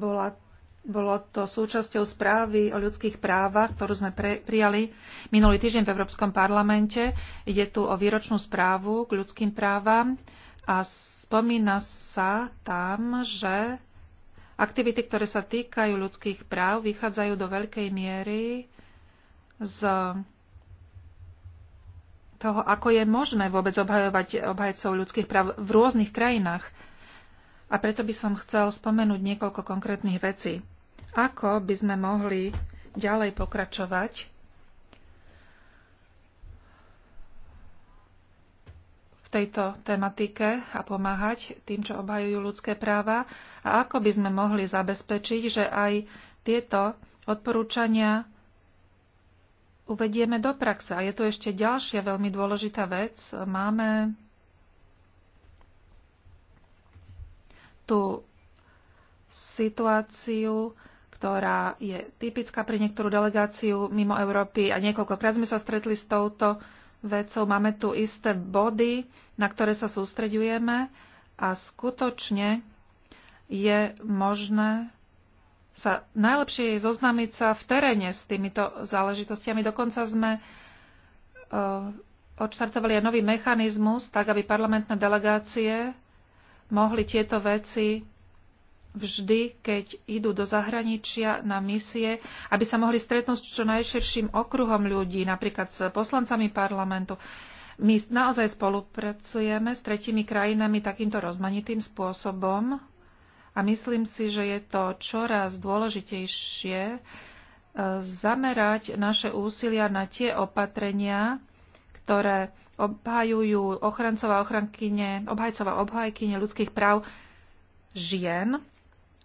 Speaker 1: bola, bolo to súčasťou správy o ľudských právach, ktorú sme pre, prijali minulý týždeň v Európskom parlamente. Ide tu o výročnú správu k ľudským právam a Spomína sa tam, že aktivity, ktoré sa týkajú ľudských práv, vychádzajú do veľkej miery z toho, ako je možné vôbec obhajovať obhajcov ľudských práv v rôznych krajinách. A preto by som chcel spomenúť niekoľko konkrétnych vecí. Ako by sme mohli ďalej pokračovať tejto tematike a pomáhať tým, čo obhajujú ľudské práva a ako by sme mohli zabezpečiť, že aj tieto odporúčania uvedieme do praxe. A je tu ešte ďalšia veľmi dôležitá vec. Máme tú situáciu, ktorá je typická pre niektorú delegáciu mimo Európy a niekoľkokrát sme sa stretli s touto vecou. Máme tu isté body, na ktoré sa sústreďujeme a skutočne je možné sa najlepšie je zoznámiť sa v teréne s týmito záležitostiami. Dokonca sme e, odštartovali aj nový mechanizmus, tak aby parlamentné delegácie mohli tieto veci vždy, keď idú do zahraničia na misie, aby sa mohli stretnúť s čo najširším okruhom ľudí, napríklad s poslancami parlamentu. My naozaj spolupracujeme s tretimi krajinami takýmto rozmanitým spôsobom a myslím si, že je to čoraz dôležitejšie e, zamerať naše úsilia na tie opatrenia, ktoré obhajujú ochrancová ochrankyne, obhajcová obhajkyne ľudských práv žien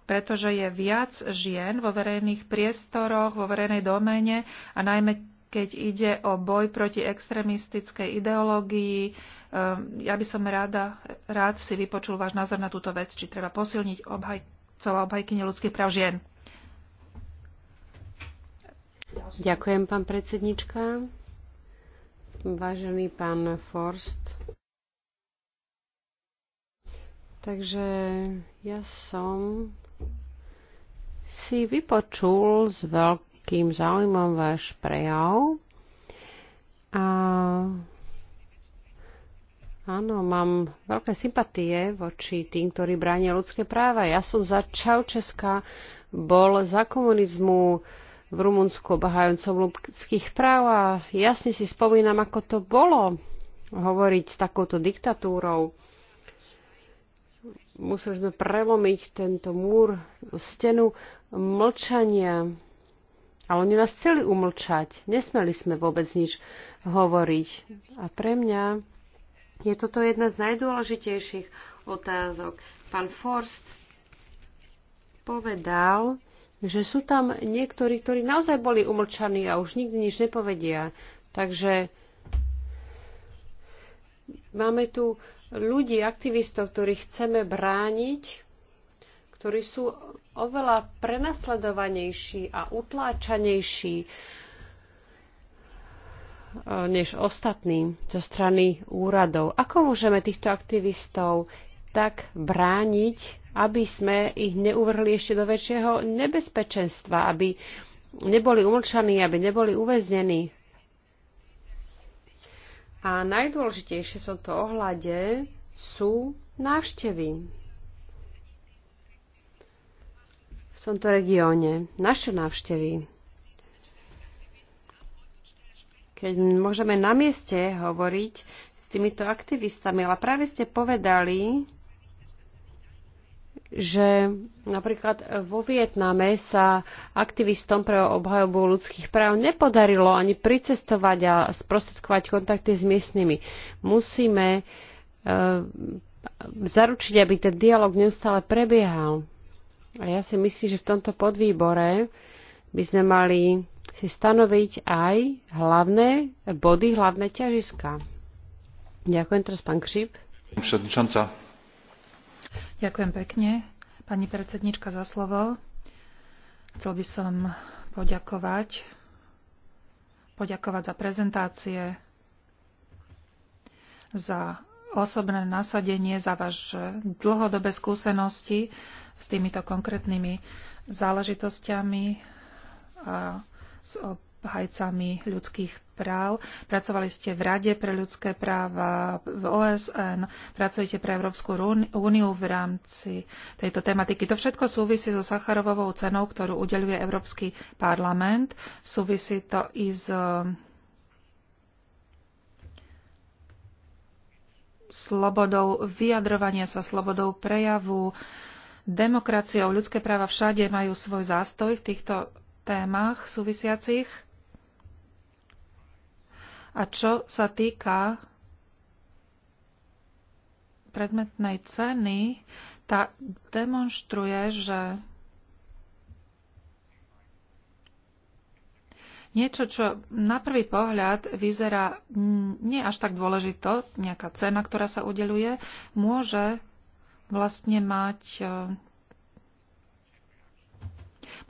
Speaker 1: pretože je viac žien vo verejných priestoroch, vo verejnej doméne a najmä keď ide o boj proti extrémistickej ideológii. Ehm, ja by som rada, rád si vypočul váš názor na túto vec, či treba posilniť obhajcov a obhajky ľudských práv žien.
Speaker 2: Ďakujem, pán predsednička. Vážený pán Forst. Takže ja som si vypočul s veľkým záujmom váš prejav. A Áno, mám veľké sympatie voči tým, ktorí bránia ľudské práva. Ja som za Čaučeska bol za komunizmu v Rumunsku obahajúcom ľudských práv a jasne si spomínam, ako to bolo hovoriť s takouto diktatúrou museli sme prelomiť tento múr, stenu mlčania. A oni nás chceli umlčať. Nesmeli sme vôbec nič hovoriť. A pre mňa je toto jedna z najdôležitejších otázok. Pán Forst povedal, že sú tam niektorí, ktorí naozaj boli umlčaní a už nikdy nič nepovedia. Takže máme tu ľudí, aktivistov, ktorých chceme brániť, ktorí sú oveľa prenasledovanejší a utláčanejší e, než ostatní zo strany úradov. Ako môžeme týchto aktivistov tak brániť, aby sme ich neuvrhli ešte do väčšieho nebezpečenstva, aby neboli umlčaní, aby neboli uväznení? A najdôležitejšie v tomto ohľade sú návštevy v tomto regióne. Naše návštevy. Keď môžeme na mieste hovoriť s týmito aktivistami, ale práve ste povedali, že napríklad vo Vietname sa aktivistom pre obhajobu ľudských práv nepodarilo ani pricestovať a sprostredkovať kontakty s miestnymi. Musíme e, zaručiť, aby ten dialog neustále prebiehal. A ja si myslím, že v tomto podvýbore by sme mali si stanoviť aj hlavné body, hlavné ťažiska. Ďakujem teraz, pán Křip.
Speaker 3: Przewodnicząca,
Speaker 1: Ďakujem pekne, pani predsednička, za slovo. Chcel by som poďakovať, poďakovať za prezentácie, za osobné nasadenie, za vaše dlhodobé skúsenosti s týmito konkrétnymi záležitosťami a s obhajcami ľudských práv. Pracovali ste v Rade pre ľudské práva, v OSN, pracujete pre Európsku úniu v rámci tejto tematiky. To všetko súvisí so Sacharovovou cenou, ktorú udeľuje Európsky parlament. Súvisí to i s slobodou vyjadrovania sa, slobodou prejavu, demokraciou. Ľudské práva všade majú svoj zástoj v týchto témach súvisiacich a čo sa týka predmetnej ceny, tá demonstruje, že niečo, čo na prvý pohľad vyzerá nie až tak dôležito, nejaká cena, ktorá sa udeluje, môže vlastne mať e,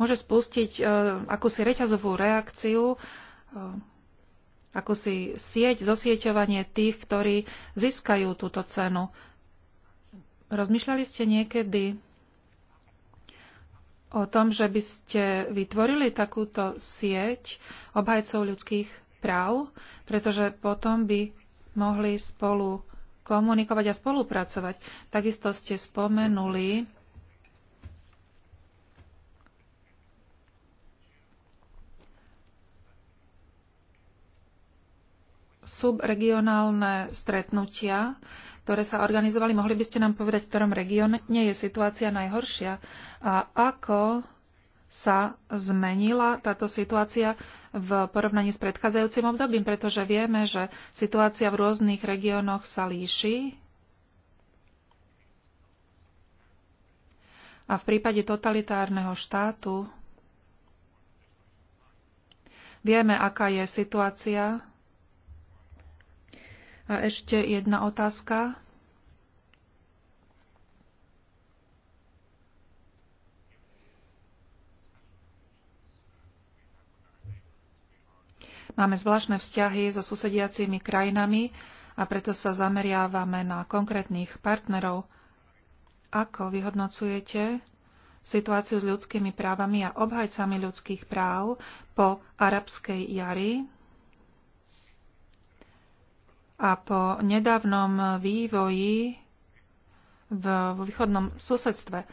Speaker 1: môže spustiť e, akúsi reťazovú reakciu e, si sieť, zosieťovanie tých, ktorí získajú túto cenu. Rozmýšľali ste niekedy o tom, že by ste vytvorili takúto sieť obhajcov ľudských práv, pretože potom by mohli spolu komunikovať a spolupracovať. Takisto ste spomenuli subregionálne stretnutia, ktoré sa organizovali. Mohli by ste nám povedať, v ktorom regióne je situácia najhoršia a ako sa zmenila táto situácia v porovnaní s predchádzajúcim obdobím, pretože vieme, že situácia v rôznych regiónoch sa líši. A v prípade totalitárneho štátu vieme, aká je situácia a ešte jedna otázka. Máme zvláštne vzťahy so susediacimi krajinami a preto sa zameriavame na konkrétnych partnerov. Ako vyhodnocujete situáciu s ľudskými právami a obhajcami ľudských práv po arabskej jari a po nedávnom vývoji v, vo východnom susedstve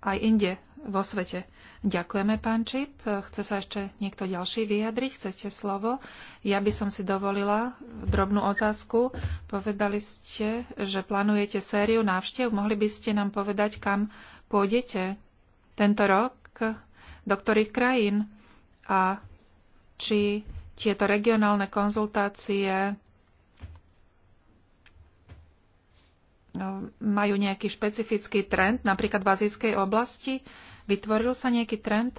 Speaker 1: aj inde vo svete. Ďakujeme, pán Čip. Chce sa ešte niekto ďalší vyjadriť? Chcete slovo? Ja by som si dovolila drobnú otázku. Povedali ste, že plánujete sériu návštev. Mohli by ste nám povedať, kam pôjdete tento rok, do ktorých krajín a či tieto regionálne konzultácie No, majú nejaký špecifický trend, napríklad v azijskej oblasti? Vytvoril sa nejaký trend?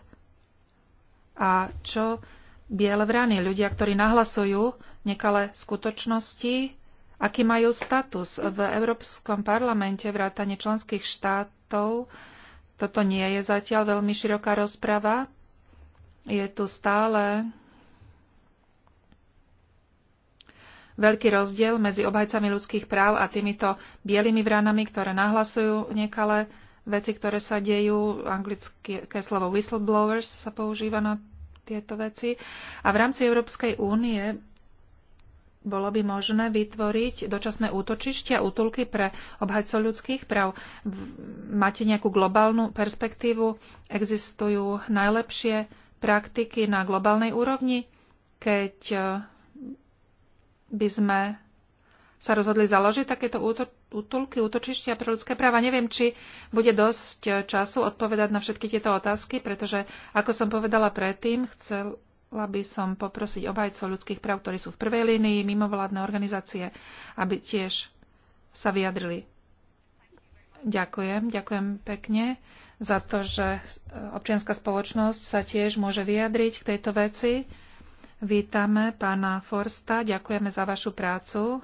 Speaker 1: A čo biele vrany, ľudia, ktorí nahlasujú nekalé skutočnosti, aký majú status v Európskom parlamente vrátane členských štátov. Toto nie je zatiaľ veľmi široká rozprava. Je tu stále veľký rozdiel medzi obhajcami ľudských práv a týmito bielými vranami, ktoré nahlasujú nekalé veci, ktoré sa dejú. Anglické slovo whistleblowers sa používa na tieto veci. A v rámci Európskej únie bolo by možné vytvoriť dočasné útočištia, útulky pre obhajcov ľudských práv. Máte nejakú globálnu perspektívu? Existujú najlepšie praktiky na globálnej úrovni? Keď eh, by sme sa rozhodli založiť takéto útulky, útočištia pre ľudské práva. Neviem, či bude dosť času odpovedať na všetky tieto otázky, pretože, ako som povedala predtým, chcela by som poprosiť obhajcov ľudských práv, ktorí sú v prvej línii, mimovládne organizácie, aby tiež sa vyjadrili. Ďakujem, ďakujem pekne za to, že občianská spoločnosť sa tiež môže vyjadriť k tejto veci. Vítame pána Forsta, ďakujeme za vašu prácu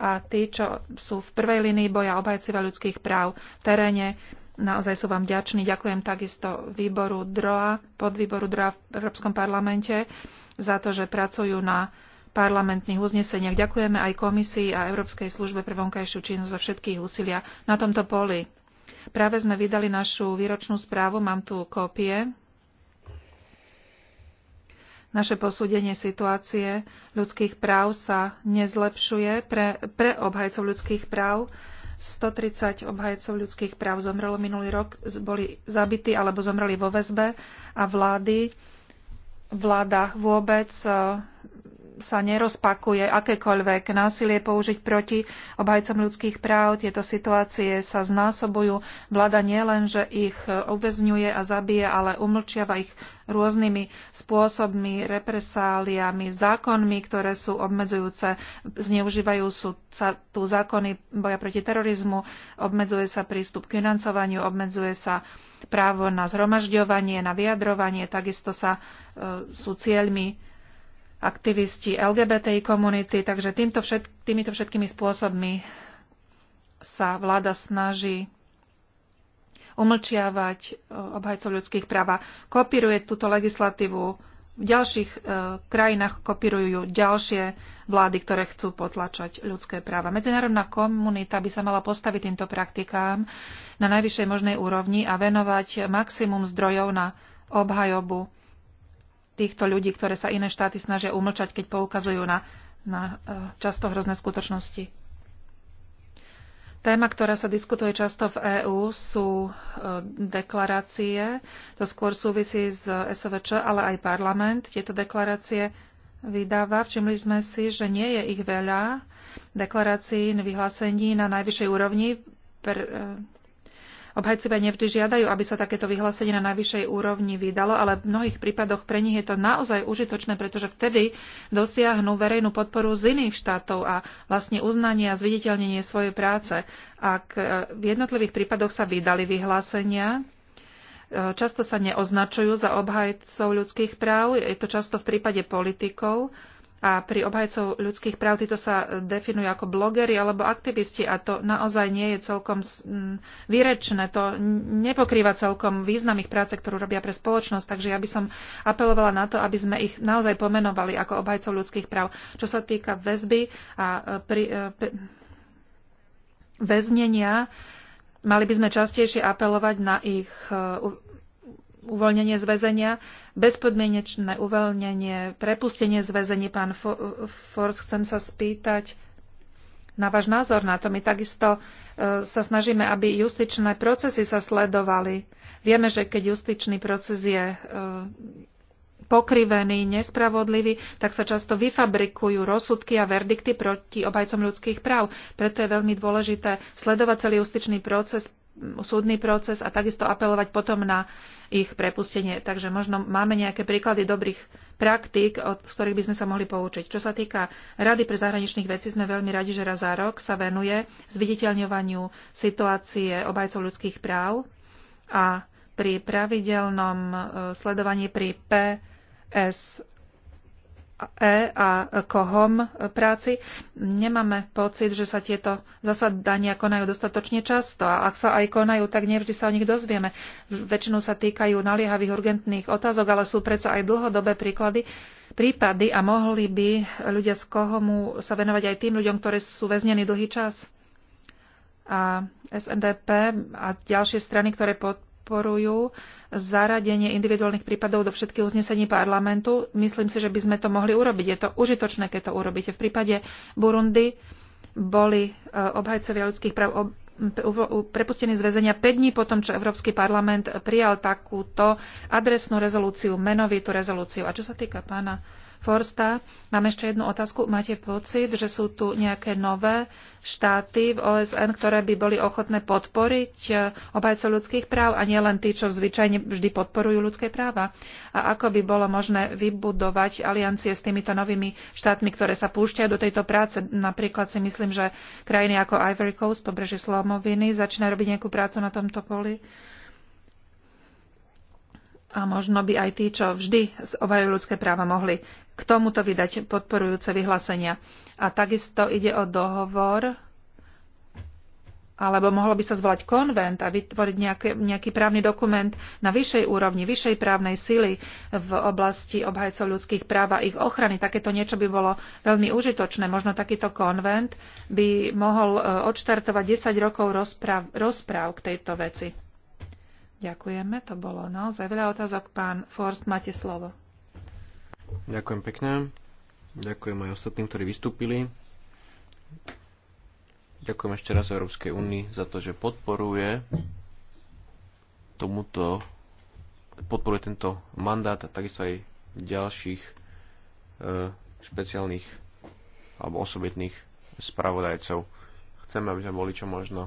Speaker 1: a tí, čo sú v prvej linii boja obhajcovia ľudských práv v teréne, naozaj sú vám ďační. Ďakujem takisto výboru DROA, podvýboru DROA v Európskom parlamente za to, že pracujú na parlamentných uzneseniach. Ďakujeme aj komisii a Európskej službe pre vonkajšiu činnosť za všetkých úsilia na tomto poli. Práve sme vydali našu výročnú správu, mám tu kópie naše posúdenie situácie ľudských práv sa nezlepšuje. Pre, pre obhajcov ľudských práv 130 obhajcov ľudských práv zomrelo minulý rok, boli zabití alebo zomreli vo väzbe a vlády, vláda vôbec sa nerozpakuje akékoľvek násilie použiť proti obhajcom ľudských práv. Tieto situácie sa znásobujú. Vláda nielen, že ich uväzňuje a zabije, ale umlčiava ich rôznymi spôsobmi, represáliami, zákonmi, ktoré sú obmedzujúce. Zneužívajú sú sa tu zákony boja proti terorizmu, obmedzuje sa prístup k financovaniu, obmedzuje sa právo na zhromažďovanie, na vyjadrovanie, takisto sa e, sú cieľmi aktivisti LGBTI komunity, takže týmto všet, týmito všetkými spôsobmi sa vláda snaží umlčiavať e, obhajcov ľudských práv. Kopíruje túto legislatívu, v ďalších e, krajinách kopírujú ďalšie vlády, ktoré chcú potlačať ľudské práva. Medzinárodná komunita by sa mala postaviť týmto praktikám na najvyššej možnej úrovni a venovať maximum zdrojov na obhajobu týchto ľudí, ktoré sa iné štáty snažia umlčať, keď poukazujú na, na e, často hrozné skutočnosti. Téma, ktorá sa diskutuje často v EÚ, sú e, deklarácie. To skôr súvisí s SVČ, ale aj parlament. Tieto deklarácie vydáva. Všimli sme si, že nie je ich veľa deklarácií, vyhlásení na najvyššej úrovni, e, Obhajcovia nevždy žiadajú, aby sa takéto vyhlásenie na najvyššej úrovni vydalo, ale v mnohých prípadoch pre nich je to naozaj užitočné, pretože vtedy dosiahnu verejnú podporu z iných štátov a vlastne uznanie a zviditeľnenie svojej práce. Ak e, v jednotlivých prípadoch sa vydali vyhlásenia, e, často sa neoznačujú za obhajcov ľudských práv, je to často v prípade politikov, a pri obhajcov ľudských práv títo sa definujú ako blogery alebo aktivisti a to naozaj nie je celkom výrečné. To nepokrýva celkom význam ich práce, ktorú robia pre spoločnosť. Takže ja by som apelovala na to, aby sme ich naozaj pomenovali ako obhajcov ľudských práv. Čo sa týka väzby a e, pri, e, pri, väznenia, mali by sme častejšie apelovať na ich e, uvoľnenie z väzenia, bezpodmienečné uvoľnenie, prepustenie z väzenia. Pán Ford, chcem sa spýtať na váš názor na to. My takisto e, sa snažíme, aby justičné procesy sa sledovali. Vieme, že keď justičný proces je e, pokrivený, nespravodlivý, tak sa často vyfabrikujú rozsudky a verdikty proti obajcom ľudských práv. Preto je veľmi dôležité sledovať celý justičný proces súdny proces a takisto apelovať potom na ich prepustenie. Takže možno máme nejaké príklady dobrých praktík, od, z ktorých by sme sa mohli poučiť. Čo sa týka Rady pre zahraničných vecí, sme veľmi radi, že raz za rok sa venuje zviditeľňovaniu situácie obajcov ľudských práv a pri pravidelnom e, sledovaní pri PS E a kohom práci, nemáme pocit, že sa tieto zasadania konajú dostatočne často a ak sa aj konajú, tak nevždy sa o nich dozvieme. Väčšinou sa týkajú naliehavých urgentných otázok, ale sú predsa aj dlhodobé príklady, prípady a mohli by ľudia z kohomu sa venovať aj tým ľuďom, ktorí sú väznení dlhý čas. A SNDP a ďalšie strany, ktoré pod podporujú zaradenie individuálnych prípadov do všetkých uznesení parlamentu. Myslím si, že by sme to mohli urobiť. Je to užitočné, keď to urobíte. V prípade Burundi boli e, obhajcovia ľudských práv prepustení z väzenia 5 dní potom, čo Európsky parlament prijal takúto adresnú rezolúciu, menovitú rezolúciu. A čo sa týka pána Forsta. Mám ešte jednu otázku. Máte pocit, že sú tu nejaké nové štáty v OSN, ktoré by boli ochotné podporiť e, obajcov ľudských práv a nie len tí, čo zvyčajne vždy podporujú ľudské práva? A ako by bolo možné vybudovať aliancie s týmito novými štátmi, ktoré sa púšťajú do tejto práce? Napríklad si myslím, že krajiny ako Ivory Coast, pobrežie Slomoviny, začína robiť nejakú prácu na tomto poli a možno by aj tí, čo vždy obhajujú ľudské práva, mohli k tomuto vydať podporujúce vyhlásenia. A takisto ide o dohovor, alebo mohlo by sa zvolať konvent a vytvoriť nejaký, nejaký právny dokument na vyššej úrovni, vyššej právnej sily v oblasti obhajcov ľudských práv a ich ochrany. Takéto niečo by bolo veľmi užitočné. Možno takýto konvent by mohol e, odštartovať 10 rokov rozpráv, rozpráv k tejto veci. Ďakujeme, to bolo naozaj veľa otázok. Pán Forst, máte slovo.
Speaker 3: Ďakujem pekne. Ďakujem aj ostatným, ktorí vystúpili. Ďakujem ešte raz Európskej únii za to, že podporuje tomuto podporuje tento mandát a takisto aj ďalších e, špeciálnych alebo osobitných spravodajcov. Chceme, aby sme boli čo možno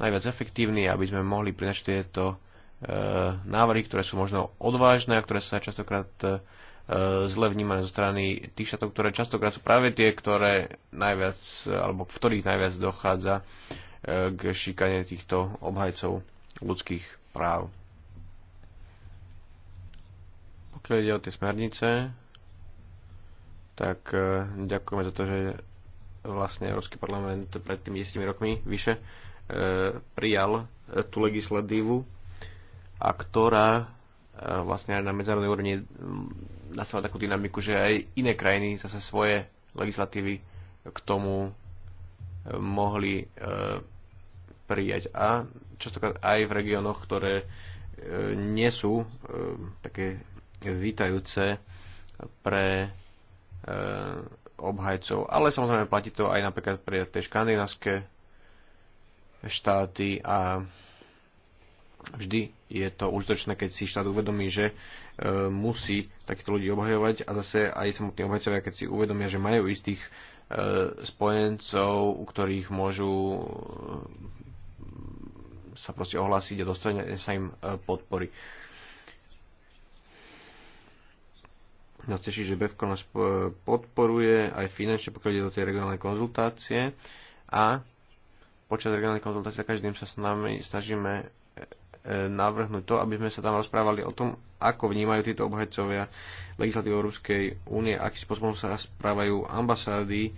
Speaker 3: najviac efektívni, aby sme mohli prinašť tieto návrhy, ktoré sú možno odvážne a ktoré sa častokrát e, zle vnímané zo strany tých štátov, ktoré častokrát sú práve tie, ktoré najviac, alebo v ktorých najviac dochádza e, k šikane týchto obhajcov ľudských práv. Pokiaľ ide o tie smernice, tak e, ďakujeme za to, že vlastne Európsky parlament pred tými 10 rokmi vyše prijal tú legislatívu a ktorá e, vlastne aj na medzinárodnej úrovni nastáva takú dynamiku, že aj iné krajiny zase svoje legislatívy k tomu e, mohli e, prijať. A častokrát aj v regiónoch, ktoré nie sú také vítajúce pre obhajcov. Ale samozrejme platí to aj napríklad pre tie škandinávské štáty a vždy je to užitočné, keď si štát uvedomí, že e, musí takýchto ľudí obhajovať a zase aj samotní obhajcovia, keď si uvedomia, že majú istých e, spojencov, u ktorých môžu e, sa proste ohlásiť a dostať sa im e, podpory. Nás teší, že BFK nás e, podporuje aj finančne, pokiaľ ide do tej regionálnej konzultácie a počas regionálnej konzultácie každým sa s nami snažíme navrhnúť to, aby sme sa tam rozprávali o tom, ako vnímajú títo obhajcovia legislatívy Európskej únie, akým spôsobom sa správajú ambasády, e,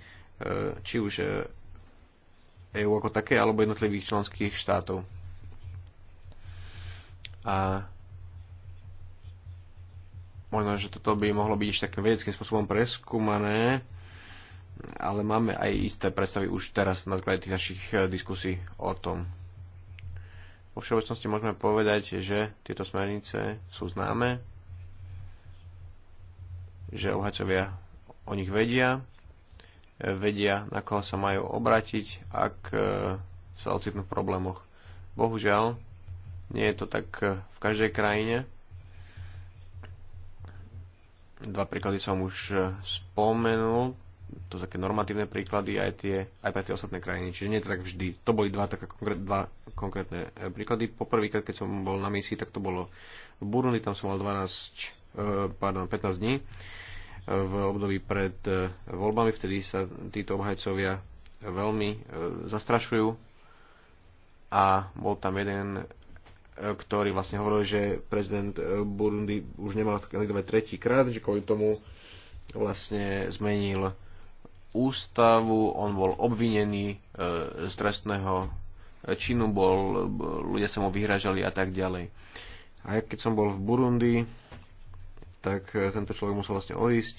Speaker 3: či už EÚ e ako také, alebo jednotlivých členských štátov. A možno, že toto by mohlo byť ešte takým vedeckým spôsobom preskúmané, ale máme aj isté predstavy už teraz na základe tých našich e, diskusí o tom. Vo všeobecnosti môžeme povedať, že tieto smernice sú známe, že obhajcovia o nich vedia, vedia, na koho sa majú obrátiť, ak e, sa ocitnú v problémoch. Bohužiaľ, nie je to tak e, v každej krajine. Dva príklady som už e, spomenul to také normatívne príklady aj, tie, aj pre tie ostatné krajiny. Čiže nie je to tak vždy. To boli dva, také konkrét, dva konkrétne e, príklady. Poprvýkrát, keď som bol na misii, tak to bolo v Burundi, tam som mal 12, e, pardon, 15 dní e, v období pred voľbami. Vtedy sa títo obhajcovia veľmi zastrašujú a bol tam jeden ktorý vlastne hovoril, že prezident Burundi už nemal kandidovať krát, že kvôli tomu vlastne zmenil ústavu, on bol obvinený e, z trestného e, činu, bol, ľudia sa mu vyhražali a tak ďalej. A keď som bol v Burundi, tak e, tento človek musel vlastne odísť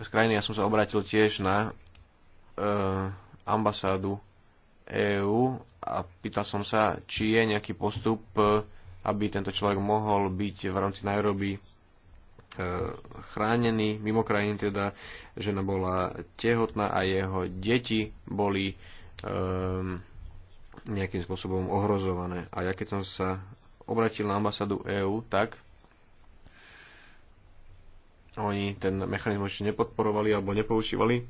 Speaker 3: z krajiny. Ja som sa obrátil tiež na e, ambasádu EÚ a pýtal som sa, či je nejaký postup, aby tento človek mohol byť v rámci Nairobi E, chránený, mimo krajiny teda, žena bola tehotná a jeho deti boli um, nejakým spôsobom ohrozované. A ja keď som sa obratil na ambasádu EÚ, tak oni ten mechanizmus ešte nepodporovali alebo nepoužívali,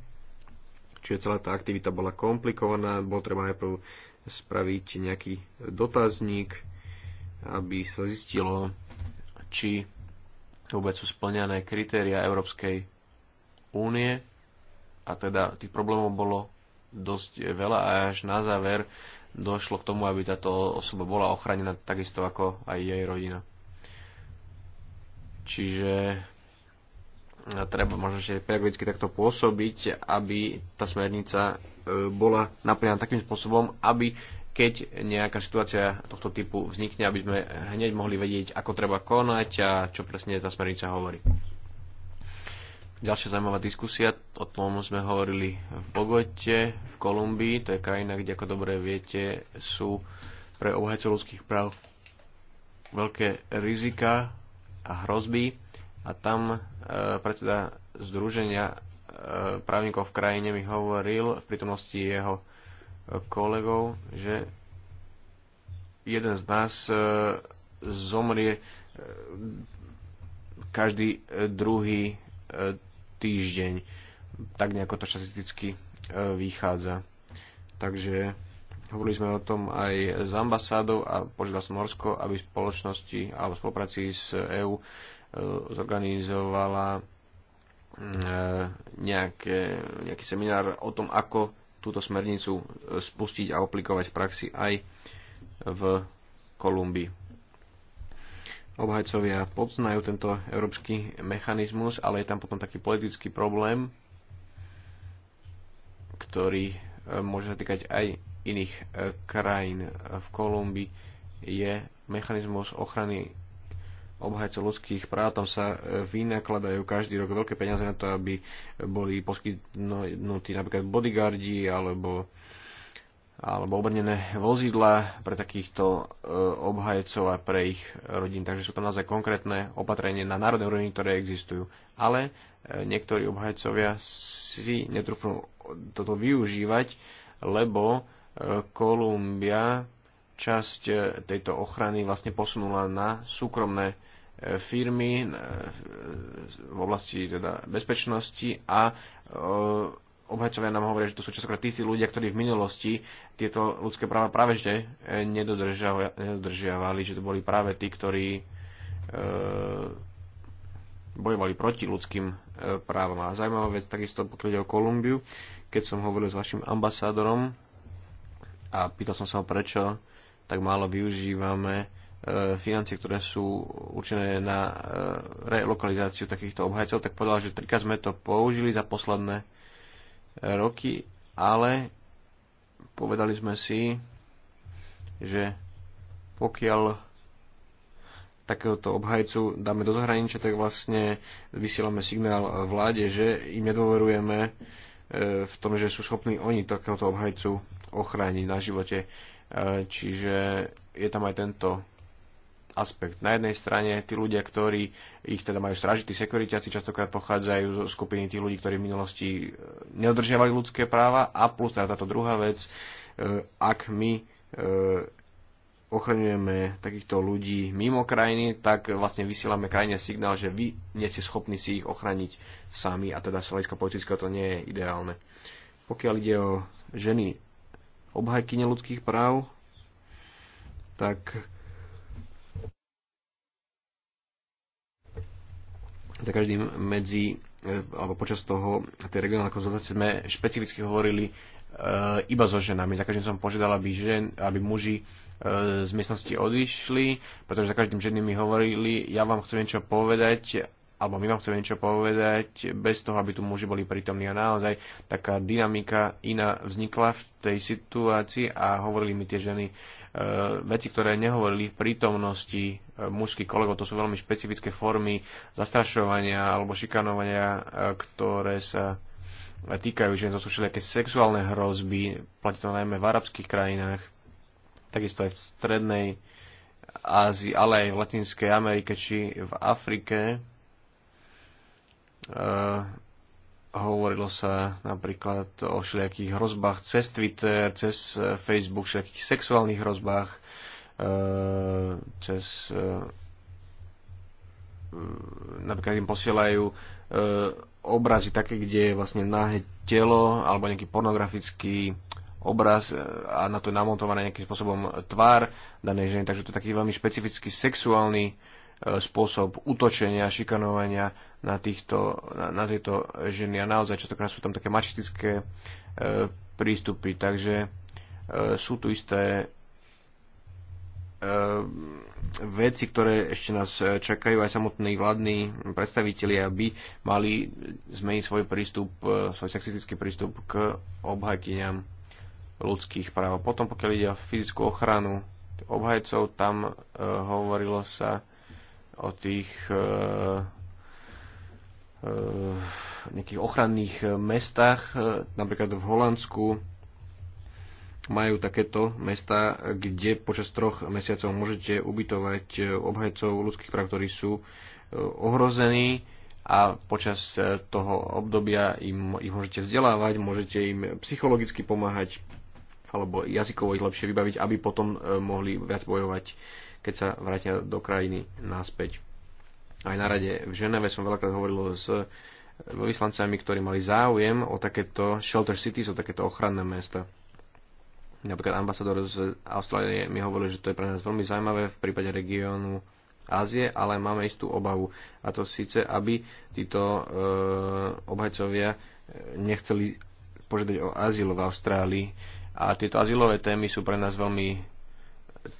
Speaker 3: čiže celá tá aktivita bola komplikovaná, bolo treba najprv spraviť nejaký dotazník, aby sa zistilo, či vôbec sú splňané kritéria Európskej únie a teda tých problémov bolo dosť veľa a až na záver došlo k tomu, aby táto osoba bola ochránená takisto ako aj jej rodina. Čiže treba možno ešte pedagogicky takto pôsobiť, aby tá smernica e, bola naplnená takým spôsobom, aby keď nejaká situácia tohto typu vznikne, aby sme hneď mohli vedieť, ako treba konať a čo presne tá smernica hovorí. Ďalšia zaujímavá diskusia, o tom sme hovorili v Bogote, v Kolumbii, to je krajina, kde ako dobre viete, sú pre obhajcu ľudských práv veľké rizika a hrozby a tam e, predseda Združenia e, právnikov v krajine mi hovoril v prítomnosti jeho kolegov, že jeden z nás e, zomrie e, každý e, druhý týždeň. Tak nejako to štatisticky vychádza. Takže hovorili sme o tom aj s ambasádou a požiadal som Norsko, aby v spoločnosti alebo v spolupráci s EÚ zorganizovala nejaké, nejaký seminár o tom, ako túto smernicu e, spustiť a aplikovať v praxi aj v Kolumbii. Obhajcovia poznajú tento európsky mechanizmus, ale je tam potom taký politický problém, ktorý e, môže sa týkať aj iných e, krajín. V Kolumbii je mechanizmus ochrany obhajcov ľudských práv. Tam sa e, vynakladajú každý rok veľké peniaze na to, aby boli poskytnutí napríklad bodyguardi alebo alebo obrnené vozidla pre takýchto e, obhajcov a pre ich rodín. Takže sú tam naozaj konkrétne opatrenie na národnej úrovni, ktoré existujú. Ale e, niektorí obhajcovia si netrúfnú toto využívať, lebo Kolumbia časť tejto ochrany vlastne posunula na súkromné firmy e, v oblasti teda bezpečnosti a e, obhajcovia nám hovoria, že to sú častokrát tí ľudia, ktorí v minulosti tieto ľudské práva práve že e, nedodržiavali, že to boli práve tí, ktorí bojovali proti ľudským právam. A zaujímavá vec takisto, pokiaľ ide o Kolumbiu, keď som hovoril s vašim ambasádorom a pýtal som sa ho, prečo tak málo využívame E, financie, ktoré sú určené na e, relokalizáciu takýchto obhajcov, tak povedal, že trikrát sme to použili za posledné e, roky, ale povedali sme si, že pokiaľ takéhoto obhajcu dáme do zahraničia, tak vlastne vysielame signál vláde, že im nedôverujeme v tom, že sú schopní oni takéhoto obhajcu ochrániť na živote. Čiže je tam aj tento aspekt. Na jednej strane tí ľudia, ktorí ich teda majú strážiť, tí sekuritiaci častokrát pochádzajú zo skupiny tých ľudí, ktorí v minulosti e, neodržiavali ľudské práva a plus teda táto druhá vec, e, ak my e, ochraňujeme takýchto ľudí mimo krajiny, tak vlastne vysielame krajine signál, že vy nie ste schopní si ich ochrániť sami a teda slovenská hľadiska politického to nie je ideálne. Pokiaľ ide o ženy obhajky ľudských práv, tak za každým medzi e, alebo počas toho tej regionálnej konzultácie sme špecificky hovorili e, iba so ženami. Za každým som požiadal, aby, žen, aby muži e, z miestnosti odišli, pretože za každým ženy mi hovorili, ja vám chcem niečo povedať, alebo my vám chceme niečo povedať, bez toho, aby tu muži boli prítomní. A naozaj taká dynamika iná vznikla v tej situácii a hovorili mi tie ženy, E, veci, ktoré nehovorili v prítomnosti e, mužských kolegov. To sú veľmi špecifické formy zastrašovania alebo šikanovania, e, ktoré sa týkajú žien. To sú všelijaké sexuálne hrozby, platí to najmä v arabských krajinách, takisto aj v strednej Ázii, ale aj v Latinskej Amerike či v Afrike. Hovorilo sa napríklad o všelijakých hrozbách cez Twitter, cez e, Facebook, všelijakých sexuálnych hrozbách, e, cez e, napríklad im posielajú obrazy také, kde je vlastne nahé telo alebo nejaký pornografický obraz a na to je namontovaná nejakým spôsobom tvár danej ženy, takže to je taký veľmi špecifický sexuálny E, spôsob útočenia, šikanovania na, týchto, na, na tieto ženy a naozaj častokrát sú tam také mačistické e, prístupy, takže e, sú tu isté e, veci, ktoré ešte nás e, čakajú aj samotní vládni predstavitelia, aby mali zmeniť svoj prístup, svoj sexistický prístup k obhajkyňam ľudských práv. Potom, pokiaľ ide o fyzickú ochranu obhajcov, tam hovorilo sa o tých e, e, nejakých ochranných mestách, e, napríklad v Holandsku majú takéto mesta, kde počas troch mesiacov môžete ubytovať obhajcov ľudských práv, ktorí sú ohrození a počas toho obdobia im, ich môžete vzdelávať, môžete im psychologicky pomáhať alebo jazykovo ich lepšie vybaviť, aby potom mohli viac bojovať keď sa vrátia do krajiny naspäť. Aj na rade v Ženeve som veľakrát hovoril s vyslancami, ktorí mali záujem o takéto shelter cities, o takéto ochranné mesta. Napríklad ambasador z Austrálie mi hovoril, že to je pre nás veľmi zaujímavé v prípade regiónu Ázie, ale máme istú obavu. A to síce, aby títo e, obhajcovia eh, nechceli požiadať o azyl v Austrálii. A tieto azylové témy sú pre nás veľmi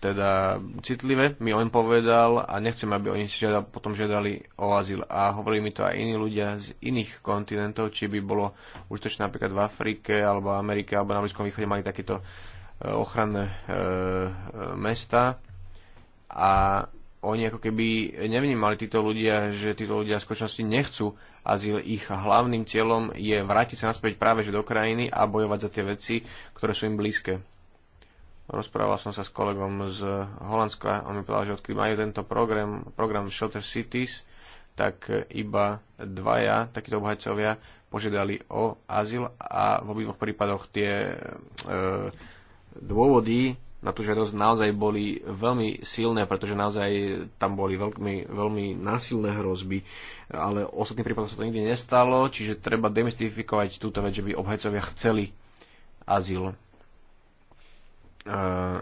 Speaker 3: teda citlivé, mi on povedal a nechcem, aby oni si žiadali, potom žiadali o azyl. A hovorili mi to aj iní ľudia z iných kontinentov, či by bolo užitočné napríklad v Afrike alebo Amerike alebo na Blízkom východe mali takéto e, ochranné e, mesta a oni ako keby nevnímali títo ľudia, že títo ľudia v skutočnosti nechcú azyl. Ich hlavným cieľom je vrátiť sa naspäť práve že do krajiny a bojovať za tie veci, ktoré sú im blízke. Rozprával som sa s kolegom z Holandska, on mi povedal, že odkedy majú tento program, program Shelter Cities, tak iba dvaja takíto obhajcovia požiadali o azyl a v obidvoch prípadoch tie e, dôvody na tú žiadosť naozaj boli veľmi silné, pretože naozaj tam boli veľmi, veľmi násilné hrozby, ale ostatným prípadom sa to nikdy nestalo, čiže treba demystifikovať túto vec, že by obhajcovia chceli azyl Eh,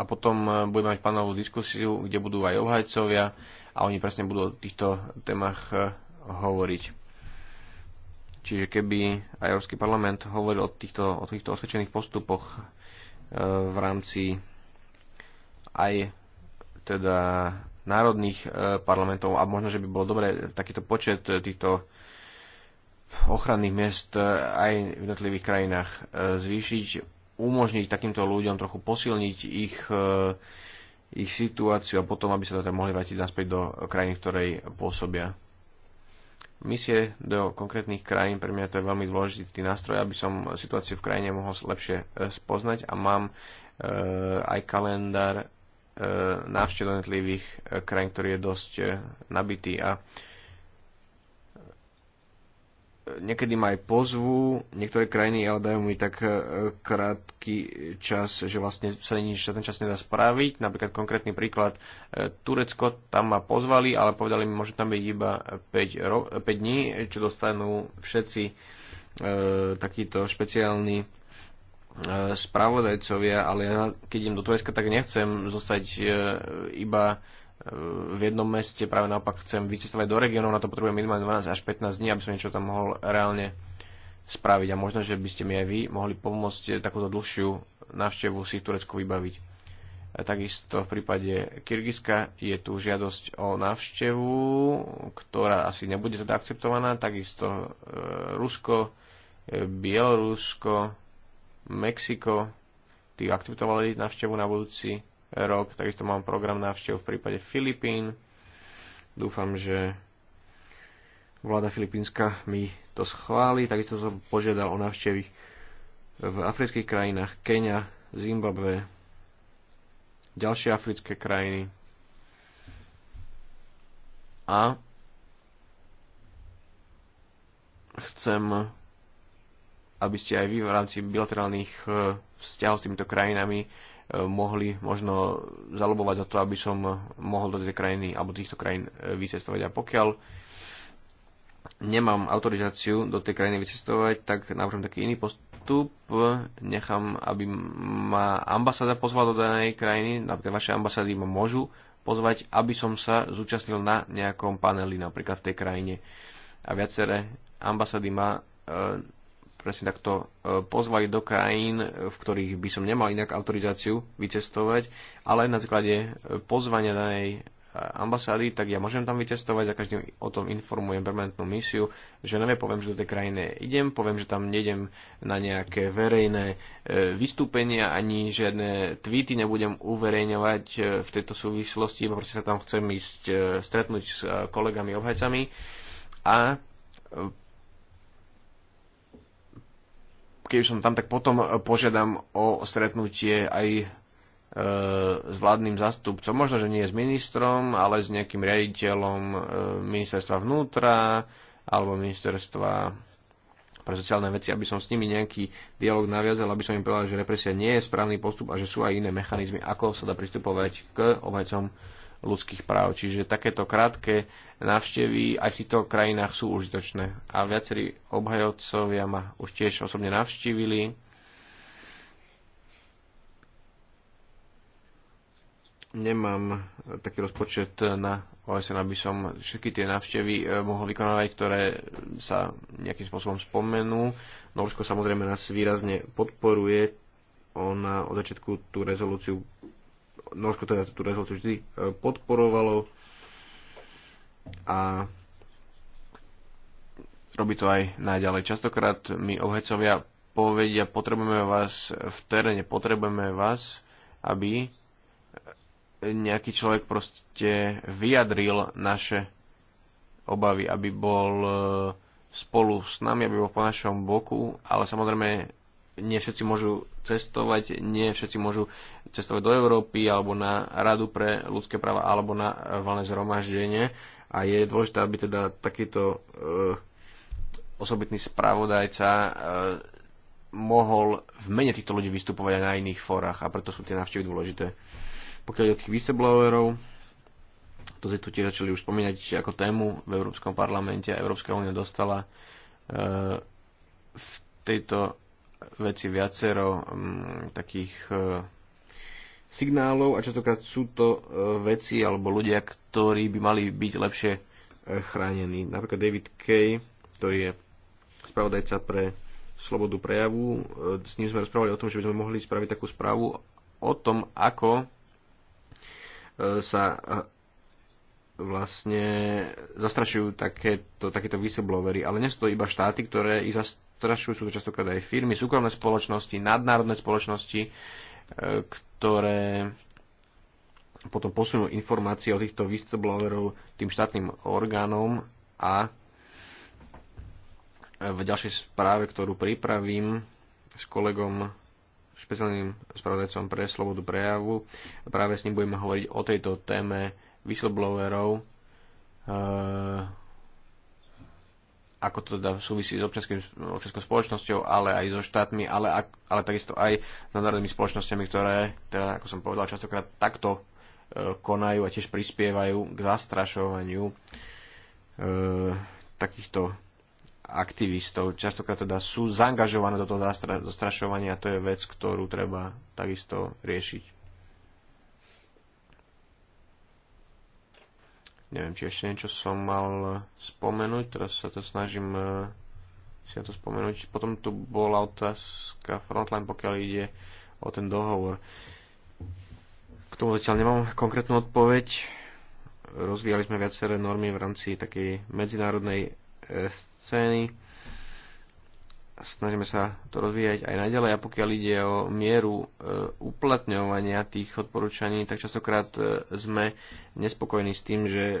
Speaker 3: a potom eh, budeme mať panovú diskusiu, kde budú aj obhajcovia a oni presne budú o týchto témach eh, hovoriť. Čiže keby aj Európsky parlament hovoril o týchto, o týchto osvedčených postupoch v rámci aj teda národných parlamentov a možno, že by bolo dobré takýto počet týchto ochranných miest e, aj v jednotlivých krajinách e, zvýšiť, umožniť takýmto ľuďom trochu posilniť ich, e, ich situáciu a potom, aby sa teda mohli vrátiť naspäť do krajiny, v ktorej pôsobia. Misie do konkrétnych krajín, pre mňa to je veľmi dôležitý nástroj, aby som situáciu v krajine mohol lepšie spoznať a mám aj kalendár návštev jednotlivých krajín, ktorý je dosť nabitý a niekedy ma aj pozvu, niektoré krajiny, ale dajú mi tak e, krátky čas, že vlastne sa nič sa ten čas nedá spraviť. Napríklad konkrétny príklad, e, Turecko, tam ma pozvali, ale povedali mi, môže tam byť iba 5, 5 dní, čo dostanú všetci e, takíto špeciálni e, spravodajcovia, ale ja, keď idem do Turecka, tak nechcem zostať e, iba v jednom meste, práve naopak chcem vycestovať do regiónov, na to potrebujem minimálne 12 až 15 dní, aby som niečo tam mohol reálne spraviť a možno, že by ste mi aj vy mohli pomôcť takúto dlhšiu návštevu si v Turecku vybaviť. A takisto v prípade Kyrgyzska je tu žiadosť o návštevu, ktorá asi nebude teda akceptovaná. Takisto e, Rusko, e, Bielorusko, Mexiko, tí akceptovali návštevu na budúci rok. Takisto mám program návštev v prípade Filipín. Dúfam, že vláda filipínska mi to schváli. Takisto som požiadal o návštevy v afrických krajinách Kenia, Zimbabwe, ďalšie africké krajiny. A chcem, aby ste aj vy v rámci bilaterálnych eh, vzťahov s týmito krajinami mohli možno zalobovať za to, aby som mohol do tej krajiny alebo týchto krajín e, vycestovať. A pokiaľ nemám autorizáciu do tej krajiny vycestovať, tak navrhujem taký iný postup. Nechám, aby ma ambasáda pozvala do danej krajiny, napríklad vaše ambasády ma môžu pozvať, aby som sa zúčastnil na nejakom paneli, napríklad v tej krajine. A viaceré ambasády ma e, presne takto e, pozvali do krajín, e, v ktorých by som nemal inak autorizáciu vycestovať, ale na základe e, pozvania danej ambasády, tak ja môžem tam vycestovať, za každým o tom informujem permanentnú misiu, že neviem, poviem, že do tej krajiny idem, poviem, že tam nejdem na nejaké verejné vystúpenia, ani žiadne tweety nebudem uverejňovať v tejto súvislosti, pretože sa tam chcem ísť stretnúť s kolegami obhajcami a keď som tam, tak potom e, požiadam o stretnutie aj e, s vládnym zastupcom, možno, že nie s ministrom, ale s nejakým riaditeľom e, ministerstva vnútra alebo ministerstva pre sociálne veci, aby som s nimi nejaký dialog naviazal, aby som im povedal, že represia nie je správny postup a že sú aj iné mechanizmy, ako sa dá pristupovať k obhajcom ľudských práv. Čiže takéto krátke návštevy aj v týchto krajinách sú užitočné. A viacerí obhajovcovia ma už tiež osobne navštívili. Nemám taký rozpočet na OSN, aby som všetky tie návštevy e, mohol vykonávať, ktoré sa nejakým spôsobom spomenú. Norsko samozrejme nás výrazne podporuje. Ona od začiatku tú rezolúciu Norsko teda tú rezolúciu vždy e, podporovalo a robí to aj naďalej. Častokrát mi obhecovia povedia, potrebujeme vás v teréne, potrebujeme vás, aby nejaký človek proste vyjadril naše obavy, aby bol e, spolu s nami, aby bol po našom boku, ale samozrejme nie všetci môžu cestovať, nie všetci môžu cestovať do Európy alebo na Radu pre ľudské práva alebo na valné zhromaždenie a je dôležité, aby teda takýto eh, osobitný spravodajca eh, mohol v mene týchto ľudí vystupovať aj na iných fórach a preto sú tie návštevy dôležité. Pokiaľ ide o tých whistleblowerov, to si tu tiež začali už spomínať ako tému v Európskom parlamente a Európska únia dostala e, v tejto veci viacero um, takých uh, signálov a častokrát sú to uh, veci alebo ľudia, ktorí by mali byť lepšie uh, chránení. Napríklad David Kay, ktorý je spravodajca pre slobodu prejavu, uh, s ním sme rozprávali o tom, že by sme mohli spraviť takú správu o tom, ako uh, sa uh, vlastne zastrašujú takéto, takéto whistleblowery, ale nie sú to iba štáty, ktoré ich zastrašujú, sú to častokrát aj firmy, súkromné spoločnosti, nadnárodné spoločnosti, e, ktoré potom posunú informácie o týchto whistleblowerov tým štátnym orgánom a v ďalšej správe, ktorú pripravím s kolegom špeciálnym spravodajcom pre slobodu prejavu, práve s ním budeme hovoriť o tejto téme whistleblowerov, e, ako to teda súvisí s občianskou spoločnosťou, ale aj so štátmi, ale, ale takisto aj s nadnárodnými spoločnosťami, ktoré, teda, ako som povedal, častokrát takto e, konajú a tiež prispievajú k zastrašovaniu e, takýchto aktivistov. Častokrát teda sú zaangažované do toho zastrašovania a to je vec, ktorú treba takisto riešiť. Neviem, či ešte niečo som mal spomenúť, teraz sa to snažím eh, si na to spomenúť. Potom tu bola otázka Frontline, pokiaľ ide o ten dohovor. K tomu zatiaľ nemám konkrétnu odpoveď. Rozvíjali sme viaceré normy v rámci takej medzinárodnej eh, scény snažíme sa to rozvíjať aj naďalej a pokiaľ ide o mieru e, uplatňovania tých odporúčaní, tak častokrát e, sme nespokojní s tým, že e,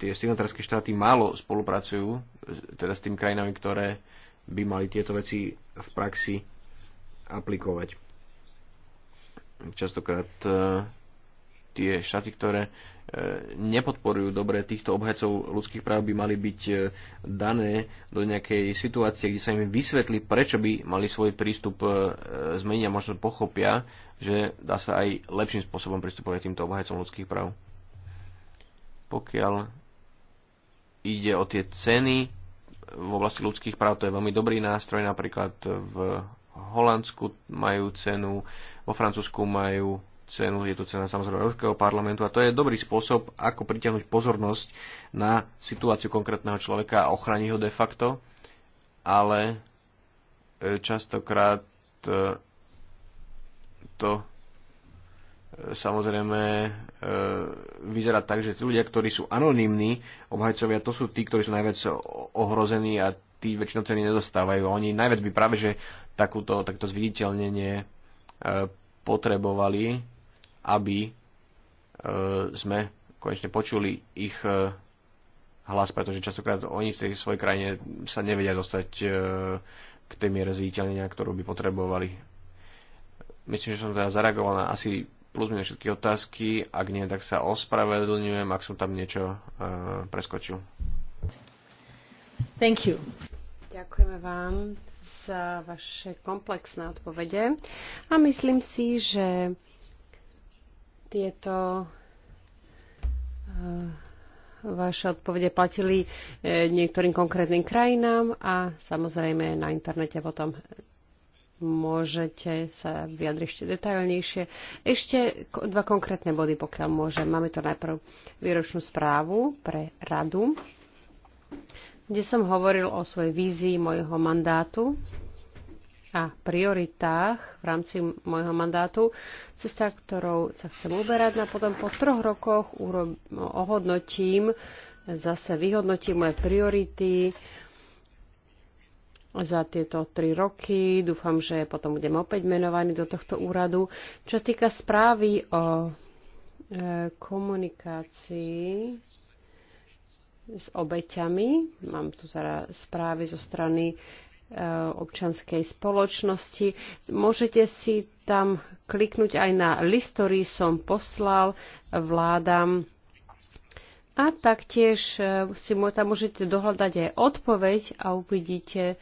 Speaker 3: tie signatárske štáty málo spolupracujú teda s tým krajinami, ktoré by mali tieto veci v praxi aplikovať. Častokrát tie štáty, ktoré e, nepodporujú dobre týchto obhajcov ľudských práv, by mali byť e, dané do nejakej situácie, kde sa im vysvetlí, prečo by mali svoj prístup e, zmeniť a možno pochopia, že dá sa aj lepším spôsobom pristupovať týmto obhajcom ľudských práv. Pokiaľ ide o tie ceny v oblasti ľudských práv, to je veľmi dobrý nástroj, napríklad v Holandsku majú cenu, vo Francúzsku majú cenu, je to cena samozrejme Európskeho parlamentu a to je dobrý spôsob, ako pritiahnuť pozornosť na situáciu konkrétneho človeka a ochraniť ho de facto, ale e, častokrát e, to e, samozrejme vyzerá tak, že ľudia, ktorí sú anonimní obhajcovia, to sú tí, ktorí sú najviac ohrození a tí väčšinou ceny nedostávajú. Oni najviac by práve, že takúto, takto zviditeľnenie potrebovali aby e, sme konečne počuli ich e, hlas, pretože častokrát oni v tej svojej krajine sa nevedia dostať e, k tej miere zviditeľnenia, ktorú by potrebovali. Myslím, že som teda zareagoval na asi plus minus všetky otázky. Ak nie, tak sa ospravedlňujem, ak som tam niečo preskočil. Thank you.
Speaker 2: Ďakujeme vám za vaše komplexné odpovede a myslím si, že tieto eh, vaše odpovede platili eh, niektorým konkrétnym krajinám a samozrejme na internete potom môžete sa vyjadriť ešte detailnejšie. Ešte dva konkrétne body, pokiaľ môžem. Máme to najprv výročnú správu pre radu, kde som hovoril o svojej vízii mojho mandátu a prioritách v rámci môjho mandátu. Cesta, ktorou sa chcem uberať a potom po troch rokoch ohodnotím, zase vyhodnotím moje priority za tieto tri roky. Dúfam, že potom budem opäť menovaný do tohto úradu. Čo týka správy o e, komunikácii s obeťami, mám tu teda správy zo strany Eh, občanskej spoločnosti. Môžete si tam kliknúť aj na list, ktorý som poslal vládam. A taktiež eh, si tam môžete dohľadať aj odpoveď a uvidíte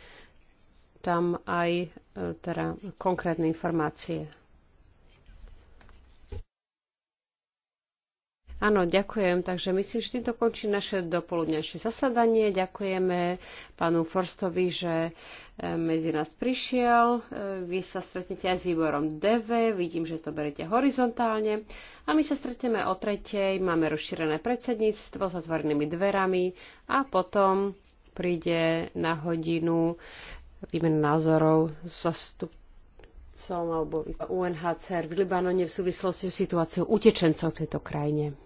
Speaker 2: tam aj eh, teda, konkrétne informácie. Áno, ďakujem. Takže myslím, že týmto končí naše dopoludnejšie zasadanie. Ďakujeme pánu Forstovi, že e, medzi nás prišiel. E, vy sa stretnete aj s výborom DV. Vidím, že to berete horizontálne. A my sa stretneme o tretej. Máme rozšírené predsedníctvo s otvorenými dverami. A potom príde na hodinu výmen názorov zastup som alebo UNHCR v Libanone v súvislosti s situáciou utečencov v tejto krajine.